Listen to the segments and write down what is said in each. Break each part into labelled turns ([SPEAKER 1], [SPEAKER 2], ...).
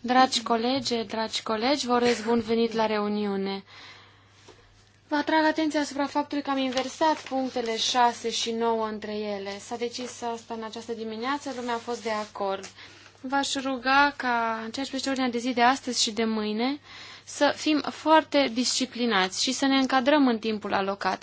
[SPEAKER 1] Dragi colegi, dragi colegi, vă urez bun venit la reuniune. Vă atrag atenția asupra faptului că am inversat punctele 6 și 9 între ele. S-a decis asta în această dimineață, lumea a fost de acord. V-aș ruga ca în ceea ce privește ordinea de zi de astăzi și de mâine să fim foarte disciplinați și să ne încadrăm în timpul alocat.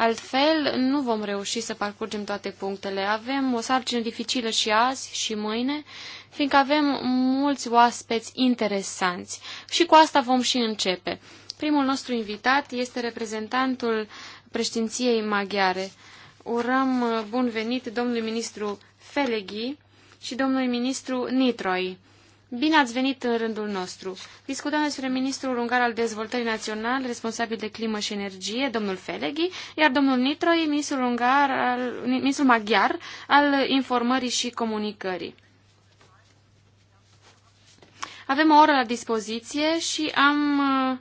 [SPEAKER 1] Altfel, nu vom reuși să parcurgem toate punctele. Avem o sarcină dificilă și azi și mâine, fiindcă avem mulți oaspeți interesanți. Și cu asta vom și începe. Primul nostru invitat este reprezentantul preștinției maghiare. Urăm bun venit domnului ministru Feleghi și domnului ministru Nitroi. Bine ați venit în rândul nostru. Discutăm despre ministrul ungar al dezvoltării naționale, responsabil de climă și energie, domnul Feleghi, iar domnul Nitroi, ministrul, ungar al, ministrul maghiar al informării și comunicării. Avem o oră la dispoziție și am uh,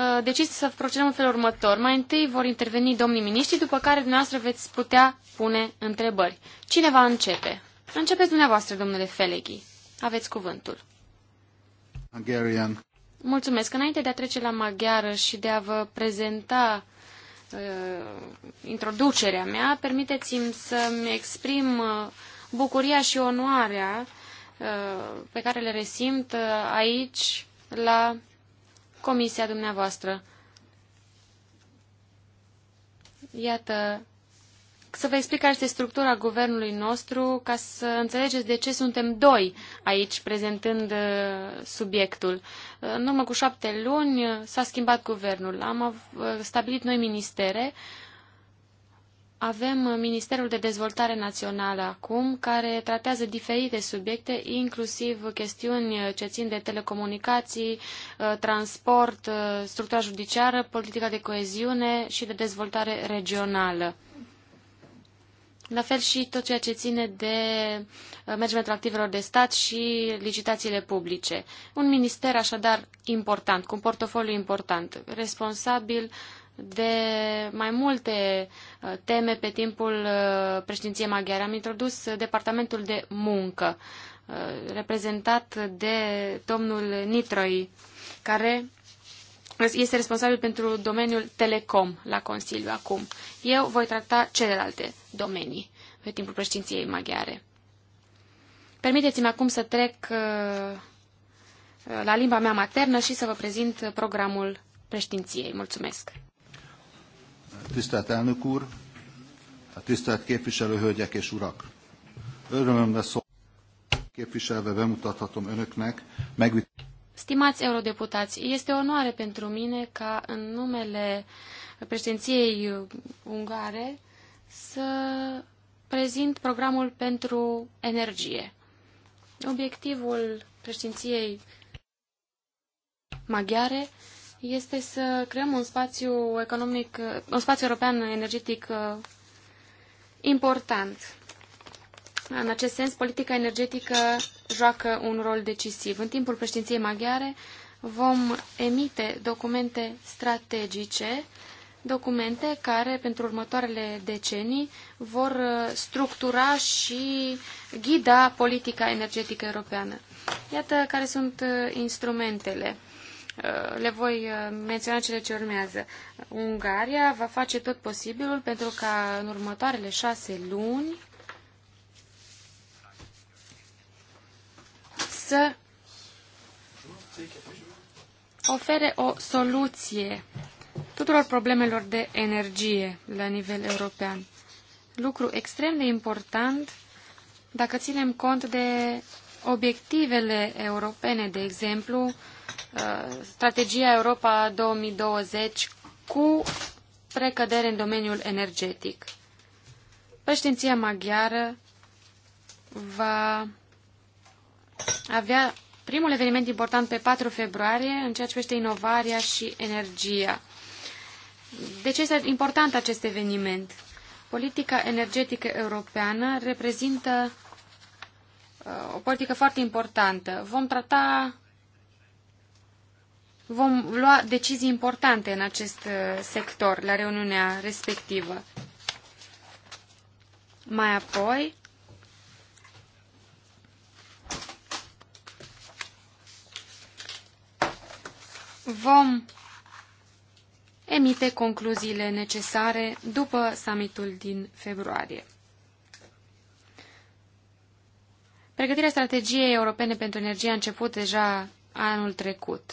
[SPEAKER 1] uh, decis să procedăm în felul următor. Mai întâi vor interveni domnii miniștri, după care dumneavoastră veți putea pune întrebări. Cine va începe? Începeți dumneavoastră, domnule Feleghi. Aveți cuvântul.
[SPEAKER 2] Hungarian.
[SPEAKER 1] Mulțumesc. Înainte de a trece la maghiară și de a vă prezenta uh, introducerea mea, permiteți-mi să-mi exprim uh, bucuria și onoarea uh, pe care le resimt uh, aici, la comisia dumneavoastră. Iată să vă explic care este structura guvernului nostru ca să înțelegeți de ce suntem doi aici prezentând uh, subiectul. Uh, în urmă cu șapte luni uh, s-a schimbat guvernul. Am stabilit noi ministere. Avem Ministerul de Dezvoltare Națională acum, care tratează diferite subiecte, inclusiv chestiuni ce țin de telecomunicații, transport, structura judiciară, politica de coeziune și de dezvoltare regională. La fel și tot ceea ce ține de uh, managementul activelor de stat și licitațiile publice. Un minister așadar important, cu un portofoliu important, responsabil de mai multe uh, teme pe timpul uh, președinției maghiare. Am introdus departamentul de muncă, reprezentat de domnul Nitroi, care este responsabil pentru domeniul telecom la Consiliu acum. Eu voi trata celelalte domenii pe timpul președinției maghiare. Permiteți-mi acum să trec uh, la limba mea maternă și să vă prezint programul președinției. Mulțumesc!
[SPEAKER 2] Tisztelt elnök úr, tisztelt képviselő hölgyek és urak! Örömömre szó képviselve bemutathatom önöknek megvitt...
[SPEAKER 1] Stimați eurodeputați, este o onoare pentru mine ca în numele președinției ungare să prezint programul pentru energie. Obiectivul președinției maghiare este să creăm un spațiu economic, un spațiu european energetic uh, important. În acest sens, politica energetică joacă un rol decisiv. În timpul președinției maghiare vom emite documente strategice, documente care pentru următoarele decenii vor uh, structura și ghida politica energetică europeană. Iată care sunt uh, instrumentele uh, le voi menționa cele ce urmează. Ungaria va face tot posibilul pentru ca în următoarele șase luni să ofere o soluție tuturor problemelor de energie la nivel european. Lucru extrem de important dacă ținem cont de obiectivele europene, de exemplu, uh, strategia Europa 2020 cu precădere în domeniul energetic. Președinția maghiară va avea primul eveniment important pe 4 februarie în ceea ce privește inovarea și energia. De ce este important acest eveniment? Politica energetică europeană reprezintă uh, o politică foarte importantă. Vom trata, vom lua decizii importante în acest uh, sector la reuniunea respectivă. Mai apoi, vom emite concluziile necesare după summitul din februarie. Pregătirea strategiei europene pentru energie a început deja anul trecut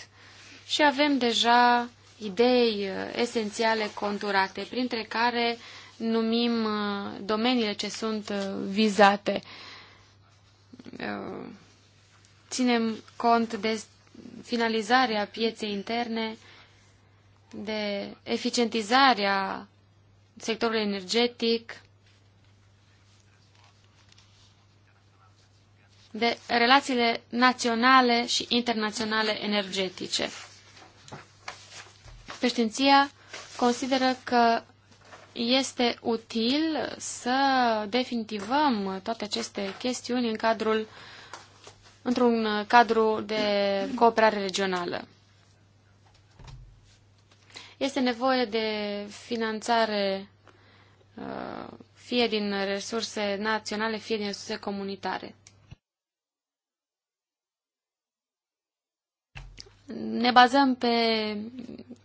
[SPEAKER 1] și avem deja idei uh, esențiale conturate, printre care numim uh, domeniile ce sunt uh, vizate. Ținem cont de finalizarea pieței interne, de eficientizarea sectorului energetic, de relațiile naționale și internaționale energetice. Peștinția consideră că este util să definitivăm toate aceste chestiuni în cadrul într-un uh, cadru de cooperare regională. Este nevoie de finanțare uh, fie din resurse naționale, fie din resurse comunitare. Ne bazăm pe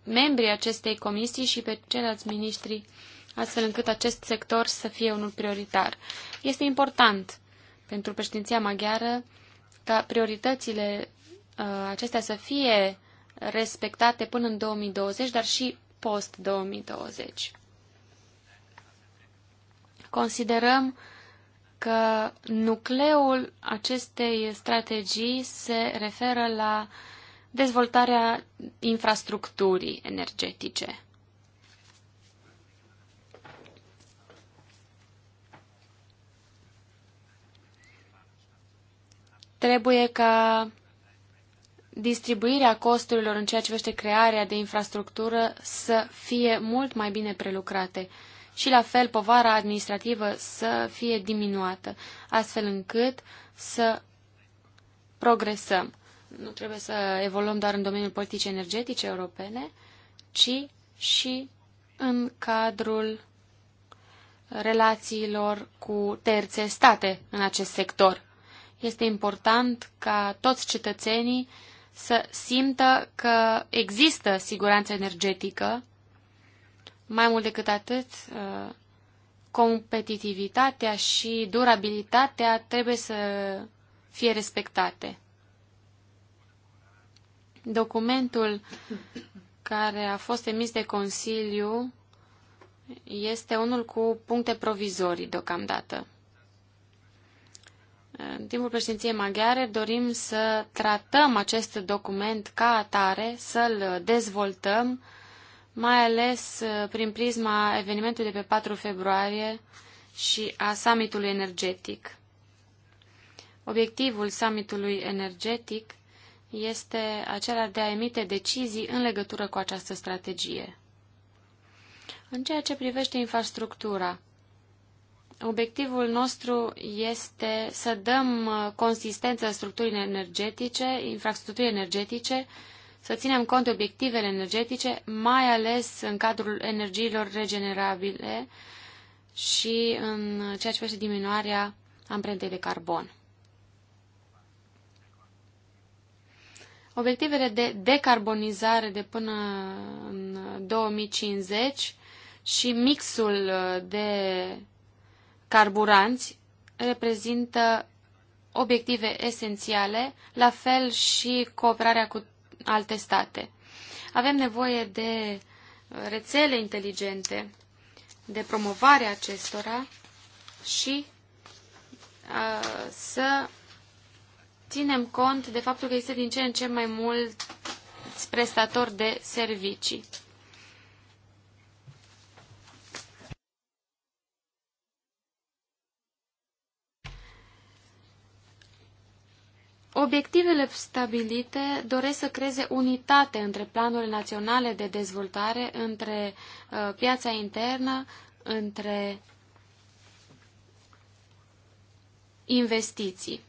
[SPEAKER 1] membrii acestei comisii și pe ceilalți miniștri, astfel încât acest sector să fie unul prioritar. Este important pentru președinția maghiară ca prioritățile uh, acestea să fie respectate până în 2020, dar și post-2020. Considerăm că nucleul acestei strategii se referă la dezvoltarea infrastructurii energetice. Trebuie ca distribuirea costurilor în ceea ce vește crearea de infrastructură să fie mult mai bine prelucrate și la fel povara administrativă să fie diminuată, astfel încât să progresăm. Nu trebuie să evoluăm doar în domeniul politicii energetice europene, ci și în cadrul relațiilor cu terțe state în acest sector este important ca toți cetățenii să simtă că există siguranță energetică. Mai mult decât atât, uh, competitivitatea și durabilitatea trebuie să fie respectate. Documentul care a fost emis de Consiliu este unul cu puncte provizorii deocamdată. În timpul președinției maghiare dorim să tratăm acest document ca atare, să-l dezvoltăm, mai ales uh, prin prisma evenimentului de pe 4 februarie și a summitului energetic. Obiectivul summitului energetic este acela de a emite decizii în legătură cu această strategie. În ceea ce privește infrastructura, Obiectivul nostru este să dăm uh, consistență structurii energetice, infrastructurii energetice, să ținem cont de obiectivele energetice, mai ales în cadrul energiilor regenerabile și în ceea ce privește diminuarea amprentei de carbon. Obiectivele de decarbonizare de până în 2050 și mixul de carburanți reprezintă obiective esențiale, la fel și cooperarea cu alte state. Avem nevoie de rețele inteligente, de promovarea acestora și a, să ținem cont de faptul că este din ce în ce mai mult prestatori de servicii. Obiectivele stabilite doresc să creeze unitate între planurile naționale de dezvoltare, între uh, piața internă, între investiții.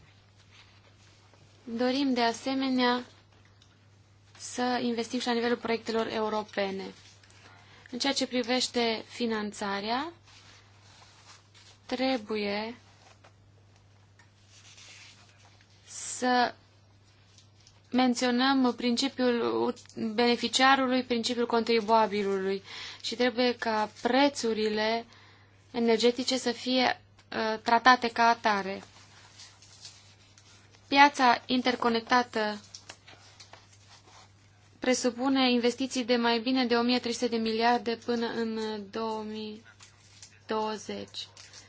[SPEAKER 1] Dorim de asemenea să investim și la nivelul proiectelor europene. În ceea ce privește finanțarea, trebuie să menționăm principiul beneficiarului, principiul contribuabilului și trebuie ca prețurile energetice să fie uh, tratate ca atare. Piața interconectată presupune investiții de mai bine de 1300 de miliarde până în 2020.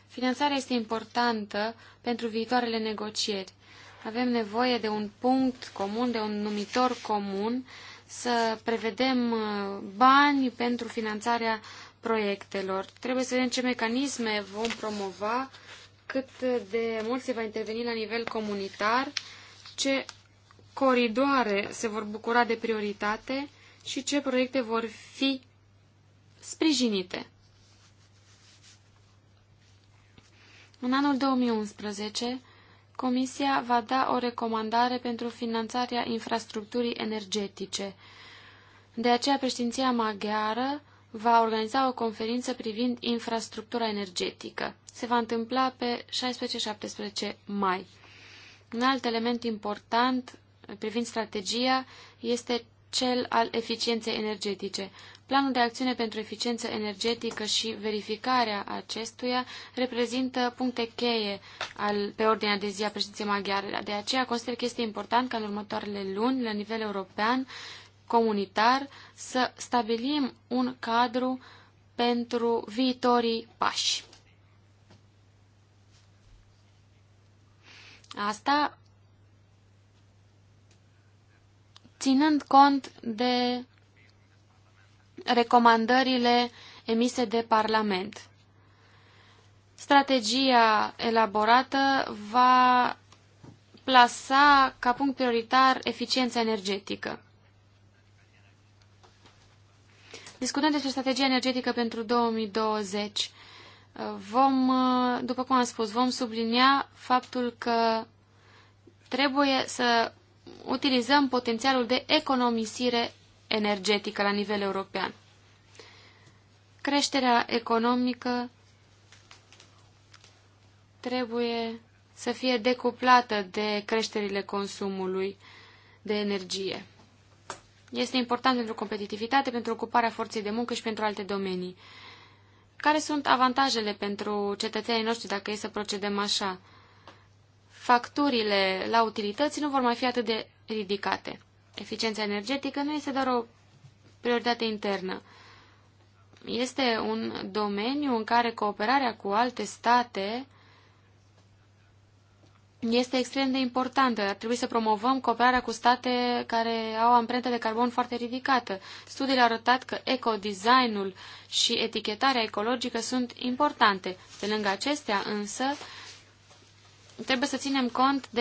[SPEAKER 1] Finanțarea este importantă pentru viitoarele negocieri. Avem nevoie de un punct comun, de un numitor comun, să prevedem uh, bani pentru finanțarea proiectelor. Trebuie să vedem ce mecanisme vom promova, cât de mult se va interveni la nivel comunitar, ce coridoare se vor bucura de prioritate și ce proiecte vor fi sprijinite. În anul 2011 Comisia va da o recomandare pentru finanțarea infrastructurii energetice. De aceea, președinția maghiară va organiza o conferință privind infrastructura energetică. Se va întâmpla pe 16-17 mai. Un alt element important privind strategia este cel al eficienței energetice. Planul de acțiune pentru eficiență energetică și verificarea acestuia reprezintă puncte cheie al, pe ordinea de zi a președinției maghiare. De aceea consider că este important ca în următoarele luni, la nivel european, comunitar, să stabilim un cadru pentru viitorii pași. Asta ținând cont de recomandările emise de Parlament. Strategia elaborată va plasa ca punct prioritar eficiența energetică. Discutăm despre strategia energetică pentru 2020. Vom, după cum am spus, vom sublinia faptul că trebuie să utilizăm potențialul de economisire energetică la nivel european. Creșterea economică trebuie să fie decuplată de creșterile consumului de energie. Este important pentru competitivitate, pentru ocuparea forței de muncă și pentru alte domenii. Care sunt avantajele pentru cetățenii noștri dacă e să procedăm așa? facturile la utilități nu vor mai fi atât de ridicate. Eficiența energetică nu este doar o prioritate internă. Este un domeniu în care cooperarea cu alte state este extrem de importantă. Ar trebui să promovăm cooperarea cu state care au amprentă de carbon foarte ridicată. Studiile au arătat că ecodesignul și etichetarea ecologică sunt importante. Pe lângă acestea, însă, trebuie să ținem cont de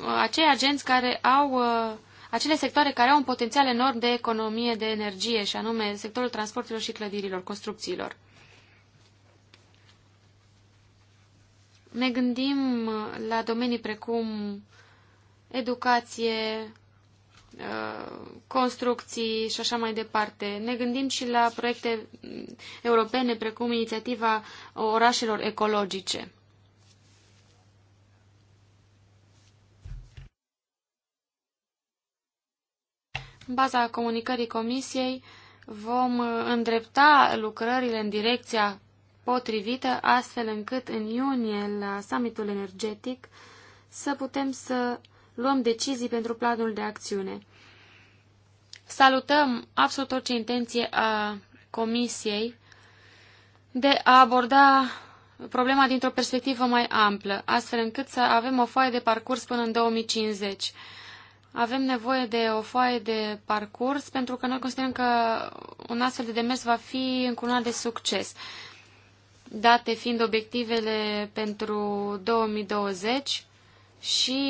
[SPEAKER 1] uh, acei agenți care au uh, acele sectoare care au un potențial enorm de economie de energie, și anume sectorul transporturilor și clădirilor, construcțiilor. Ne gândim uh, la domenii precum educație, construcții și așa mai departe. Ne gândim și la proiecte mm, europene precum inițiativa orașelor ecologice. În baza comunicării Comisiei vom uh, îndrepta lucrările în direcția potrivită, astfel încât în iunie, la summitul energetic, să putem să luăm decizii pentru planul de acțiune. Salutăm absolut orice intenție a Comisiei de a aborda problema dintr-o perspectivă mai amplă, astfel încât să avem o foaie de parcurs până în 2050 avem nevoie de o foaie de parcurs pentru că noi considerăm că un astfel de demers va fi încununat de succes. Date fiind obiectivele pentru 2020 și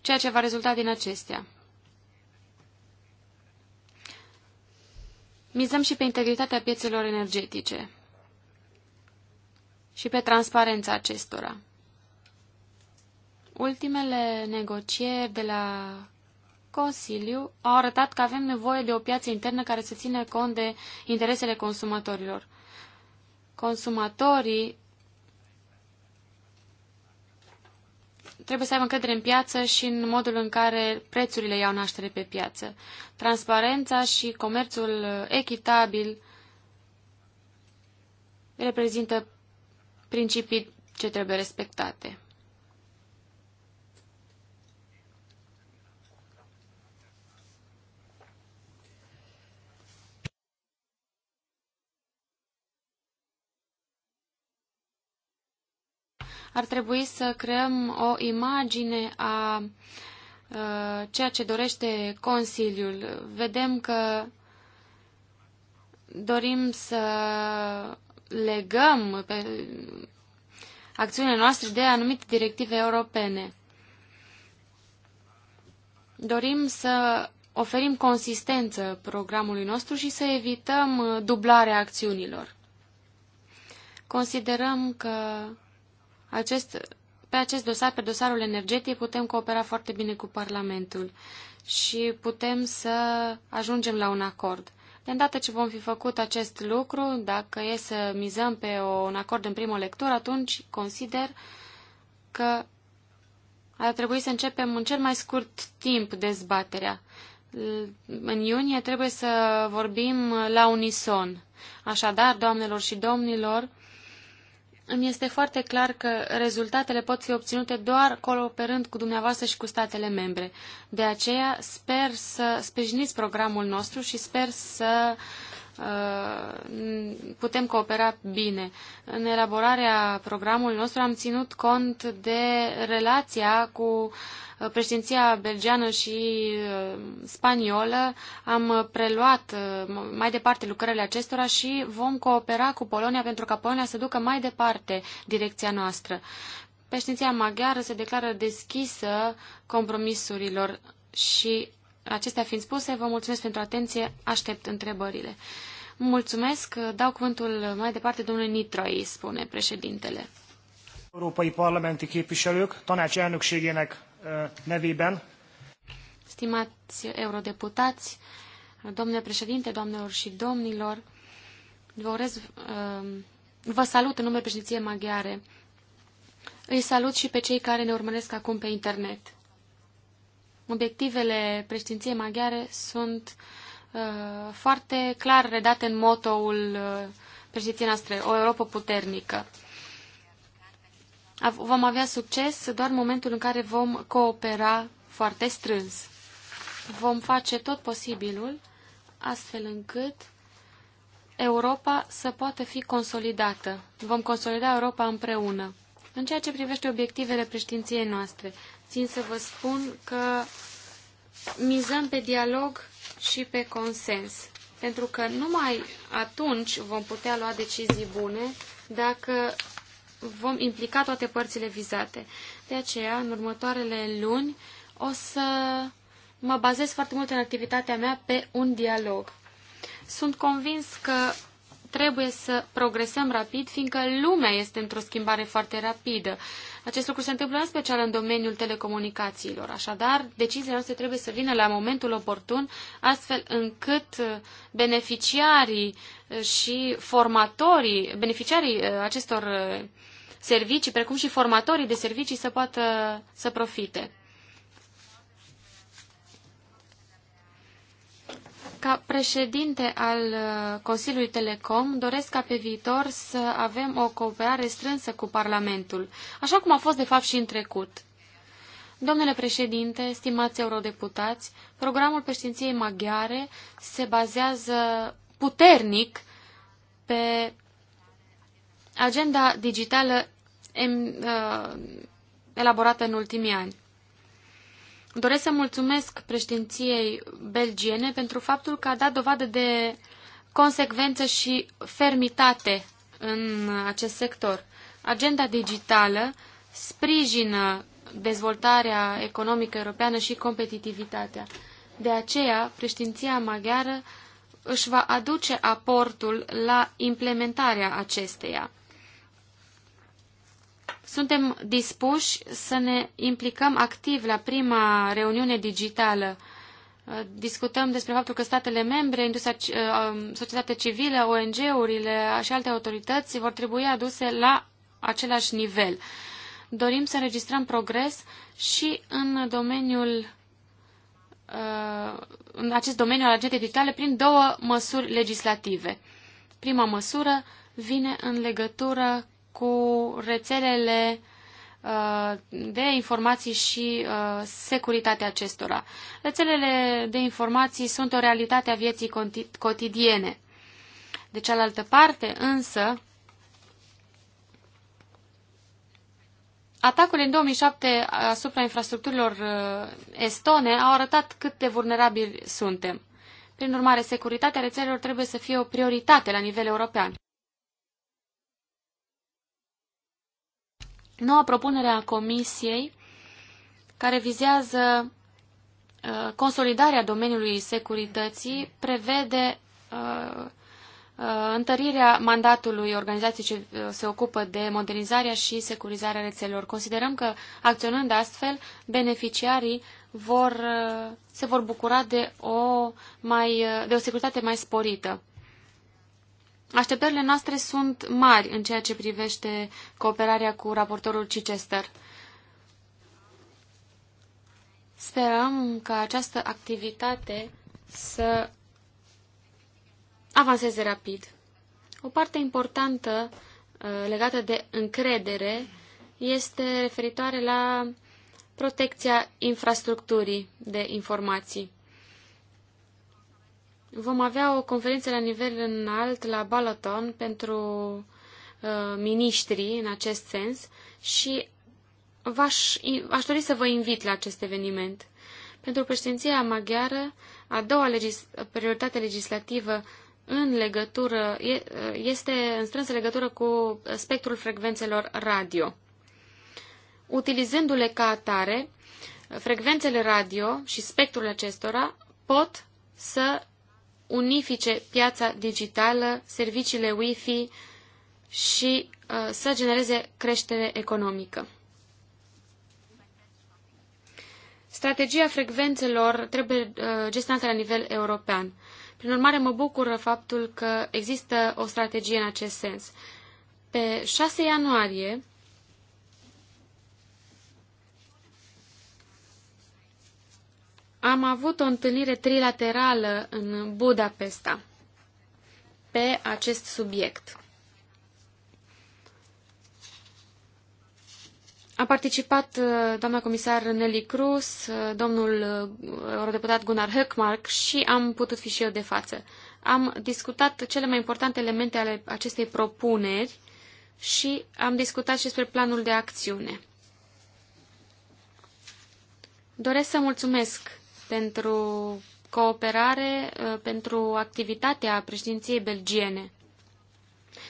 [SPEAKER 1] ceea ce va rezulta din acestea. Mizăm și pe integritatea piețelor energetice și pe transparența acestora ultimele negocieri de la Consiliu au arătat că avem nevoie de o piață internă care să țină cont de interesele consumatorilor. Consumatorii trebuie să aibă încredere în piață și în modul în care prețurile iau naștere pe piață. Transparența și comerțul echitabil reprezintă principii ce trebuie respectate. ar trebui să creăm o imagine a ceea ce dorește Consiliul. Vedem că dorim să legăm pe acțiunile noastre de anumite directive europene. Dorim să oferim consistență programului nostru și să evităm dublarea acțiunilor. Considerăm că acest, pe acest dosar, pe dosarul energetic, putem coopera foarte bine cu Parlamentul și putem să ajungem la un acord. De îndată ce vom fi făcut acest lucru, dacă e să mizăm pe o, un acord în primă lectură, atunci consider că ar trebui să începem în cel mai scurt timp dezbaterea. În iunie trebuie să vorbim la unison. Așadar, doamnelor și domnilor, îmi este foarte clar că rezultatele pot fi obținute doar cooperând cu dumneavoastră și cu statele membre. De aceea sper să sprijiniți programul nostru și sper să Uh, putem coopera bine. În elaborarea programului nostru am ținut cont de relația cu uh, președinția belgeană și uh, spaniolă. Am preluat mai departe lucrările acestora și vom coopera cu Polonia pentru ca Polonia să ducă mai departe direcția noastră. Președinția maghiară se declară deschisă compromisurilor și Acestea fiind spuse, vă mulțumesc pentru atenție, aștept întrebările. Mulțumesc. Dau cuvântul mai departe domnului Nitroi, spune președintele.
[SPEAKER 2] Európai Parlamenti képviselők, tanács elnökségének nevében.
[SPEAKER 1] Stimați eurodeputați, domnule președinte, doamnelor și domnilor, vă, urez, um, vă salut în numele președinției maghiare. Îi salut și pe cei care ne urmăresc acum pe internet. Obiectivele președinției maghiare sunt uh, Uh, foarte clar redate în motoul uh, președinției noastre, o Europa puternică. Vom avea succes doar în momentul în care vom coopera foarte strâns. Vom face tot posibilul astfel încât Europa să poată fi consolidată. Vom consolida Europa împreună. În ceea ce privește obiectivele președinției noastre, țin să vă spun că mizăm pe dialog și pe consens. Pentru că numai atunci vom putea lua decizii bune dacă vom implica toate părțile vizate. De aceea, în următoarele luni, o să mă bazez foarte mult în activitatea mea pe un dialog. Sunt convins că trebuie să progresăm rapid, fiindcă lumea este într-o schimbare foarte rapidă. Acest lucru se întâmplă în special în domeniul telecomunicațiilor. Așadar, deciziile noastre trebuie să vină la momentul oportun, astfel încât uh, beneficiarii uh, și formatorii, beneficiarii uh, acestor servicii, precum și formatorii de servicii, să poată să profite. Ca președinte al uh, Consiliului Telecom, doresc ca pe viitor să avem o cooperare strânsă cu Parlamentul, așa cum a fost de fapt și în trecut. Domnule președinte, stimați eurodeputați, programul președinției maghiare se bazează puternic pe agenda digitală uh, elaborată în ultimii ani. Doresc să mulțumesc președinției belgiene pentru faptul că a dat dovadă de consecvență și fermitate în acest sector. Agenda digitală sprijină dezvoltarea economică europeană și competitivitatea. De aceea, președinția maghiară își va aduce aportul la implementarea acesteia. Suntem dispuși să ne implicăm activ la prima reuniune digitală. Uh, discutăm despre faptul că statele membre, uh, um, societatea civilă, ONG-urile și alte autorități vor trebui aduse la același nivel. Dorim să înregistrăm progres și în domeniul uh, în acest domeniu al agentei digitale prin două măsuri legislative. Prima măsură vine în legătură cu rețelele uh, de informații și uh, securitatea acestora. Rețelele de informații sunt o realitate a vieții cotidiene. De cealaltă parte, însă, atacul în 2007 asupra infrastructurilor uh, estone au arătat cât de vulnerabili suntem. Prin urmare, securitatea rețelelor trebuie să fie o prioritate la nivel european. noua propunere a Comisiei care vizează uh, consolidarea domeniului securității prevede uh, uh, întărirea mandatului organizației ce se ocupă de modernizarea și securizarea rețelelor. Considerăm că, acționând astfel, beneficiarii vor, se vor bucura de o, mai, de o securitate mai sporită. Așteptările noastre sunt mari în ceea ce privește cooperarea cu raportorul Chichester. Sperăm ca această activitate să avanseze rapid. O parte importantă uh, legată de încredere este referitoare la protecția infrastructurii de informații. Vom avea o conferință la nivel înalt la Balaton pentru uh, miniștri în acest sens și v-aș, aș dori să vă invit la acest eveniment. Pentru președinția maghiară, a doua legis- prioritate legislativă în legătură, uh, este în strânsă legătură cu spectrul frecvențelor radio. Utilizându-le ca atare, frecvențele radio și spectrul acestora pot să unifice piața digitală, serviciile Wi-Fi și uh, să genereze creștere economică. Strategia frecvențelor trebuie uh, gestionată la nivel european. Prin urmare, mă bucură faptul că există o strategie în acest sens. Pe 6 ianuarie, am avut o întâlnire trilaterală în Budapesta pe acest subiect. A participat uh, doamna comisar Nelly Cruz, uh, domnul uh, eurodeputat Gunnar Höckmark și am putut fi și eu de față. Am discutat cele mai importante elemente ale acestei propuneri și am discutat și despre planul de acțiune. Doresc să mulțumesc pentru cooperare uh, pentru activitatea președinției belgiene.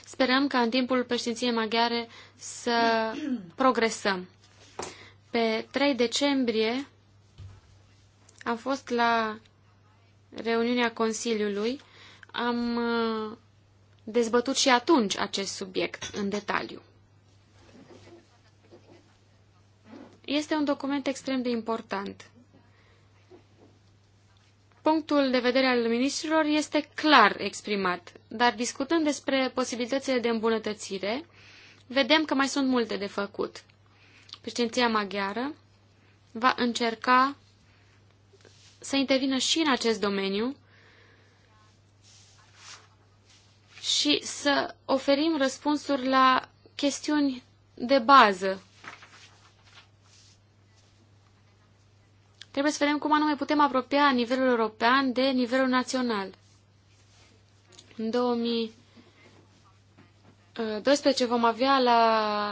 [SPEAKER 1] Sperăm ca în timpul președinției maghiare să progresăm. Pe 3 decembrie am fost la reuniunea Consiliului. Am uh, dezbătut și atunci acest subiect în detaliu. Este un document extrem de important. Punctul de vedere al ministrilor este clar exprimat, dar discutând despre posibilitățile de îmbunătățire, vedem că mai sunt multe de făcut. Președinția maghiară va încerca să intervină și în acest domeniu și să oferim răspunsuri la chestiuni de bază Trebuie să vedem cum anume putem apropia nivelul european de nivelul național. În 2012 vom avea la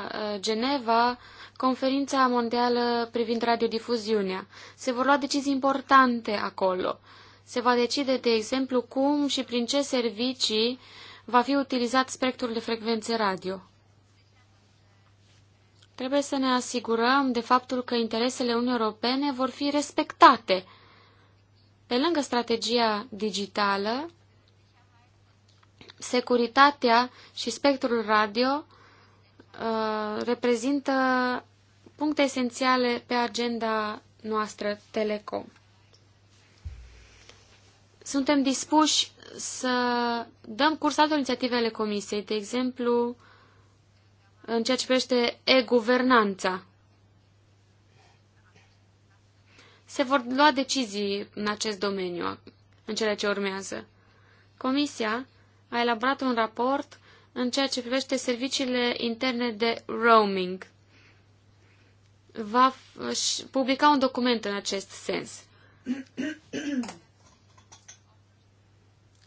[SPEAKER 1] uh, Geneva conferința mondială privind radiodifuziunea. Se vor lua decizii importante acolo. Se va decide, de exemplu, cum și prin ce servicii va fi utilizat spectrul de frecvențe radio. Trebuie să ne asigurăm de faptul că interesele Uniunii Europene vor fi respectate. Pe lângă strategia digitală, securitatea și spectrul radio uh, reprezintă puncte esențiale pe agenda noastră Telecom. Suntem dispuși să dăm curs altor inițiative ale Comisiei, de exemplu, uh, în ceea ce privește e-guvernanța. Se vor lua decizii în acest domeniu în cele ce urmează. Comisia a elaborat un raport în ceea ce privește serviciile interne de roaming. Va publica un document în acest sens.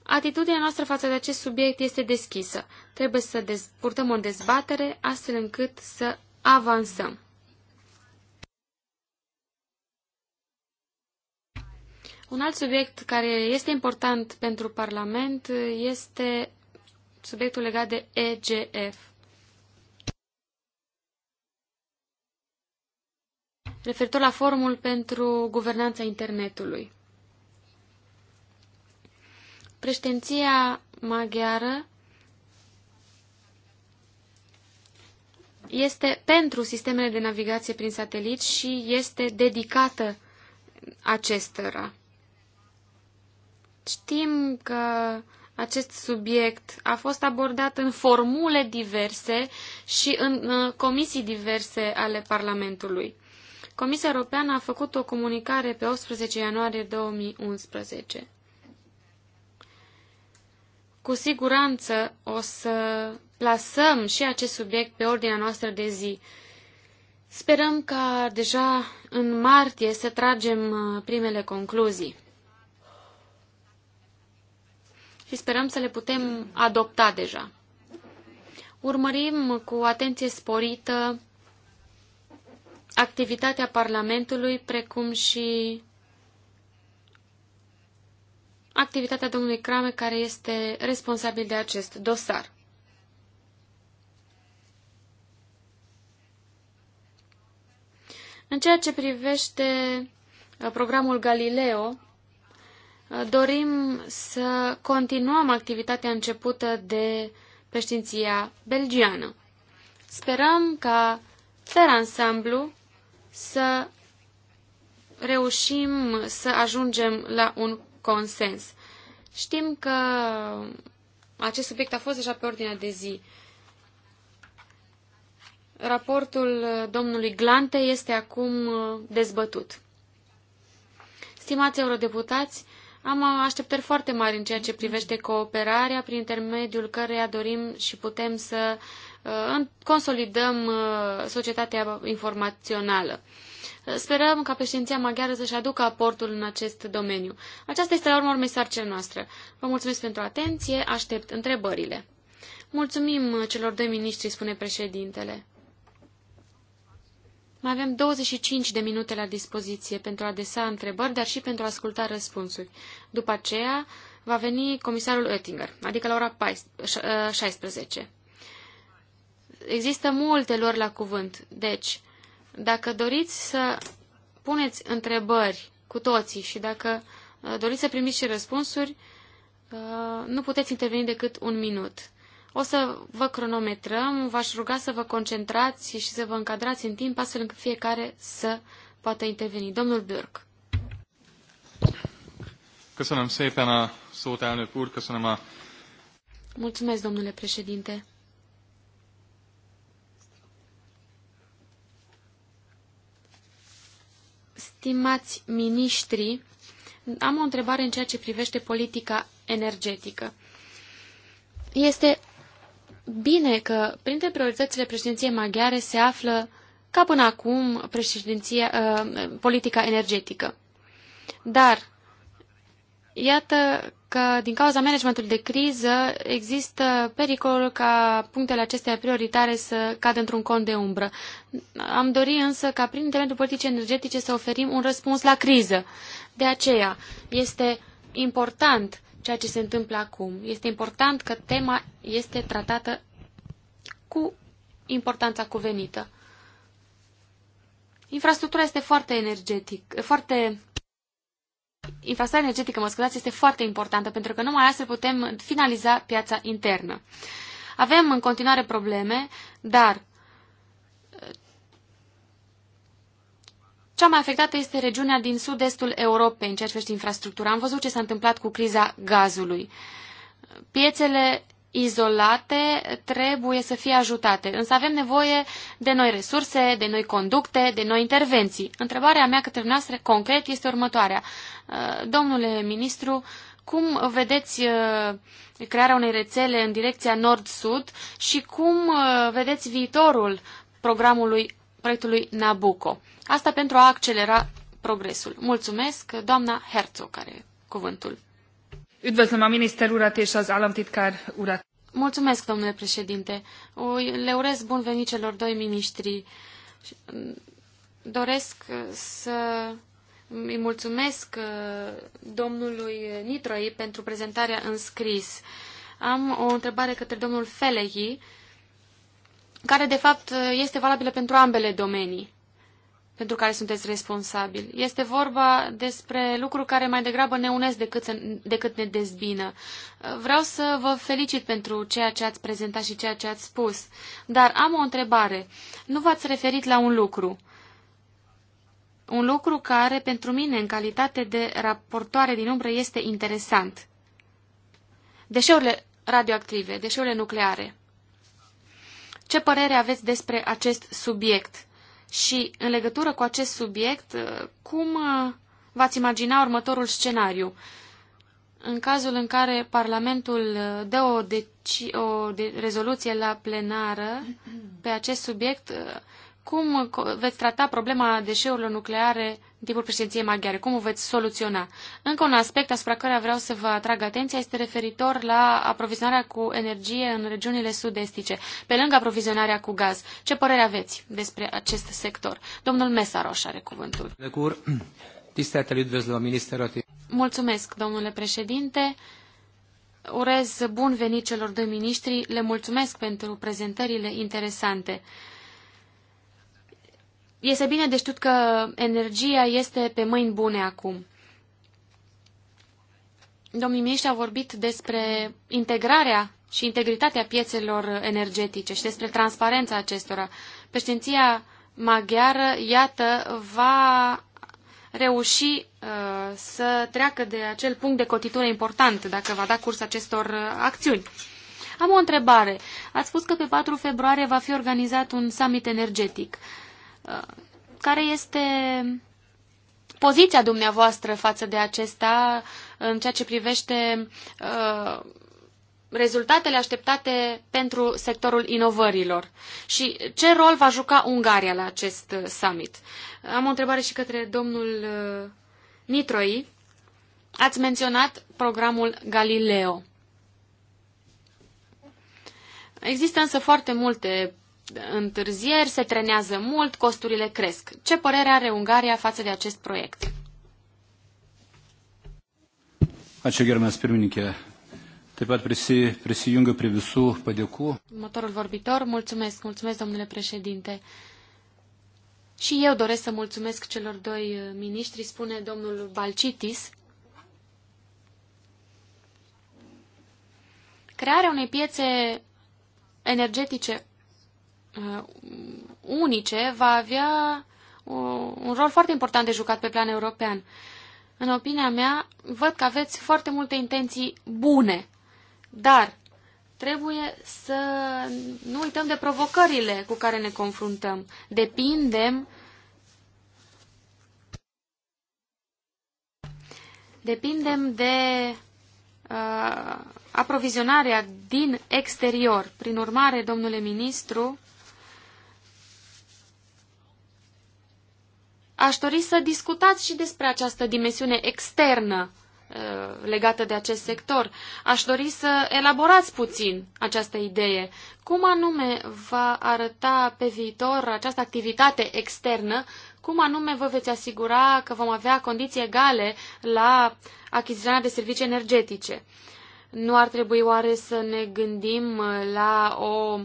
[SPEAKER 1] Atitudinea noastră față de acest subiect este deschisă. Trebuie să purtăm o dezbatere astfel încât să avansăm. Un alt subiect care este important pentru Parlament este subiectul legat de EGF. referitor la formul pentru guvernanța internetului. Președinția maghiară este pentru sistemele de navigație prin satelit și este dedicată acestora. Știm că acest subiect a fost abordat în formule diverse și în comisii diverse ale Parlamentului. Comisia Europeană a făcut o comunicare pe 18 ianuarie 2011 cu siguranță o să plasăm și acest subiect pe ordinea noastră de zi. Sperăm ca deja în martie să tragem uh, primele concluzii. Și sperăm să le putem adopta deja. Urmărim cu atenție sporită activitatea Parlamentului, precum și activitatea domnului Crame, care este responsabil de acest dosar. În ceea ce privește uh, programul Galileo, uh, dorim să continuăm activitatea începută de peștinția belgiană. Sperăm ca, per ansamblu, să reușim să ajungem la un consens. Știm că acest subiect a fost deja pe ordinea de zi. Raportul domnului Glante este acum uh, dezbătut. Stimați eurodeputați, am uh, așteptări foarte mari în ceea ce privește cooperarea prin intermediul căreia dorim și putem să uh, consolidăm societatea informațională. Sperăm ca președinția maghiară să-și aducă aportul în acest domeniu. Aceasta este la urmă urmei sarcina noastră. Vă mulțumesc pentru atenție, aștept întrebările. Mulțumim celor doi miniștri, spune președintele. Mai avem 25 de minute la dispoziție pentru a desa întrebări, dar și pentru a asculta răspunsuri. După aceea va veni comisarul Oettinger, adică la ora 16. Există multe lor la cuvânt, deci dacă doriți să puneți întrebări cu toții și dacă uh, doriți să primiți și răspunsuri, uh, nu puteți interveni decât un minut. O să vă cronometrăm, v-aș ruga să vă concentrați și să vă încadrați în timp astfel încât fiecare să poată interveni. Domnul Björk. Mulțumesc, domnule președinte. Stimați miniștri, am o întrebare în ceea ce privește politica energetică. Este bine că printre prioritățile președinției maghiare se află, ca până acum, președinția, uh, politica energetică. Dar Iată că din cauza managementului de criză există pericolul ca punctele acestea prioritare să cadă într-un cont de umbră. Am dori însă ca prin intermediul politicii energetice să oferim un răspuns la criză. De aceea este important ceea ce se întâmplă acum. Este important că tema este tratată cu importanța cuvenită. Infrastructura este foarte energetic, foarte infrastructura energetică, mă scuzați, este foarte importantă, pentru că numai astfel putem finaliza piața internă. Avem în continuare probleme, dar uh, cea mai afectată este regiunea din sud-estul Europei în ceea ce privește infrastructura. Am văzut ce s-a întâmplat cu criza gazului. Piețele izolate trebuie să fie ajutate, însă avem nevoie de noi resurse, de noi conducte, de noi intervenții. Întrebarea mea către noastră concret este următoarea. Eh, domnule ministru, cum vedeți eh, crearea unei rețele în direcția nord-sud și cum eh, vedeți viitorul programului proiectului Nabucco? Asta pentru a accelera progresul. Mulțumesc, doamna Herzog, care cuvântul. Üdvözlöm a miniszter urat és az államtitkár urat. Mulțumesc, domnule președinte. Le urez bun venit celor doi miniștri. Doresc să îi mulțumesc uh, domnului Nitroi pentru prezentarea în scris. Am o întrebare către domnul Felehi, care de fapt uh, este valabilă pentru ambele domenii pentru care sunteți responsabili. Este vorba despre lucruri care mai degrabă ne unesc decât, să, decât ne dezbină. Uh, vreau să vă felicit pentru ceea ce ați prezentat și ceea ce ați spus, dar am o întrebare. Nu v-ați referit la un lucru un lucru care pentru mine, în calitate de raportoare din umbră, este interesant. Deșeurile radioactive, deșeurile nucleare. Ce părere aveți despre acest subiect? Și, în legătură cu acest subiect, cum uh, v-ați imagina următorul scenariu? În cazul în care Parlamentul uh, dă o, deci o de rezoluție la plenară pe acest subiect, uh, cum veți trata problema deșeurilor nucleare în timpul președinției maghiare? Cum o veți soluționa? Încă un aspect asupra care vreau să vă atrag atenția este referitor la aprovizionarea cu energie în regiunile sud-estice, pe lângă aprovizionarea cu gaz. Ce părere aveți despre acest sector? Domnul Mesaroș are cuvântul. Mulțumesc, domnule președinte. Urez bun venit celor doi miniștri. Le mulțumesc pentru prezentările interesante. Iese bine de știut că energia este pe mâini bune acum. Domnul miniștri a vorbit despre integrarea și integritatea piețelor energetice și despre transparența acestora. Președinția maghiară, iată, va reuși uh, să treacă de acel punct de cotitură important dacă va da curs acestor uh, acțiuni. Am o întrebare. Ați spus că pe 4 februarie va fi organizat un summit energetic. Uh, care este poziția dumneavoastră față de acesta în ceea ce privește uh, rezultatele așteptate pentru sectorul inovărilor și ce rol va juca Ungaria la acest uh, summit. Am o întrebare și către domnul uh, Nitroi. Ați menționat programul Galileo. Există însă foarte multe întârzieri, se trenează mult, costurile cresc. Ce părere are Ungaria față de acest proiect?
[SPEAKER 2] Ačiū,
[SPEAKER 1] Motorul vorbitor, mulțumesc, mulțumesc, domnule președinte. Și eu doresc să mulțumesc celor doi uh, miniștri, spune domnul Balcitis. Crearea unei piețe energetice Uh, unice va avea uh, un rol foarte important de jucat pe plan european. În opinia mea, văd că aveți foarte multe intenții bune, dar trebuie să nu uităm de provocările cu care ne confruntăm. Depindem depindem de uh, aprovizionarea din exterior. Prin urmare, domnule ministru, Aș dori să discutați și despre această dimensiune externă uh, legată de acest sector. Aș dori să elaborați puțin această idee. Cum anume va arăta pe viitor această activitate externă? Cum anume vă veți asigura că vom avea condiții egale la achiziționarea de servicii energetice? Nu ar trebui oare să ne gândim uh, la o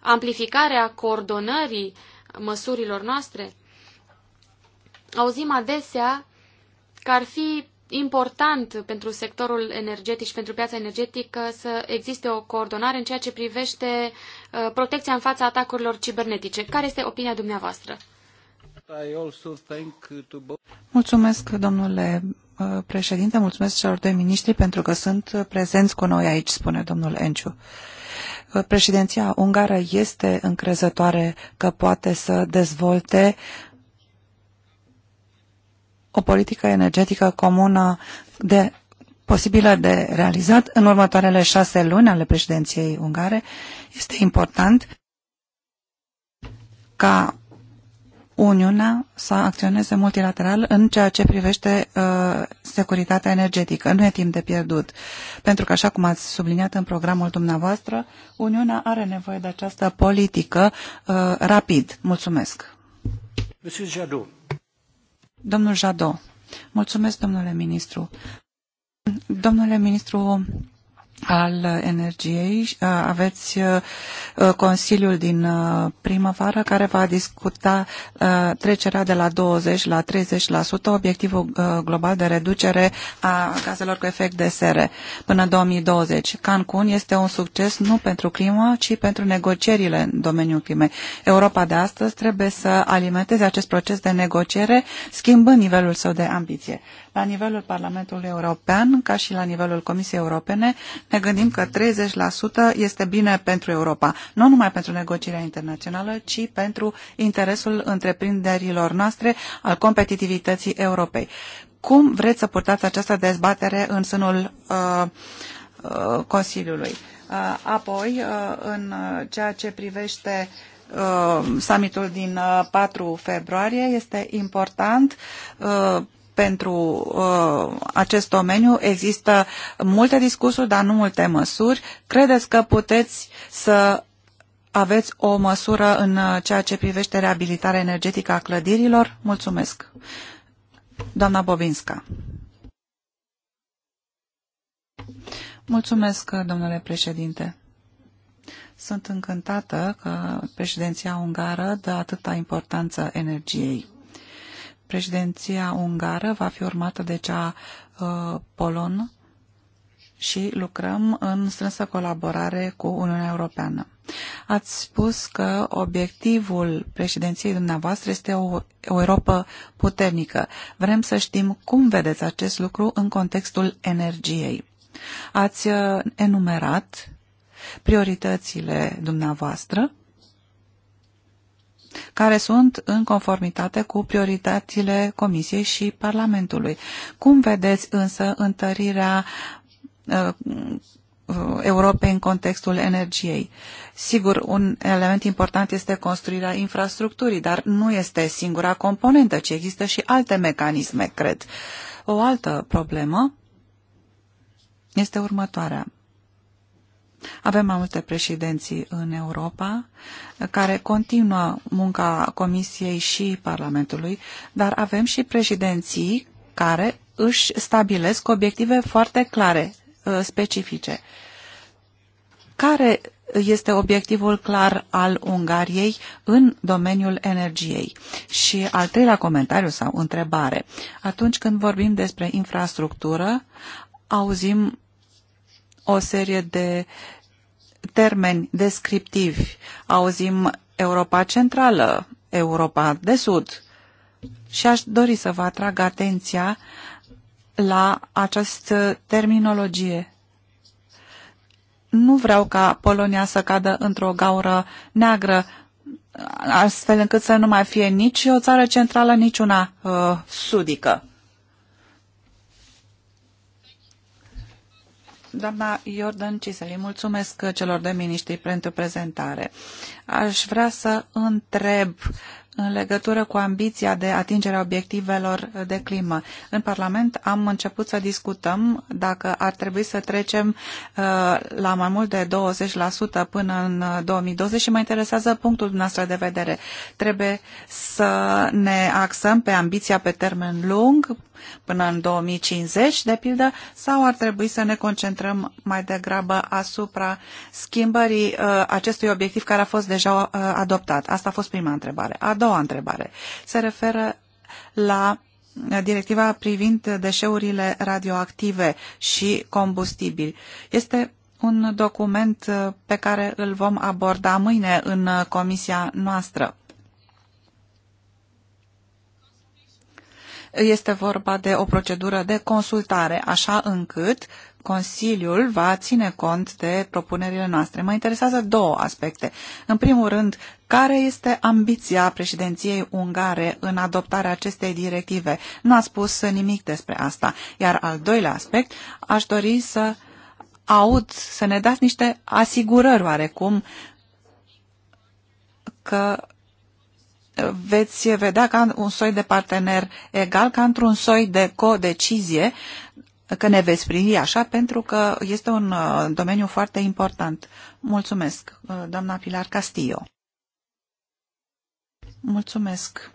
[SPEAKER 1] amplificare a coordonării măsurilor noastre? auzim adesea că ar fi important pentru sectorul energetic și pentru piața energetică să existe o coordonare în ceea ce privește uh, protecția în fața atacurilor cibernetice. Care este opinia dumneavoastră?
[SPEAKER 3] Mulțumesc, domnule uh, președinte, mulțumesc celor doi miniștri pentru că sunt prezenți cu noi aici, spune domnul Enciu. Uh, președinția ungară este încrezătoare că poate să dezvolte o politică energetică comună de posibilă de realizat în următoarele șase luni ale președinției ungare, este important ca Uniunea să acționeze multilateral în ceea ce privește uh, securitatea energetică. Nu e timp de pierdut, pentru că, așa cum ați subliniat în programul dumneavoastră, Uniunea are nevoie de această politică uh, rapid. Mulțumesc. Monsieur Jadot. Domnul Jado, Mulțumesc, domnule ministru. Domnule ministru, al energiei. Uh, aveți uh, uh, Consiliul din primăvară care va discuta trecerea de la 20 la 30%, obiectivul global de reducere a gazelor cu efect de sere până 2020. Cancun este un succes nu pentru climă, ci pentru negocierile în domeniul climei. Europa de astăzi trebuie să alimenteze acest proces de negociere schimbând nivelul său de ambiție. La nivelul Parlamentului European, ca și la nivelul Comisiei Europene, ne gândim că 30% este bine pentru Europa. Nu numai pentru negocierea internațională, ci pentru interesul întreprinderilor noastre al competitivității Europei. Cum vreți să purtați această dezbatere în sânul uh, uh, Consiliului? Uh, apoi, uh, în ceea ce privește uh, summitul din 4 uh, februarie. Este important uh, pentru uh, acest domeniu. Există multe discursuri, dar nu multe măsuri. Credeți că puteți să aveți o măsură în uh, ceea ce privește reabilitarea energetică a clădirilor? Mulțumesc. Doamna Bobinska. Mulțumesc, domnule președinte. Sunt încântată că președinția ungară dă atâta importanță energiei. Președinția ungară va fi urmată de cea uh, polonă și lucrăm în strânsă colaborare cu Uniunea Europeană. Ați spus că obiectivul președinției dumneavoastră este o, o Europa puternică. Vrem să știm cum vedeți acest lucru în contextul energiei. Ați uh, enumerat prioritățile dumneavoastră care sunt în conformitate cu prioritățile Comisiei și Parlamentului. Cum vedeți însă întărirea uh, uh, Europei în contextul energiei. Sigur, un element important este construirea infrastructurii, dar nu este singura componentă, ci există și alte mecanisme, cred. O altă problemă este următoarea. Avem mai multe președinții în Europa care continuă munca Comisiei și Parlamentului, dar avem și președinții care își stabilesc obiective foarte clare, uh, specifice. Care este obiectivul clar al Ungariei în domeniul energiei. Și al treilea comentariu sau întrebare. Atunci când vorbim despre infrastructură, auzim o serie de termeni descriptivi. Auzim Europa Centrală, Europa de Sud și aș dori să vă atrag atenția la această terminologie. Nu vreau ca Polonia să cadă într-o gaură neagră, astfel încât să nu mai fie nici o țară centrală, nici una uh, sudică. Doamna Jordan Ciseli, mulțumesc celor de miniștri pentru prezentare. Aș vrea să întreb în legătură cu ambiția de atingerea obiectivelor de climă. În Parlament am început să discutăm dacă ar trebui să trecem uh, la mai mult de 20% până în 2020 uh, și mă interesează punctul dumneavoastră de vedere. Trebuie să ne axăm pe ambiția pe termen lung până în 2050, de pildă, sau ar trebui să ne concentrăm mai degrabă asupra schimbării uh, acestui obiectiv care a fost deja adoptat? Asta a fost prima întrebare. A doua întrebare se referă la directiva privind deșeurile radioactive și combustibili. Este un document uh, pe care îl vom aborda mâine în uh, comisia noastră. Este vorba de o procedură de consultare, așa încât uh, Consiliul va ține cont de propunerile noastre. Mă interesează două aspecte. În primul rând, care este ambiția președinției ungare în adoptarea acestei directive? Nu a spus nimic despre asta. Iar al doilea aspect, aș dori să aud, să ne dați niște asigurări oarecum că veți vedea ca un soi de partener egal, ca într-un soi de codecizie, că ne veți primi așa, pentru că este un uh, domeniu foarte important. Mulțumesc, uh, doamna Pilar Castillo. Mulțumesc.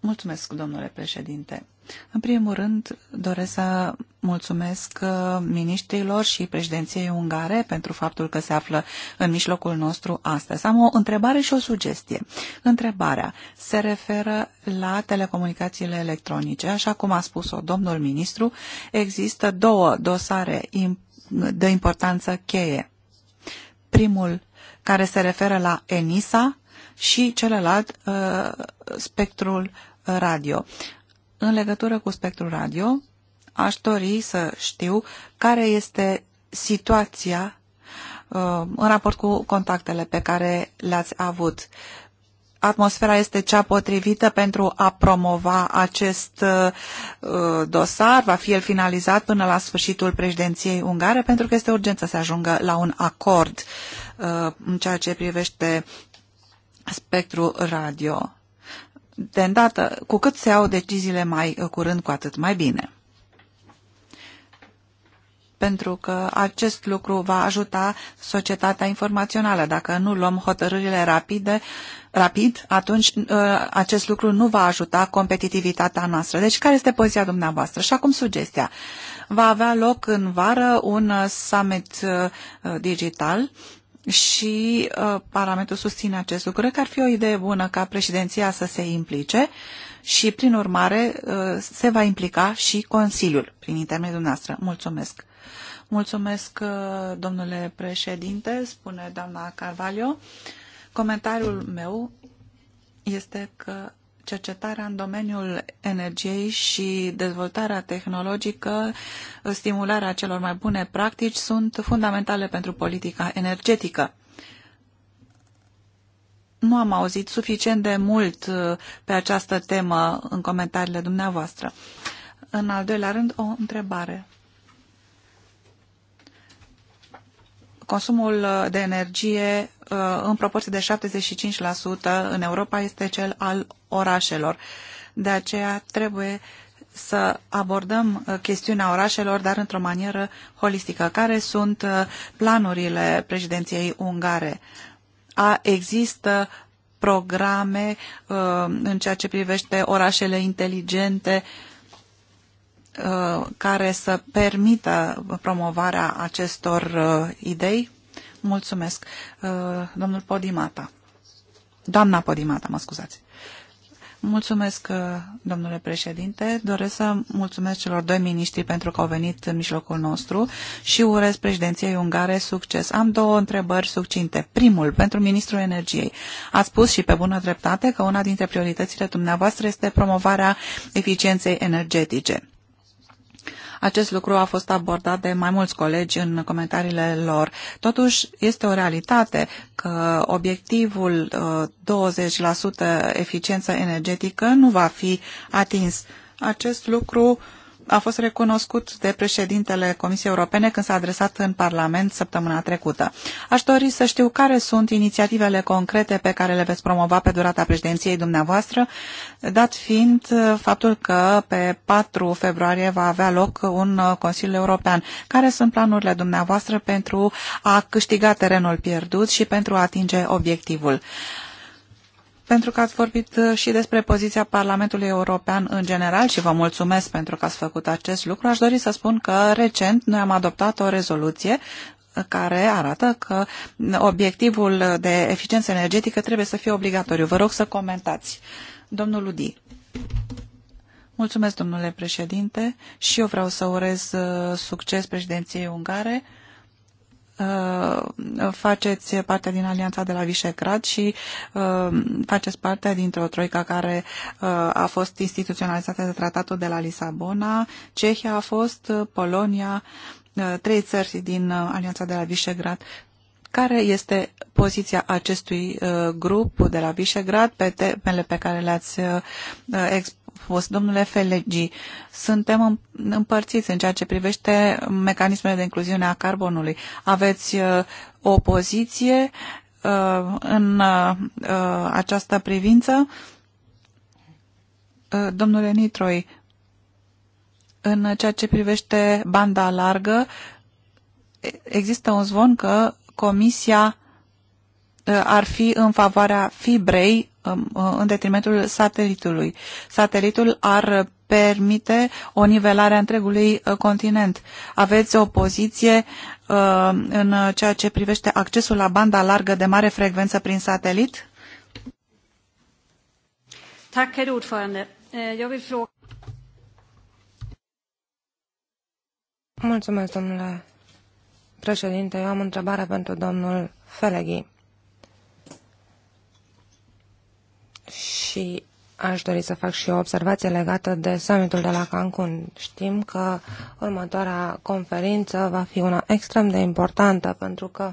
[SPEAKER 3] Mulțumesc, domnule președinte. În primul rând, doresc să mulțumesc uh, miniștrilor și președinției ungare pentru faptul că se află în mijlocul nostru astăzi. Am o întrebare și o sugestie. Întrebarea se referă la telecomunicațiile electronice. Așa cum a spus-o domnul ministru, există două dosare de importanță cheie. Primul care se referă la ENISA și celălalt uh, spectrul radio. În legătură cu spectrul radio, aș dori să știu care este situația uh, în raport cu contactele pe care le-ați avut. Atmosfera este cea potrivită pentru a promova acest uh, dosar? Va fi el finalizat până la sfârșitul președinției ungare? Pentru că este urgent să se ajungă la un acord uh, în ceea ce privește spectru radio de îndată, cu cât se au deciziile mai uh, curând, cu atât mai bine. Pentru că acest lucru va ajuta societatea informațională. Dacă nu luăm hotărârile rapide, rapid, atunci uh, acest lucru nu va ajuta competitivitatea noastră. Deci care este poziția dumneavoastră? Și acum sugestia. Va avea loc în vară un uh, summit digital și uh, Parlamentul susține acest lucru. Cred că ar fi o idee bună ca președinția să se implice și, prin urmare, uh, se va implica și Consiliul prin intermediul dumneavoastră. Mulțumesc! Mulțumesc, uh, domnule președinte, spune doamna Carvalho. Comentariul meu este că cercetarea în domeniul energiei și dezvoltarea tehnologică, stimularea celor mai bune practici sunt fundamentale pentru politica energetică. Nu am auzit suficient de mult uh, pe această temă în comentariile dumneavoastră. În al doilea rând, o întrebare. Consumul de energie Uh, în proporție de 75% în Europa este cel al orașelor. De aceea trebuie să abordăm uh, chestiunea orașelor, dar într-o manieră holistică. Care sunt uh, planurile președinției ungare? A, există programe în ceea ce privește orașele inteligente care să permită promovarea acestor idei? Mulțumesc. Uh, domnul Podimata. Doamna Podimata, mă scuzați. Mulțumesc, uh, domnule președinte. Doresc să mulțumesc celor doi miniștri pentru că au venit în mijlocul nostru și urez președinției ungare succes. Am două întrebări succinte. Primul, pentru ministrul energiei. A spus și pe bună dreptate că una dintre prioritățile dumneavoastră este promovarea eficienței energetice. Acest lucru a fost abordat de mai mulți colegi în comentariile lor. Totuși, este o realitate că obiectivul 20% uh, eficiență energetică nu va fi atins. Acest lucru uh, a fost recunoscut de președintele Comisiei Europene când s-a adresat în Parlament săptămâna trecută. Aș dori să știu care sunt inițiativele concrete pe care le veți promova pe durata președinției dumneavoastră, dat fiind uh, faptul că pe 4 februarie va avea loc un uh, Consiliu European. Care sunt planurile dumneavoastră pentru a câștiga terenul pierdut și pentru a atinge obiectivul? pentru că ați vorbit uh, și despre poziția Parlamentului European în general și vă mulțumesc pentru că ați făcut acest lucru. Aș dori să spun că recent noi am adoptat o rezoluție uh, care arată că mm, obiectivul de eficiență energetică trebuie să fie obligatoriu. Vă rog să comentați. Domnul Ludi. Mulțumesc, domnule președinte, și eu vreau să urez uh, succes președinției ungare. Uh, faceți parte din alianța de la Visegrad și uh, faceți parte dintr-o troică care uh, a fost instituționalizată de tratatul de la Lisabona. Cehia a fost, Polonia, trei țări din alianța de la Vișegrad. Care este poziția acestui grup de la Vișegrad pe temele pe care le-ați spus, Domnule Felegi, suntem împărțiți în ceea ce privește mecanismele de incluziune a carbonului. Aveți uh, o poziție uh, în uh, această privință? Domnule Nitroi, în ceea ce privește banda largă, există un zvon că Comisia Uh, ar fi în favoarea fibrei um, uh, în detrimentul satelitului. Satelitul ar permite o nivelare a întregului uh, continent. Aveți o poziție în ceea ce privește accesul la banda largă de mare frecvență prin satelit?
[SPEAKER 4] Eh,
[SPEAKER 5] Mulțumesc, domnule președinte. Eu am întrebare pentru domnul Feleghi. și aș dori să fac și o observație legată de summitul de la Cancun. Știm că următoarea conferință va fi una extrem de importantă pentru că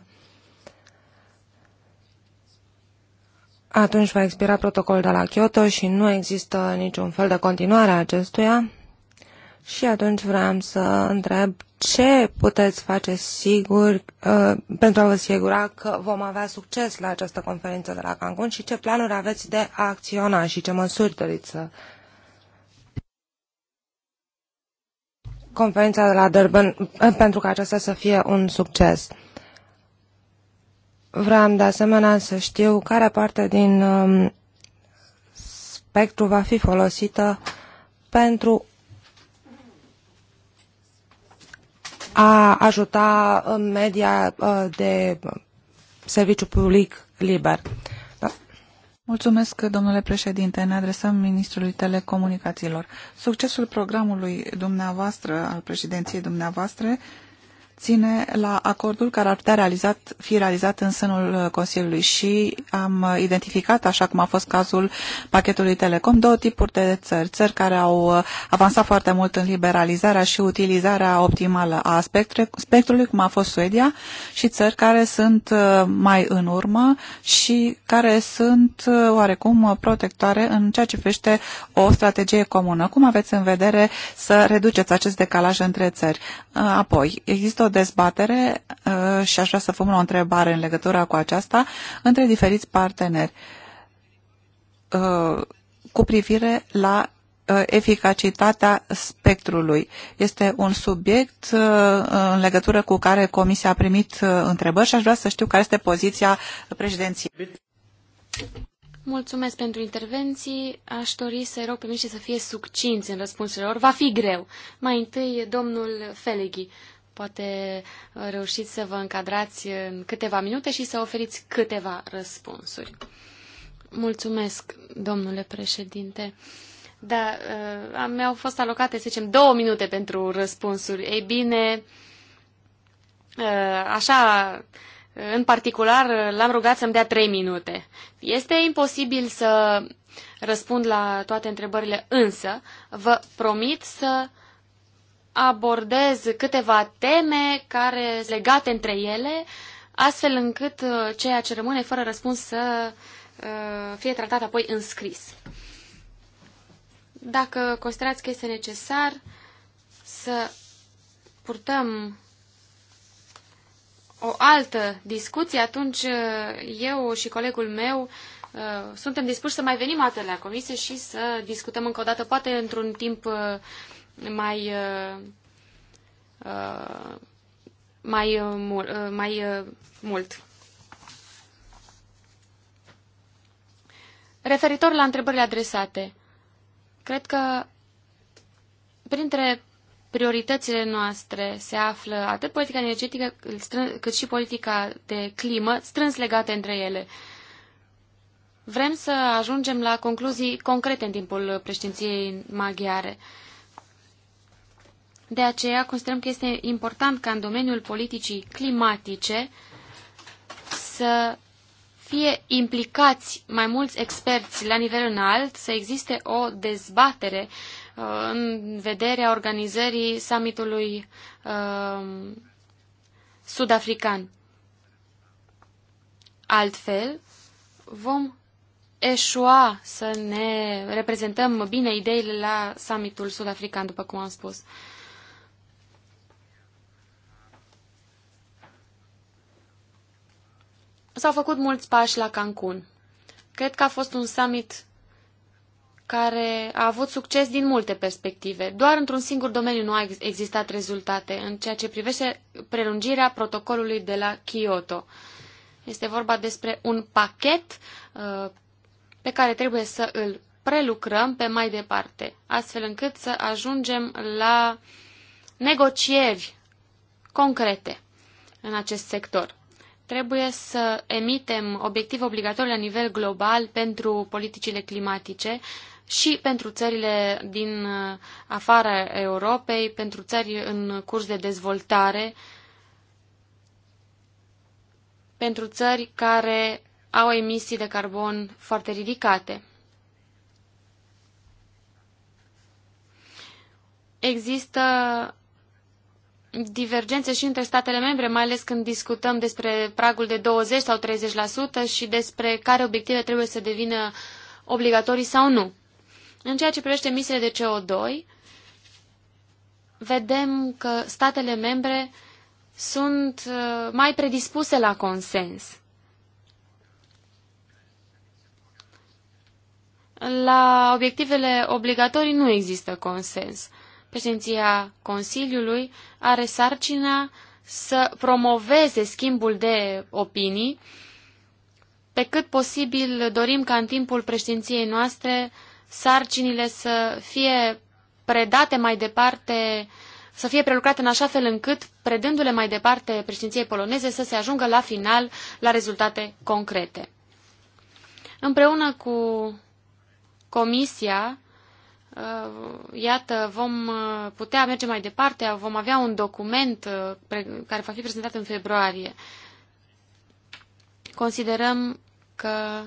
[SPEAKER 5] atunci va expira protocolul de la Kyoto și nu există niciun fel de continuare a acestuia. Și atunci vreau să întreb ce puteți face sigur uh, pentru a vă asigura că vom avea succes la această conferință de la Cancun și ce planuri aveți de a acționa și ce măsuri doriți să conferința de la Durban uh, pentru ca aceasta să fie un succes. Vreau de asemenea să știu care parte din um, spectru va fi folosită pentru a ajuta uh, media uh, de uh, serviciu public liber. Da.
[SPEAKER 3] Mulțumesc, domnule președinte. Ne adresăm Ministrului Telecomunicațiilor. Succesul programului dumneavoastră, al președinției dumneavoastră, ține la acordul care ar putea realizat, fi realizat în sânul uh, Consiliului și am uh, identificat, așa cum a fost cazul pachetului Telecom, două tipuri de țări. Țări care au uh, avansat foarte mult în liberalizarea și utilizarea optimală a spectrului, cum a fost Suedia, și țări care sunt mai în urmă și care sunt oarecum protectoare în ceea ce privește o strategie comună. Cum aveți în vedere să reduceți acest decalaj între țări? Apoi, există o dezbatere uh, și aș vrea să pun o întrebare în legătură cu aceasta între diferiți parteneri uh, cu privire la uh, eficacitatea spectrului. Este un subiect în legătură cu care Comisia a primit întrebări și aș vrea să știu care este poziția președinției.
[SPEAKER 1] Mulțumesc pentru intervenții. Aș dori să rog pe să fie succinți în răspunsurile lor. Va fi greu. Mai întâi, domnul Feleghi. Poate uh, reușiți să vă încadrați în câteva minute și să oferiți câteva răspunsuri. Mulțumesc, domnule președinte. Da, uh, mi-au fost alocate, să zicem, două minute pentru răspunsuri. Ei bine, uh, așa, în particular, l-am rugat să-mi dea trei minute. Este imposibil să răspund la toate întrebările, însă vă promit să uh, abordez câteva teme care sunt legate între ele, astfel încât uh, ceea ce rămâne fără răspuns să uh, fie tratat apoi în scris. Dacă considerați că este necesar să purtăm o altă discuție, atunci uh, eu și colegul meu suntem dispuși să mai venim atât la comisie și să discutăm încă o dată, poate într-un timp mai uh, uh, mai, uh, mul, mai mult. Referitor la întrebările adresate, cred că printre prioritățile noastre se află atât politica energetică cât și politica de climă, strâns legate între ele. Vrem să ajungem la concluzii concrete în timpul președinției maghiare. Uh, de aceea considerăm că este important ca în domeniul politicii climatice să fie implicați mai mulți experți la nivel înalt, să existe o dezbatere uh, în vederea organizării summitului uh, sud-african. Altfel, vom eșua să ne reprezentăm bine ideile la summitul sud-african, după cum am spus. S-au făcut mulți pași la Cancun. Cred că a fost un summit care a avut succes din multe perspective. Doar într-un singur domeniu nu a existat rezultate în ceea ce privește prelungirea protocolului de la Kyoto. Este vorba despre un pachet uh, pe care trebuie să îl prelucrăm pe mai departe, astfel încât să ajungem la negocieri concrete în acest sector trebuie să emitem obiective obligatorii la nivel global pentru politicile climatice și pentru țările din uh, afara Europei, pentru țări în curs de dezvoltare, pentru țări care au emisii de carbon foarte ridicate. Există divergențe și între statele membre, mai ales când discutăm despre pragul de 20 sau 30% și despre care obiective trebuie să devină obligatorii sau nu. În ceea ce privește emisiile de CO2, vedem că statele membre sunt uh, mai predispuse la consens. La obiectivele obligatorii nu există consens. Președinția Consiliului are sarcina să promoveze schimbul de opinii. Pe cât posibil dorim ca în timpul președinției noastre sarcinile să fie predate mai departe, să fie prelucrate în așa fel încât, predându-le mai departe președinției poloneze, să se ajungă la final la rezultate concrete. Împreună cu Comisia, Uh, iată, vom uh, putea merge mai departe, vom avea un document uh, care va fi prezentat în februarie. Considerăm că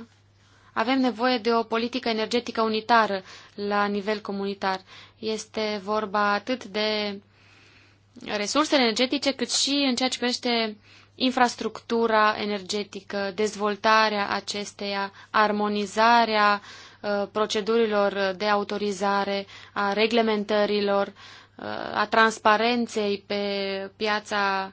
[SPEAKER 1] avem nevoie de o politică energetică unitară la nivel comunitar. Este vorba atât de resurse energetice, cât și în ceea ce privește infrastructura energetică, dezvoltarea acesteia, armonizarea uh, Uh, procedurilor de autorizare, a reglementărilor, uh, a transparenței pe piața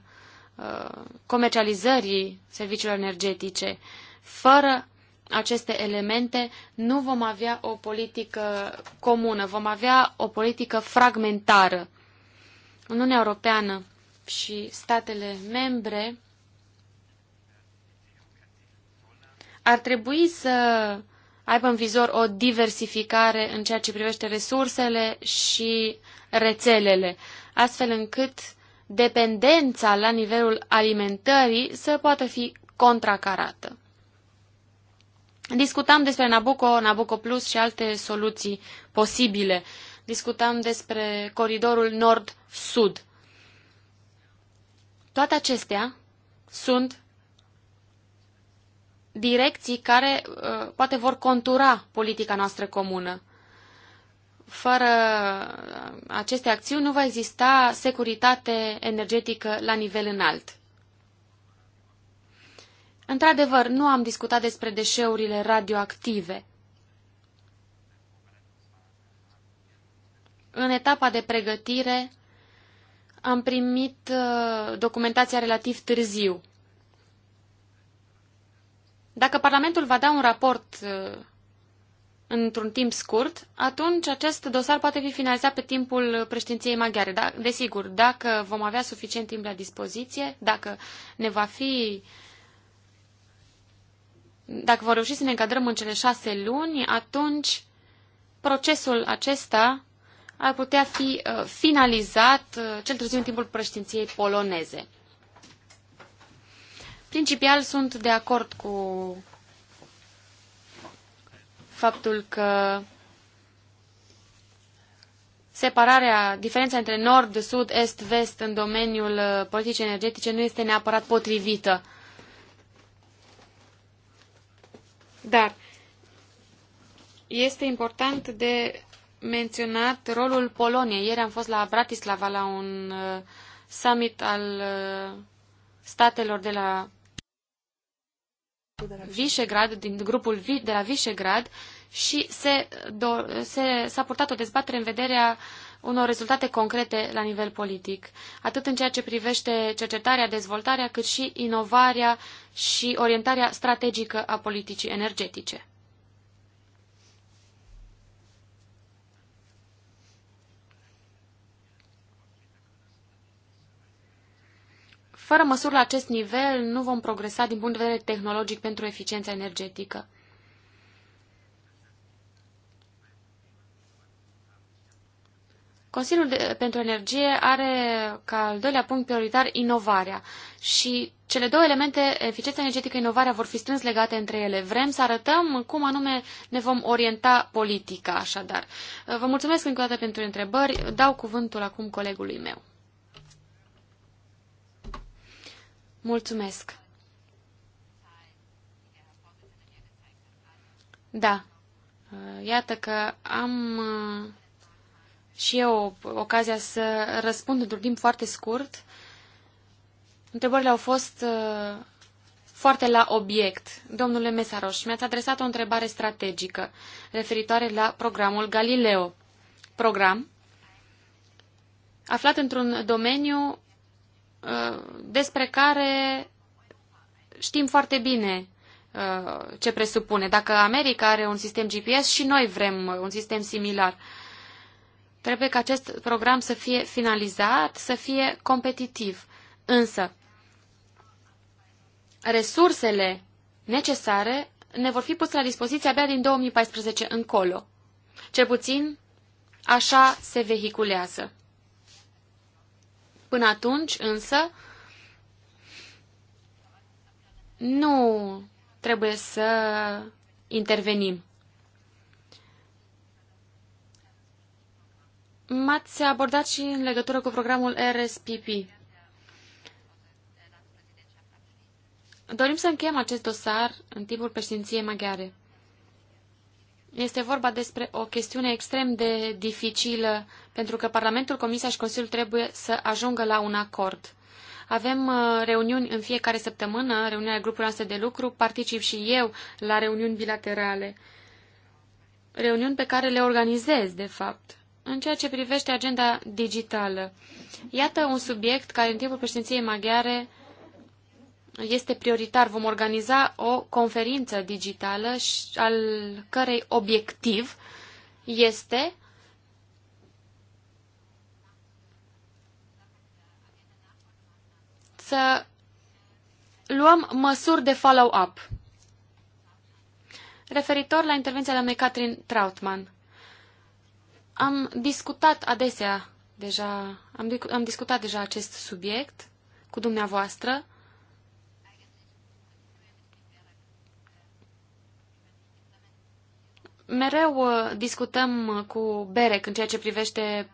[SPEAKER 1] uh, comercializării serviciilor energetice. Fără aceste elemente, nu vom avea o politică comună, vom avea o politică fragmentară. Uniunea Europeană și statele membre ar trebui să aibă în vizor o diversificare în ceea ce privește resursele și rețelele, astfel încât dependența la nivelul alimentării să poată fi contracarată. Discutam despre Nabucco, Nabucco Plus și alte soluții posibile. Discutam despre coridorul nord-sud. Toate acestea sunt direcții care uh, poate vor contura politica noastră comună. Fără uh, aceste acțiuni nu va exista securitate energetică la nivel înalt. Într-adevăr, nu am discutat despre deșeurile radioactive. În etapa de pregătire am primit uh, documentația relativ târziu. Dacă Parlamentul va da un raport uh, într-un timp scurt, atunci acest dosar poate fi finalizat pe timpul președinției maghiare. Da, desigur, dacă vom avea suficient timp la dispoziție, dacă ne va fi dacă vom reuși să ne încadrăm în cele șase luni, atunci procesul acesta ar putea fi uh, finalizat uh, cel târziu în timpul președinției poloneze. Principial sunt de acord cu faptul că separarea, diferența între nord, sud, est, vest în domeniul uh, politicii energetice nu este neapărat potrivită. Dar este important de menționat rolul Poloniei. Ieri am fost la Bratislava la un uh, summit al uh, statelor de la Vișegrad, din grupul de la Vișegrad și se, do, se, s-a purtat o dezbatere în vederea unor rezultate concrete la nivel politic, atât în ceea ce privește cercetarea, dezvoltarea, cât și inovarea și orientarea strategică a politicii energetice. Fără măsuri la acest nivel, nu vom progresa din punct de vedere tehnologic pentru eficiența energetică. Consiliul de, pentru Energie are ca al doilea punct prioritar inovarea și cele două elemente, eficiența energetică, inovarea, vor fi strâns legate între ele. Vrem să arătăm cum anume ne vom orienta politica, așadar. Vă mulțumesc încă o dată pentru întrebări. Dau cuvântul acum colegului meu. Mulțumesc! Da, iată că am uh, și eu ocazia să răspund într-un timp foarte scurt. Întrebările au fost uh, foarte la obiect. Domnule Mesaroș, mi-ați adresat o întrebare strategică referitoare la programul Galileo. Program aflat într-un domeniu Uh, despre care știm foarte bine uh, ce presupune. Dacă America are un sistem GPS și noi vrem uh, un sistem similar, trebuie ca acest program să fie finalizat, să fie competitiv. Însă, resursele necesare ne vor fi puse la dispoziție abia din 2014 încolo. Cel puțin, așa se vehiculează. Până atunci, însă, nu trebuie să intervenim. M-ați abordat și în legătură cu programul RSPP. Dorim să încheiem acest dosar în timpul președinției maghiare. Este vorba despre o chestiune extrem de dificilă, pentru că Parlamentul, Comisia și Consiliul trebuie să ajungă la un acord. Avem uh, reuniuni în fiecare săptămână, reuniunea grupurilor noastre de lucru, particip și eu la reuniuni bilaterale. Reuniuni pe care le organizez, de fapt. În ceea ce privește agenda digitală, iată un subiect care în timpul președinției maghiare este prioritar. Vom organiza o conferință digitală al cărei obiectiv este să luăm măsuri de follow-up. Referitor la intervenția doamnei Catherine Trautmann, am discutat adesea deja, am, am discutat deja acest subiect cu dumneavoastră. mereu uh, discutăm uh, cu BEREC în ceea ce privește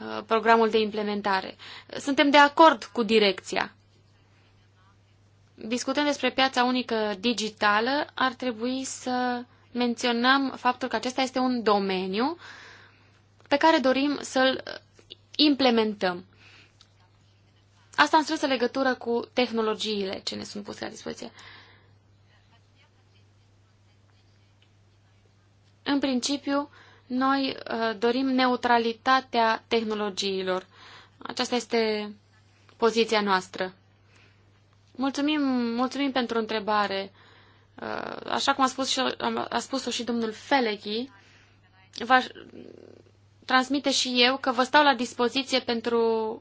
[SPEAKER 1] uh, programul de implementare. Suntem de acord cu direcția. Discutând despre piața unică digitală, ar trebui să menționăm faptul că acesta este un domeniu pe care dorim să-l implementăm. Asta în strânsă legătură cu tehnologiile ce ne sunt puse la dispoziție. În principiu, noi uh, dorim neutralitatea tehnologiilor. Aceasta este poziția noastră. Mulțumim, mulțumim pentru întrebare. Uh, așa cum a spus și, a spus-o și domnul Felechi, vă transmite și eu că vă stau la dispoziție pentru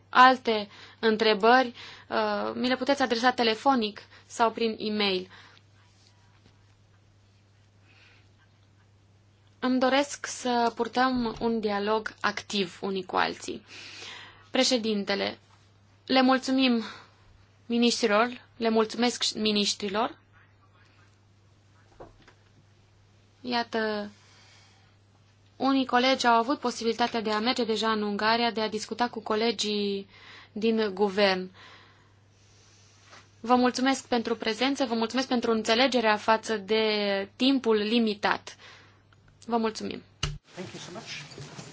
[SPEAKER 1] alte întrebări. Uh, mi le puteți adresa telefonic sau prin e-mail. Îmi doresc să purtăm un dialog activ unii cu alții. Președintele, le mulțumim ministrilor, le mulțumesc ministrilor. Iată, unii colegi au avut posibilitatea de a merge deja în Ungaria, de a discuta cu colegii din guvern. Vă mulțumesc pentru prezență, vă mulțumesc pentru înțelegerea față de timpul limitat. Vă mulțumim!
[SPEAKER 2] Thank you so much.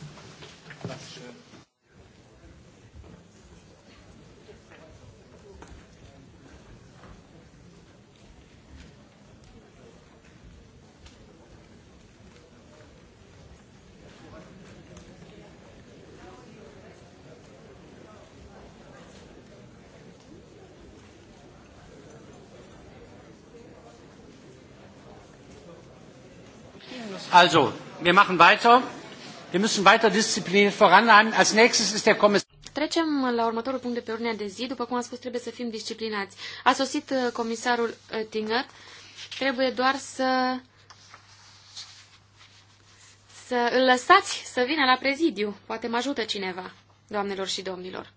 [SPEAKER 2] Also, wir machen weiter. Wir müssen weiter diszipliniert voranhalten. Als nächstes ist der Kommissar.
[SPEAKER 1] Trecem la următorul punct de pe ordinea de zi. După cum am spus, trebuie să fim disciplinați. A sosit uh, comisarul Oettinger. Trebuie doar să să îl lăsați să vină la prezidiu. Poate mă ajută cineva, doamnelor și domnilor.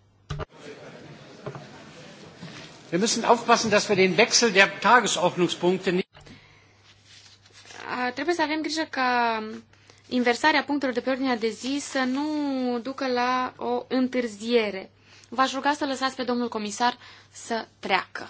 [SPEAKER 2] Wir müssen aufpassen, dass wir den Wechsel der Tagesordnungspunkte nicht
[SPEAKER 1] trebuie să avem grijă ca inversarea punctelor de pe ordinea de zi să nu ducă la o întârziere. V-aș ruga să lăsați pe domnul comisar să treacă.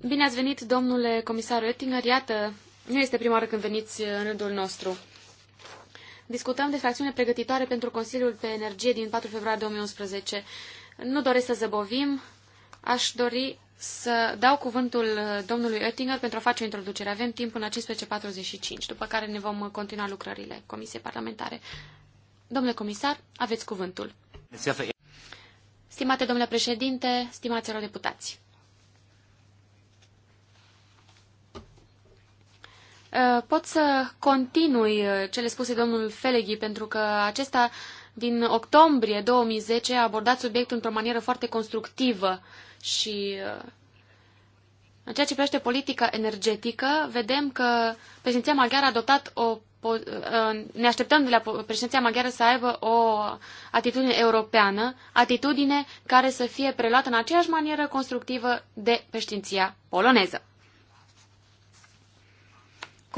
[SPEAKER 1] Bine ați venit, domnule comisar Oettinger. Iată, nu este prima oară când veniți în rândul nostru discutăm despre fracțiune pregătitoare pentru Consiliul pe Energie din 4 februarie 2011. Nu doresc să zăbovim, aș dori să dau cuvântul domnului Oettinger pentru a face o introducere. Avem timp până la 15.45, după care ne vom continua lucrările Comisiei Parlamentare. Domnule comisar, aveți cuvântul. Stimate domnule președinte, stimați deputați. Uh, pot să continui uh, cele spuse domnul Feleghi, pentru că acesta din octombrie 2010 a abordat subiectul într-o manieră foarte constructivă și uh, în ceea ce privește politica energetică, vedem că președinția maghiară a adoptat o ne așteptăm de la președinția maghiară să aibă o atitudine europeană, atitudine care să fie preluată în aceeași manieră constructivă de președinția poloneză.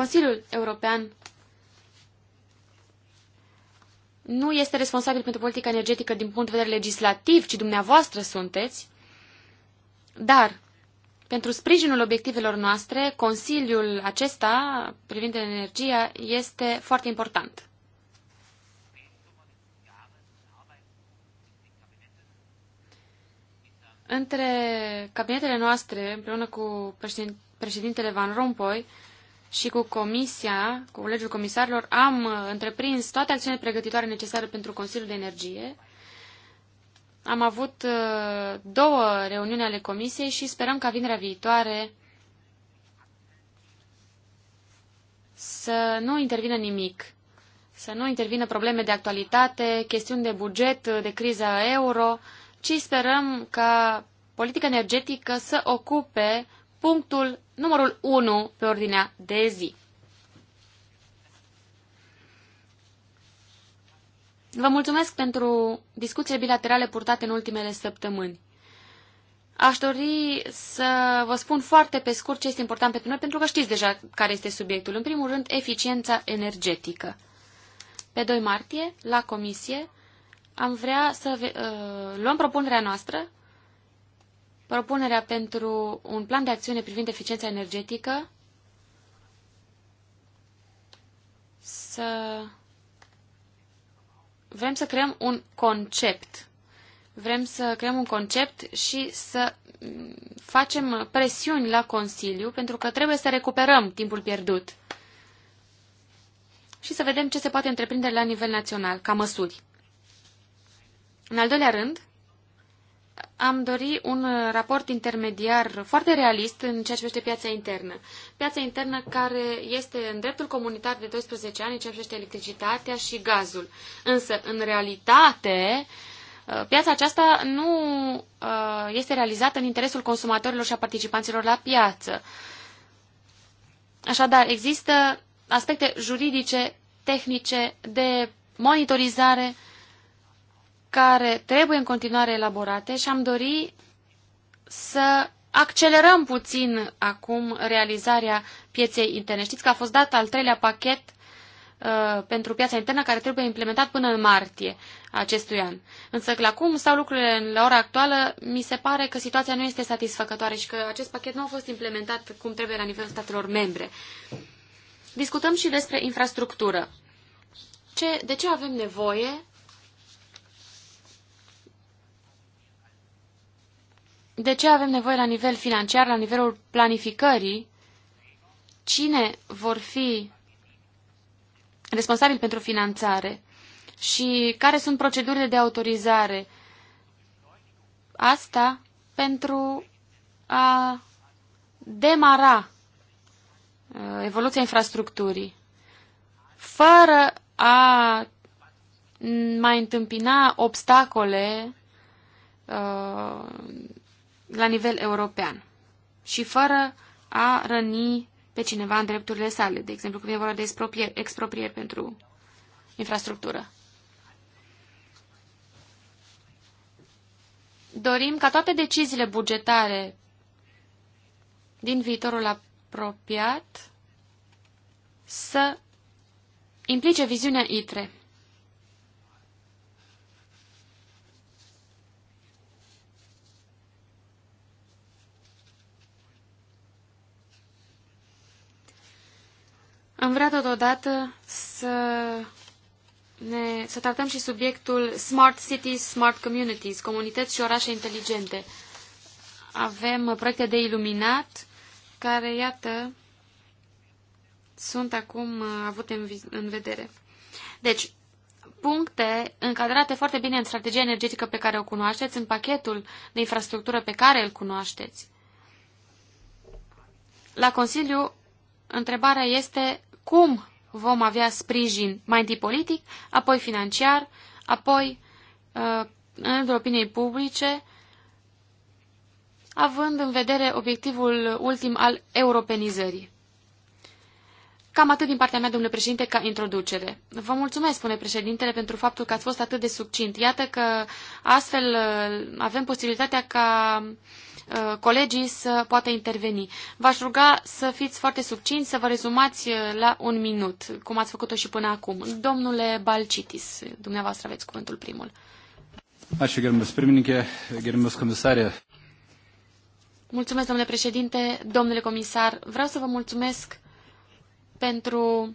[SPEAKER 1] Consiliul European nu este responsabil pentru politica energetică din punct de vedere legislativ, ci dumneavoastră sunteți, dar pentru sprijinul obiectivelor noastre, Consiliul acesta privind energia este foarte important. Între cabinetele noastre, împreună cu președintele Van Rompuy, și cu Comisia, cu Colegiul Comisarilor, am uh, întreprins toate acțiunile pregătitoare necesare pentru Consiliul de Energie. Am avut uh, două reuniuni ale Comisiei și sperăm ca vinerea viitoare să nu intervină nimic, să nu intervină probleme de actualitate, chestiuni de buget, uh, de criza euro, ci sperăm ca politica energetică să ocupe punctul numărul 1 pe ordinea de zi. Vă mulțumesc pentru discuțiile bilaterale purtate în ultimele săptămâni. Aș dori să vă spun foarte pe scurt ce este important pentru noi, pentru că știți deja care este subiectul. În primul rând, eficiența energetică. Pe 2 martie, la comisie, am vrea să uh, luăm propunerea noastră propunerea pentru un plan de acțiune privind eficiența energetică să vrem să creăm un concept. Vrem să creăm un concept și să facem presiuni la Consiliu pentru că trebuie să recuperăm timpul pierdut și să vedem ce se poate întreprinde la nivel național, ca măsuri. În al doilea rând, am dori un raport intermediar foarte realist în ceea ce privește piața internă. Piața internă care este în dreptul comunitar de 12 ani în ceea ce privește electricitatea și gazul. Însă, în realitate, uh, piața aceasta nu uh, este realizată în interesul consumatorilor și a participanților la piață. Așadar, există aspecte juridice, tehnice, de monitorizare, care trebuie în continuare elaborate și am dori să accelerăm puțin acum realizarea pieței interne. Știți că a fost dat al treilea pachet uh, pentru piața internă care trebuie implementat până în martie acestui an. Însă că la cum stau lucrurile la ora actuală, mi se pare că situația nu este satisfăcătoare și că acest pachet nu a fost implementat cum trebuie la nivelul statelor membre. Discutăm și despre infrastructură. Ce, de ce avem nevoie De ce avem nevoie la nivel financiar, la nivelul planificării, cine vor fi responsabili pentru finanțare și care sunt procedurile de autorizare? Asta pentru a demara uh, evoluția infrastructurii, fără a mai întâmpina obstacole uh, la nivel european și fără a răni pe cineva în drepturile sale, de exemplu când e vorba de exproprieri, exproprieri pentru infrastructură. Dorim ca toate deciziile bugetare din viitorul apropiat să implice viziunea ITRE. Am vrea totodată să, ne, să tratăm și subiectul Smart Cities, Smart Communities, comunități și orașe inteligente. Avem proiecte de iluminat care, iată, sunt acum uh, avute în, în vedere. Deci, puncte încadrate foarte bine în strategia energetică pe care o cunoașteți, în pachetul de infrastructură pe care îl cunoașteți. La Consiliu, întrebarea este cum vom avea sprijin mai întâi politic, apoi financiar, apoi uh, în rândul opiniei publice, având în vedere obiectivul ultim al europenizării. Cam atât din partea mea, domnule președinte, ca introducere. Vă mulțumesc, spune președintele, pentru faptul că ați fost atât de succint. Iată că astfel uh, avem posibilitatea ca Uh, colegii să poată interveni. V-aș ruga să fiți foarte subțini, să vă rezumați uh, la un minut, cum ați făcut-o și până acum. Domnule Balcitis, dumneavoastră aveți cuvântul primul.
[SPEAKER 2] Ačiū, gerbiamas pirmininkė, gerbiamas Comisarie
[SPEAKER 1] Mulțumesc, domnule președinte, domnule comisar. Vreau să vă mulțumesc pentru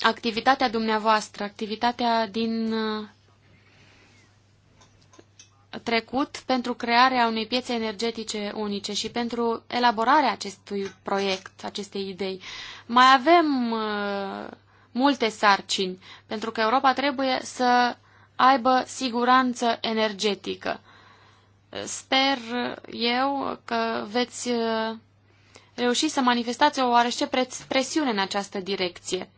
[SPEAKER 1] activitatea dumneavoastră, activitatea din uh, trecut pentru crearea unei piețe energetice unice și pentru elaborarea acestui proiect, acestei idei. Mai avem uh, multe sarcini, pentru că Europa trebuie să aibă siguranță energetică. Sper eu că veți uh, reuși să manifestați o oarește presiune în această direcție.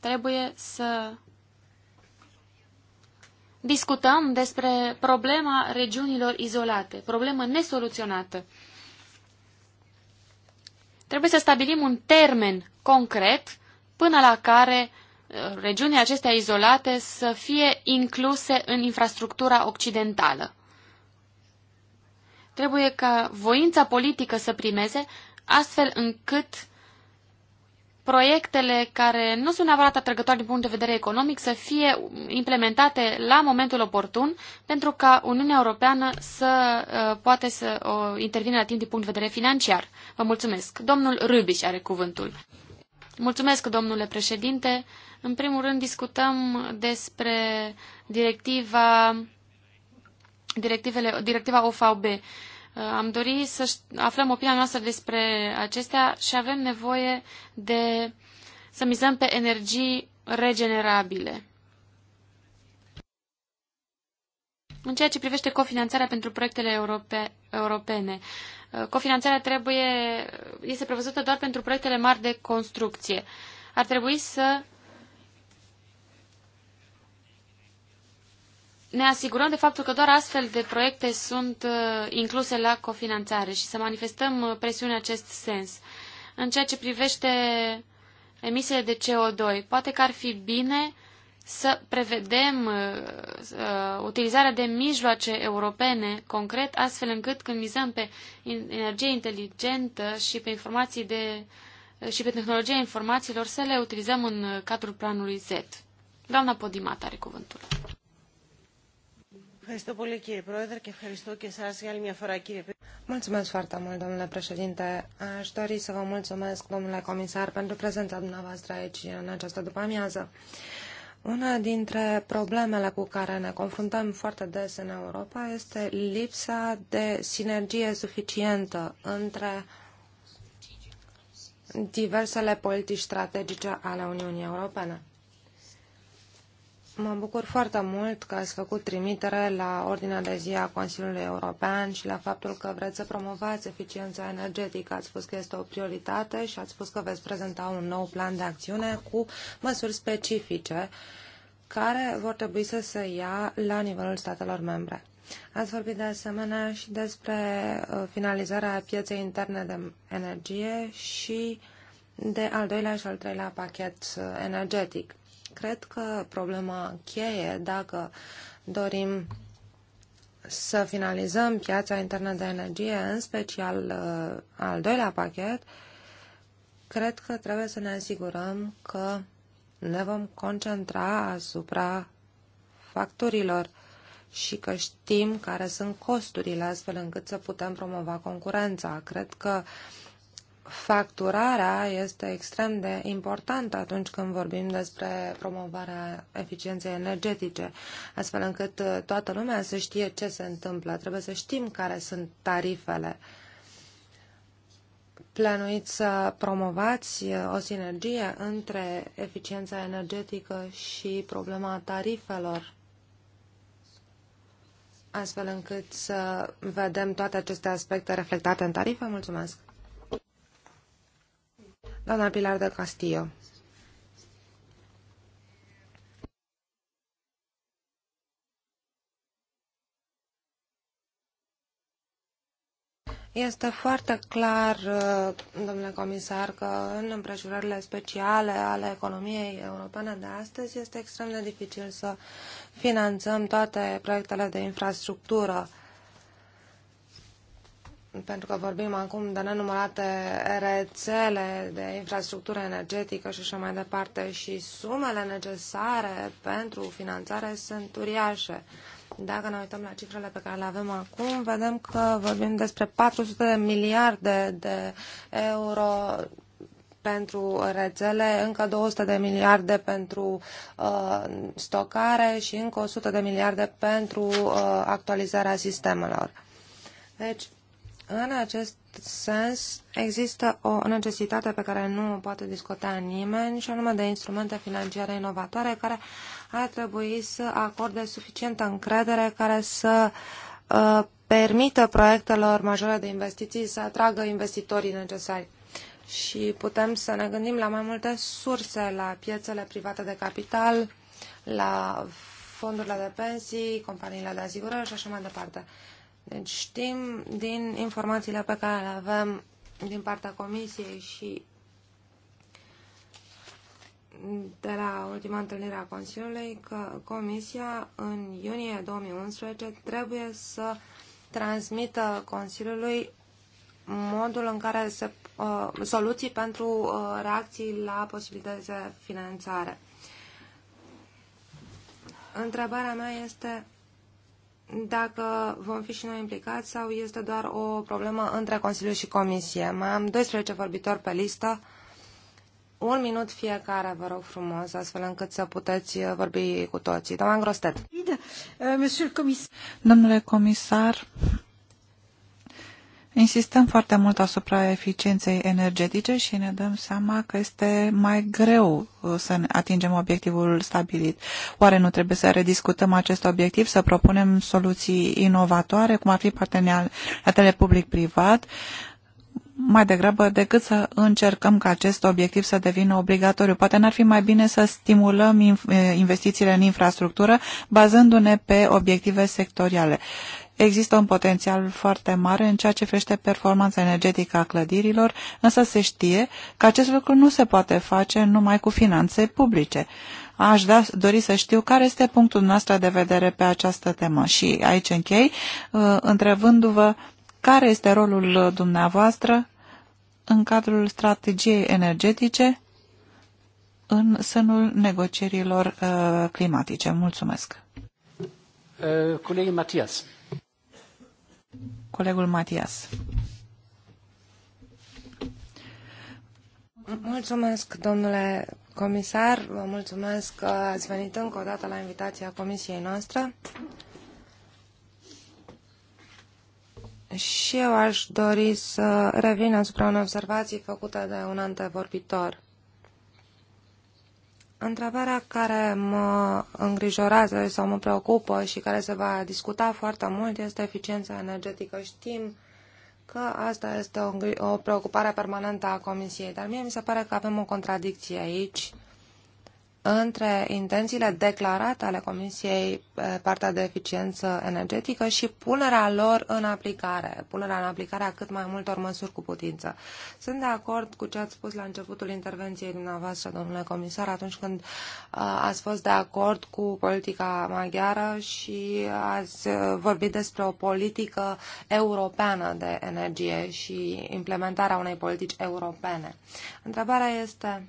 [SPEAKER 1] Trebuie să discutăm despre problema regiunilor izolate, problemă nesoluționată. Trebuie să stabilim un termen concret până la care uh, regiunile acestea izolate să fie incluse în infrastructura occidentală. Trebuie ca voința politică să primeze astfel încât proiectele care nu sunt neapărat atrăgătoare din punct de vedere economic să fie implementate la momentul oportun pentru ca Uniunea Europeană să uh, poate să o intervine la timp din punct de vedere financiar. Vă mulțumesc. Domnul Râbiș are cuvântul. Mulțumesc, domnule președinte. În primul rând discutăm despre directiva, directivele, directiva OVB. Uh, am dorit să aflăm opinia noastră despre acestea și avem nevoie de să mizăm pe energii regenerabile. În ceea ce privește cofinanțarea pentru proiectele europe, europene, uh, cofinanțarea trebuie, este prevăzută doar pentru proiectele mari de construcție. Ar trebui să ne asigurăm de faptul că doar astfel de proiecte sunt uh, incluse la cofinanțare și să manifestăm uh, presiune în acest sens. În ceea ce privește emisiile de CO2, poate că ar fi bine să prevedem uh, uh, utilizarea de mijloace europene concret, astfel încât când mizăm pe energie inteligentă și pe informații de și pe tehnologia informațiilor să le utilizăm în cadrul planului Z. Doamna Podimata are cuvântul. Mulțumesc foarte mult, domnule
[SPEAKER 5] președinte. Aș dori să vă mulțumesc, domnule comisar, pentru prezența dumneavoastră aici în această după-amiază. Una dintre problemele cu care ne confruntăm foarte des în Europa este lipsa de sinergie suficientă între diversele politici strategice ale Uniunii Europene. Mă bucur foarte mult că ați făcut trimitere la ordinea de zi a Consiliului European și la faptul că vreți să promovați eficiența energetică. Ați spus că este o prioritate și ați spus că veți prezenta un nou plan de acțiune cu măsuri specifice care vor trebui să se ia la nivelul statelor membre. Ați vorbit de asemenea și despre uh, finalizarea pieței interne de energie și de al doilea și al treilea pachet uh, energetic. Cred că problema cheie, dacă dorim să finalizăm piața internă de energie, în special uh, al doilea pachet, cred că trebuie să ne asigurăm că ne vom concentra asupra factorilor și că știm care sunt costurile astfel încât să putem promova concurența. Cred că uh, facturarea este extrem de importantă atunci când vorbim despre promovarea eficienței energetice, astfel încât uh, toată lumea să știe ce se întâmplă. Trebuie să știm care sunt tarifele. Planuiți să promovați uh, o sinergie între eficiența energetică și problema tarifelor astfel încât să vedem toate aceste aspecte reflectate în tarife. Mulțumesc! Doamna Pilar de Castillo. Este foarte clar, uh, domnule comisar, că în împrejurările speciale ale economiei europene de astăzi este extrem de dificil să finanțăm toate proiectele de infrastructură pentru că vorbim acum de nenumărate rețele de infrastructură energetică și așa mai departe, și sumele necesare pentru finanțare sunt uriașe. Dacă ne uităm la cifrele pe care le avem acum, vedem că vorbim despre 400 de miliarde de euro pentru rețele, încă 200 de miliarde pentru uh, stocare și încă 100 de miliarde pentru uh, actualizarea sistemelor. Deci, în acest sens, există o necesitate pe care nu o poate discuta nimeni, și anume de instrumente financiare inovatoare care ar trebui să acorde suficientă încredere, care să uh, permită proiectelor majore de investiții să atragă investitorii necesari. Și putem să ne gândim la mai multe surse, la piețele private de capital, la fondurile de pensii, companiile de asigurări și așa mai departe. Deci știm din informațiile pe care le avem din partea Comisiei și de la ultima întâlnire a Consiliului că Comisia în iunie 2011 trebuie să transmită Consiliului modul în care se, uh, soluții pentru uh, reacții la posibilități de finanțare. Întrebarea mea este dacă vom fi și noi implicați sau este doar o problemă între Consiliu și Comisie. Mai am 12 vorbitori pe listă. Un minut fiecare, vă rog frumos, astfel încât să puteți uh, vorbi cu toții. Doamna Grostet. Uh,
[SPEAKER 3] Domnule comisar, Insistăm foarte mult asupra eficienței energetice și ne dăm seama că este mai greu uh, să atingem obiectivul stabilit. Oare nu trebuie să rediscutăm acest obiectiv, să propunem soluții inovatoare, cum ar fi parteneriatele public-privat, mai degrabă decât să încercăm ca acest obiectiv să devină obligatoriu. Poate n-ar fi mai bine să stimulăm investițiile în infrastructură bazându-ne pe obiective sectoriale. Există un potențial foarte mare în ceea ce fește performanța energetică a clădirilor, însă se știe că acest lucru nu se poate face numai cu finanțe publice. Aș da, dori să știu care este punctul nostru de vedere pe această temă și aici închei, uh, întrebându-vă care este rolul dumneavoastră în cadrul strategiei energetice în sânul negocierilor uh, climatice. Mulțumesc.
[SPEAKER 2] Uh, colegii
[SPEAKER 5] Matias colegul Matias. Mulțumesc, domnule comisar. Vă mulțumesc că ați venit încă o dată la invitația comisiei noastre. Și eu aș dori să revin asupra unei observații făcute de un antevorbitor. Întrebarea care mă îngrijorează sau mă preocupă și care se va discuta foarte mult este eficiența energetică. Știm că asta este o, preocupare permanentă a Comisiei, dar mie mi se pare că avem o contradicție aici între intențiile declarate ale Comisiei pe eh, partea de eficiență energetică și punerea lor în aplicare, punerea în aplicare a cât mai multor măsuri cu putință. Sunt de acord cu ce ați spus la începutul intervenției dumneavoastră, domnule comisar, atunci când eh, ați fost de acord cu politica maghiară și ați eh, vorbit despre o politică europeană de energie și implementarea unei politici europene. Întrebarea este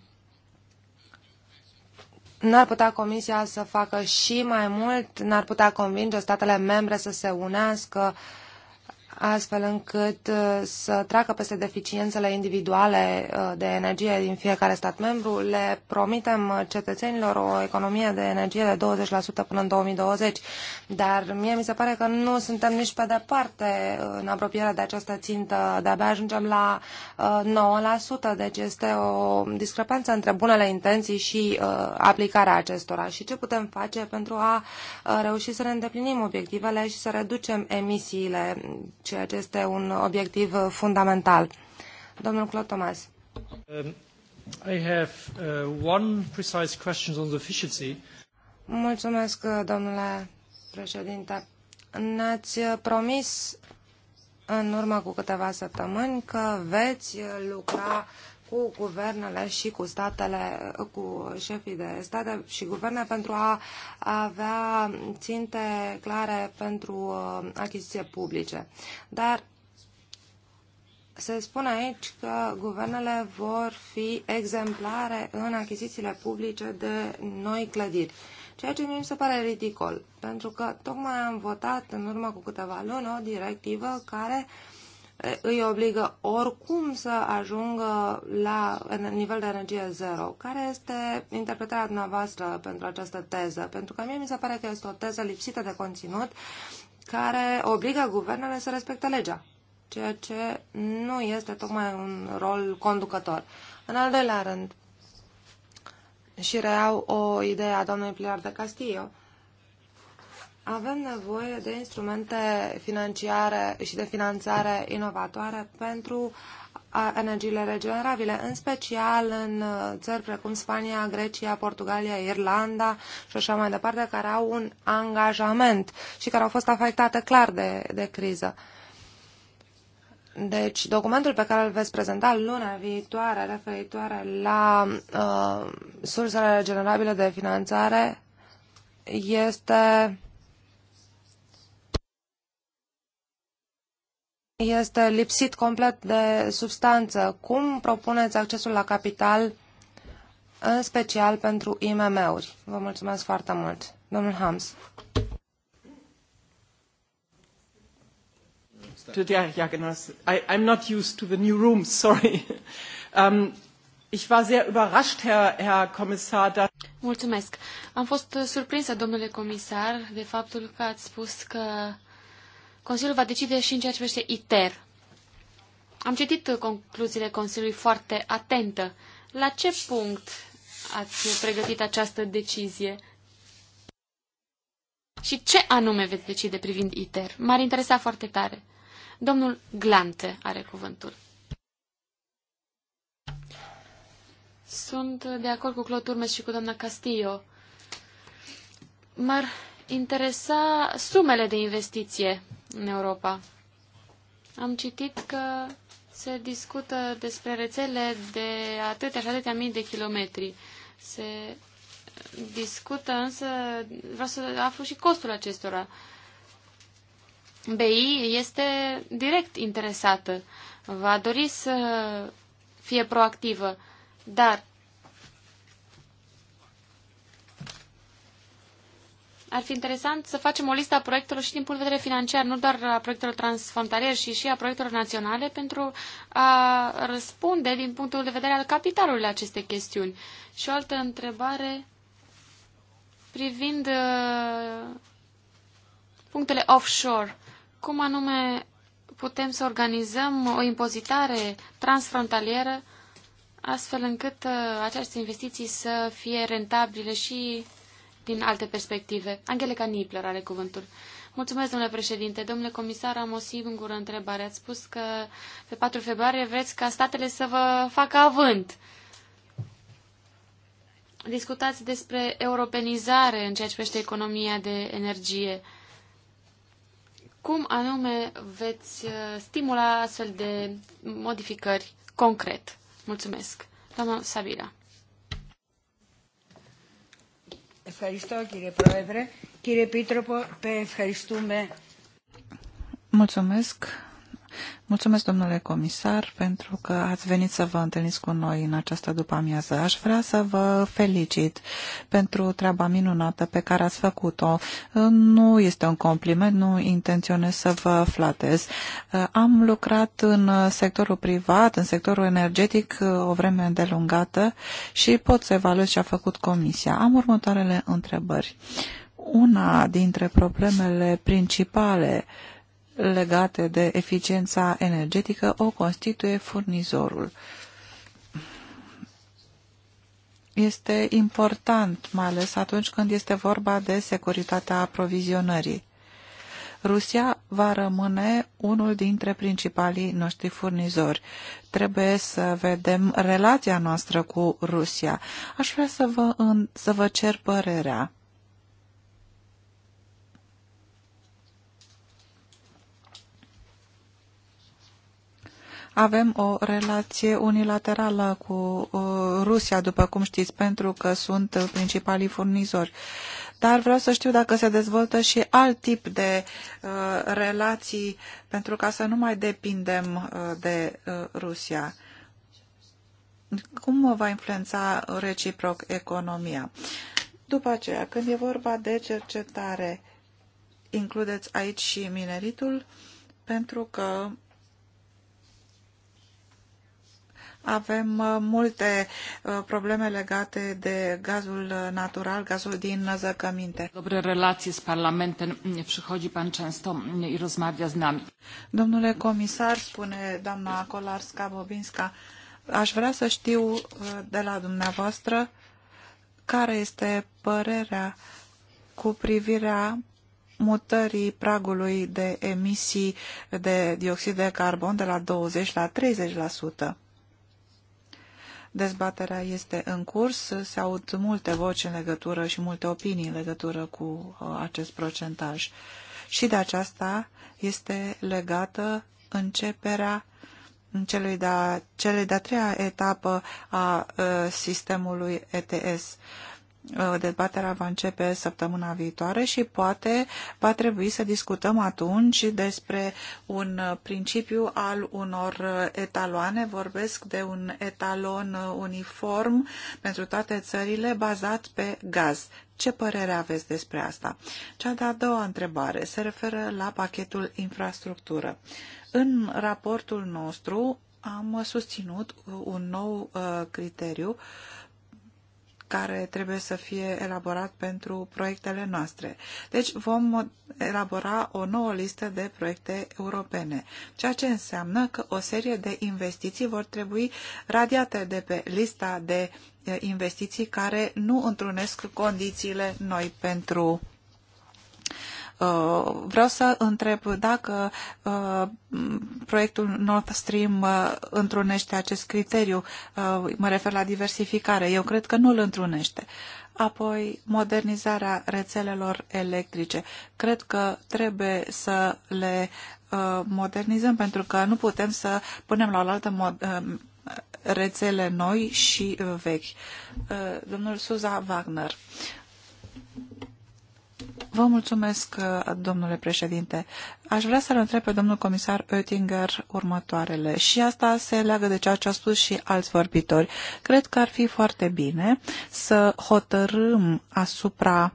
[SPEAKER 5] N-ar putea Comisia să facă și mai mult, n-ar putea convinge statele membre să se unească uh, astfel încât uh, să treacă peste deficiențele individuale uh, de energie din fiecare stat membru. Le promitem uh, cetățenilor o economie de energie de 20% până în 2020, dar mie mi se pare că nu suntem nici pe departe în apropierea de această țintă. De-abia ajungem la 9%, deci este o discrepanță între bunele intenții și aplicarea acestora. Și ce putem face pentru a reuși să ne îndeplinim obiectivele și să reducem emisiile ceea ce este un obiectiv uh, fundamental. Domnul Claude Thomas.
[SPEAKER 2] Um, I have uh, one precise question on the efficiency.
[SPEAKER 5] Mulțumesc, uh, domnule președinte. Ne-ați uh, promis în urmă cu câteva săptămâni că veți lucra cu guvernele și cu statele, cu șefii de state și guverne pentru a avea ținte clare pentru uh, achiziție publice. Dar se spune aici că guvernele vor fi exemplare în achizițiile publice de noi clădiri, ceea ce mi se pare ridicol, pentru că tocmai am votat în urmă cu câteva luni o directivă care uh, îi obligă oricum să ajungă la nivel de energie zero. Care este interpretarea dumneavoastră pentru această teză? Pentru că mie mi se pare că este o teză lipsită de conținut care obligă guvernele să respecte legea, ceea ce nu este tocmai un rol conducător. În al doilea rând, și reau o idee a domnului Pliar de Castillo, avem nevoie de instrumente financiare și de finanțare inovatoare pentru energiile regenerabile, în special în uh, țări precum Spania, Grecia, Portugalia, Irlanda și așa mai departe, care au un angajament și care au fost afectate clar de, de criză. Deci, documentul pe care îl veți prezenta luna viitoare, referitoare la uh, sursele regenerabile de finanțare, este este lipsit complet de substanță. Cum propuneți accesul la capital, în special pentru IMM-uri? Vă mulțumesc foarte mult. Domnul Hams.
[SPEAKER 2] Ja, I,
[SPEAKER 5] I'm not used to the new room,
[SPEAKER 2] sorry. Um, ich war sehr überrascht, Herr, Herr Kommissar.
[SPEAKER 1] Mulțumesc. Am fost surprinsă, domnule comisar, de faptul că ați spus că Consiliul va decide și în ceea ce privește ITER. Am citit concluziile Consiliului foarte atentă. La ce punct ați pregătit această decizie? Și ce anume veți decide privind ITER? M-ar interesa foarte tare. Domnul Glante are cuvântul. Sunt de acord cu Claude Urmes și cu doamna Castillo. M-ar interesa sumele de investiție în Europa. Am citit că se discută despre rețele de atâtea și atâtea mii de kilometri. Se discută însă, vreau să aflu și costul acestora. BI este direct interesată, va dori să fie proactivă, dar ar fi interesant să facem o listă a proiectelor și din punct de vedere financiar, nu doar a proiectelor transfrontaliere, și și a proiectelor naționale, pentru a răspunde din punctul de vedere al capitalului la aceste chestiuni. Și o altă întrebare privind uh, punctele offshore. Cum anume putem să organizăm o impozitare transfrontalieră astfel încât uh, aceste investiții să fie rentabile și din alte perspective. Angelica Nipler are cuvântul. Mulțumesc, domnule președinte. Domnule comisar, am o singură întrebare. Ați spus că pe 4 februarie vreți ca statele să vă facă avânt. Discutați despre europenizare în ceea ce privește economia de energie. Cum anume veți uh, stimula astfel de modificări concret? Mulțumesc. Doamna Sabira. Ευχαριστώ κύριε Πρόεδρε. Κύριε Επίτροπο, ευχαριστούμε.
[SPEAKER 3] Mulțumesc, Mulțumesc, domnule comisar, pentru că ați venit să vă întâlniți cu noi în această după-amiază. Aș vrea să vă felicit pentru treaba minunată pe care ați făcut-o. Nu este un compliment, nu intenționez să vă flatez. Am lucrat în sectorul privat, în sectorul energetic, o vreme îndelungată și pot să evaluez ce a făcut comisia. Am următoarele întrebări. Una dintre problemele principale uh, legate de eficiența energetică o constituie furnizorul. Este important, mai ales atunci când este vorba de securitatea aprovizionării. Rusia va rămâne unul dintre principalii noștri furnizori. Trebuie să vedem relația noastră cu Rusia. Aș vrea să vă, în, să vă cer părerea. avem o relație unilaterală cu uh, Rusia, după cum știți, pentru că sunt principalii furnizori. Dar vreau să știu dacă se dezvoltă și alt tip de uh, relații pentru ca să nu mai depindem uh, de Rusia. Cum va influența reciproc economia? După aceea, când e vorba de cercetare, includeți aici și mineritul, pentru că Avem uh, multe uh, probleme legate de gazul natural, gazul din zăcăminte. Dobre relații cu Parlamentul, mm, Przychodzi pan często mm, i rozmawia z nami. Domnule comisar, spune doamna Kolarska-Bobinska, aș vrea să știu uh, de la dumneavoastră care este părerea cu privirea mutării pragului de emisii de dioxid de carbon de la 20 la 30%. Dezbaterea este în curs, se aud multe voci în legătură și multe opinii în legătură cu uh, acest procentaj. Și de aceasta este legată începerea celei de-a de, -a, celei de -a treia etapă a, a uh, sistemului ETS. Uh, dezbaterea va începe săptămâna viitoare și poate va trebui să discutăm atunci despre un uh, principiu al unor uh, etaloane. Vorbesc de un etalon uniform pentru toate țările bazat pe gaz. Ce părere aveți despre asta? Cea de-a doua întrebare se referă la pachetul infrastructură. În raportul nostru am susținut un nou criteriu uh, care trebuie să fie elaborat pentru proiectele noastre. Deci vom elabora o nouă listă de proiecte europene, ceea ce înseamnă că o serie de investiții vor trebui radiate de pe lista de eh, investiții care nu întrunesc condițiile noi pentru Uh, vreau să întreb dacă uh, proiectul North Stream uh, întrunește acest criteriu. Mă refer la diversificare. Eu cred că nu îl întrunește apoi modernizarea rețelelor electrice. Cred că trebuie să le modernizăm pentru că nu putem să punem la oaltă mod, rețele noi și vechi. Domnul Suza Wagner. Vă mulțumesc, uh, domnule președinte. Aș vrea să-l întreb pe domnul comisar Oettinger următoarele și asta se leagă de ceea ce a spus și alți vorbitori. Cred că ar fi foarte bine să hotărâm asupra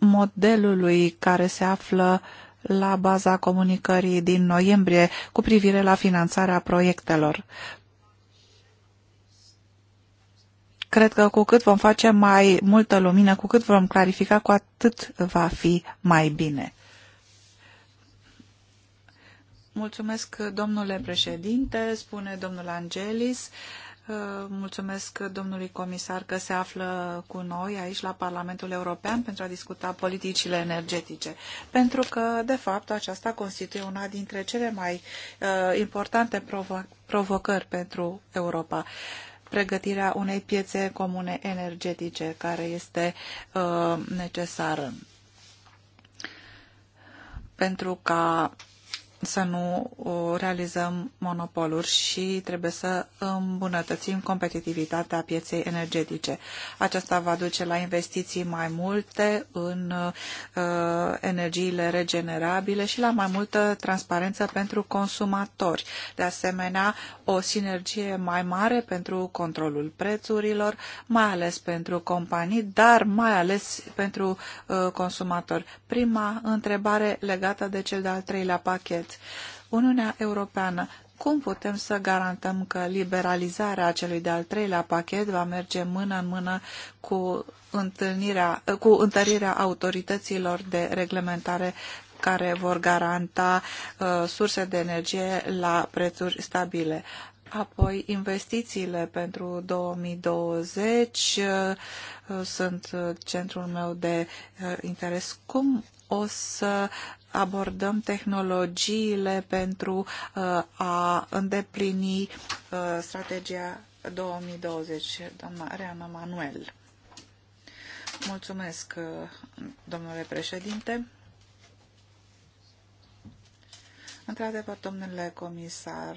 [SPEAKER 3] modelului care se află la baza comunicării din noiembrie cu privire la finanțarea proiectelor. Cred că cu cât vom face mai multă lumină, cu cât vom clarifica, cu atât va fi mai bine. Mulțumesc, domnule președinte, spune domnul Angelis. Uh, mulțumesc domnului comisar că se află cu noi aici la Parlamentul European pentru a discuta politicile energetice, pentru că, de fapt, aceasta constituie una dintre cele mai uh, importante provo provocări pentru Europa. Uh, pregătirea unei piețe comune energetice care este uh, necesară pentru ca să nu uh, realizăm monopoluri și trebuie să îmbunătățim competitivitatea pieței energetice. Aceasta va duce la investiții mai multe în uh, energiile regenerabile și la mai multă transparență pentru consumatori. De asemenea, o sinergie mai mare pentru controlul prețurilor, mai ales pentru companii, dar mai ales pentru uh, consumatori. Prima întrebare legată de cel de-al treilea pachet drept. Uniunea Europeană, cum putem să garantăm că liberalizarea celui de-al treilea pachet va merge mână în mână cu, întâlnirea, cu întărirea autorităților de reglementare care vor garanta uh, surse de energie la prețuri stabile? Apoi, investițiile pentru 2020 uh, sunt centrul meu de uh, interes. Cum o să abordăm tehnologiile pentru uh, a îndeplini uh, strategia 2020, doamna Reana Manuel. Mulțumesc, uh, domnule președinte. Într-adevăr, domnule comisar,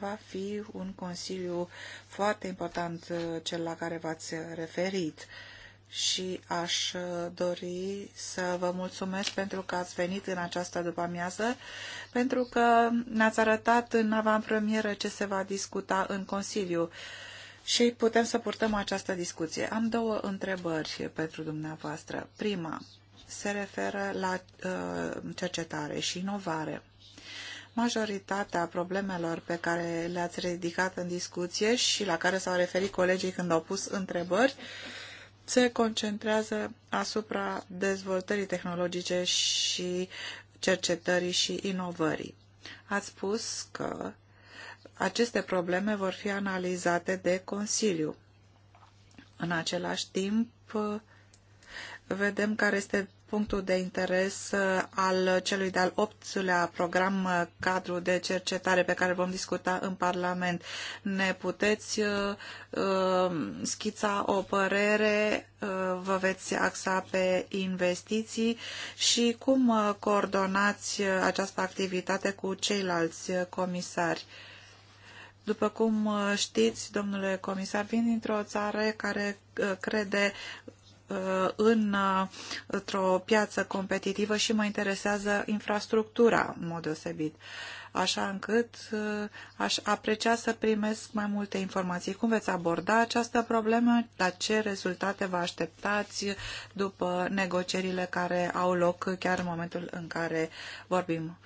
[SPEAKER 3] va fi un consiliu foarte important cel la care v-ați referit. Uh, și aș uh, dori să vă mulțumesc pentru că ați venit în această după-amiază, pentru că ne-ați arătat în avantpremieră ce se va discuta în Consiliu și putem să purtăm această discuție. Am două întrebări pentru dumneavoastră. Prima se referă la uh, cercetare și inovare majoritatea problemelor pe care le-ați ridicat în discuție și la care s-au referit colegii când au pus întrebări se concentrează asupra dezvoltării tehnologice și cercetării și inovării. Ați spus că aceste probleme vor fi analizate de Consiliu. În același timp, vedem care este punctul de interes uh, al celui de-al optulea program uh, cadru de cercetare pe care vom discuta în Parlament. Ne puteți uh, schița o părere, vă veți axa pe investiții și cum coordonați această activitate cu ceilalți comisari? După cum știți, domnule comisar, vin dintr-o țară care crede Uh, în, uh, într-o piață competitivă și mă interesează infrastructura în mod deosebit așa încât uh, aș aprecia să primesc mai multe informații. Cum veți aborda această problemă? La ce rezultate vă așteptați după negocierile care au loc chiar în momentul în care vorbim?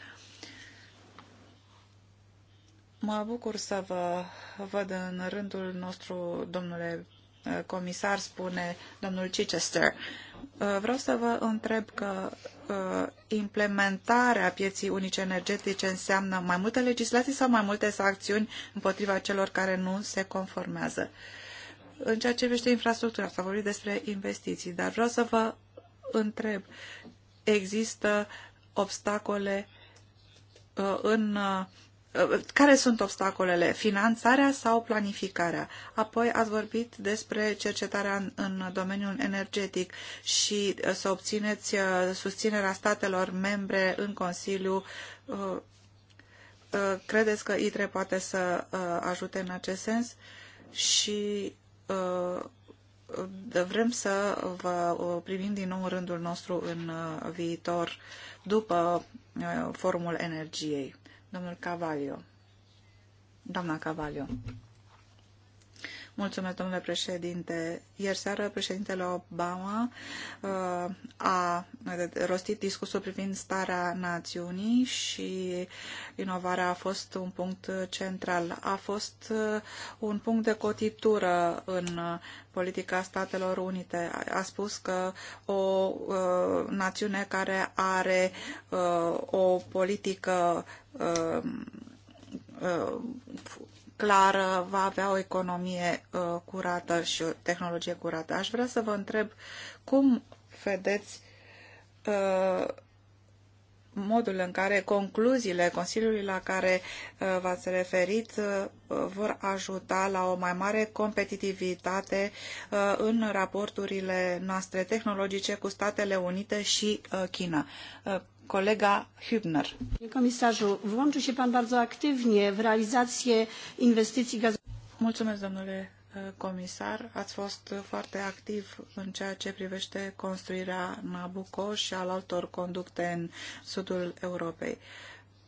[SPEAKER 3] Mă bucur să vă văd în rândul nostru, domnule Uh, comisar, spune domnul Chichester. Uh, vreau să vă întreb că uh, implementarea pieții unice energetice înseamnă mai multe legislații sau mai multe sancțiuni împotriva celor care nu se conformează. În ceea ce privește infrastructura, s-a vorbit despre investiții, dar vreau să vă întreb, există obstacole în uh, care sunt obstacolele? Finanțarea sau planificarea? Apoi ați vorbit despre cercetarea în, în domeniul energetic și uh, să obțineți uh, susținerea statelor membre în Consiliu. Uh, credeți că ITRE poate să ajute în acest sens? Și vrem să vă primim din nou în rândul nostru în viitor după formul Energiei. Domnul Cavalio. Doamna Cavalio. Mulțumesc, domnule președinte. Ieri seară, președintele Obama uh, a rostit discursul privind starea națiunii și inovarea a fost un punct central. A fost uh, un punct de cotitură în politica Statelor Unite. A spus că o uh, națiune care are o politică clar va avea o economie uh, curată și o tehnologie curată. Aș vrea să vă întreb cum vedeți uh, modul în care concluziile Consiliului la care uh, v-ați referit vor ajuta la o mai mare competitivitate în raporturile noastre tehnologice cu Statele Unite și China kolega Hübner. Panie komisarzu, włączy się pan bardzo aktywnie w realizację inwestycji gazowych. Mulțumesc, domnule comisar. Ați fost foarte activ în ceea ce privește construirea Nabucco și al altor conducte în sudul Europei.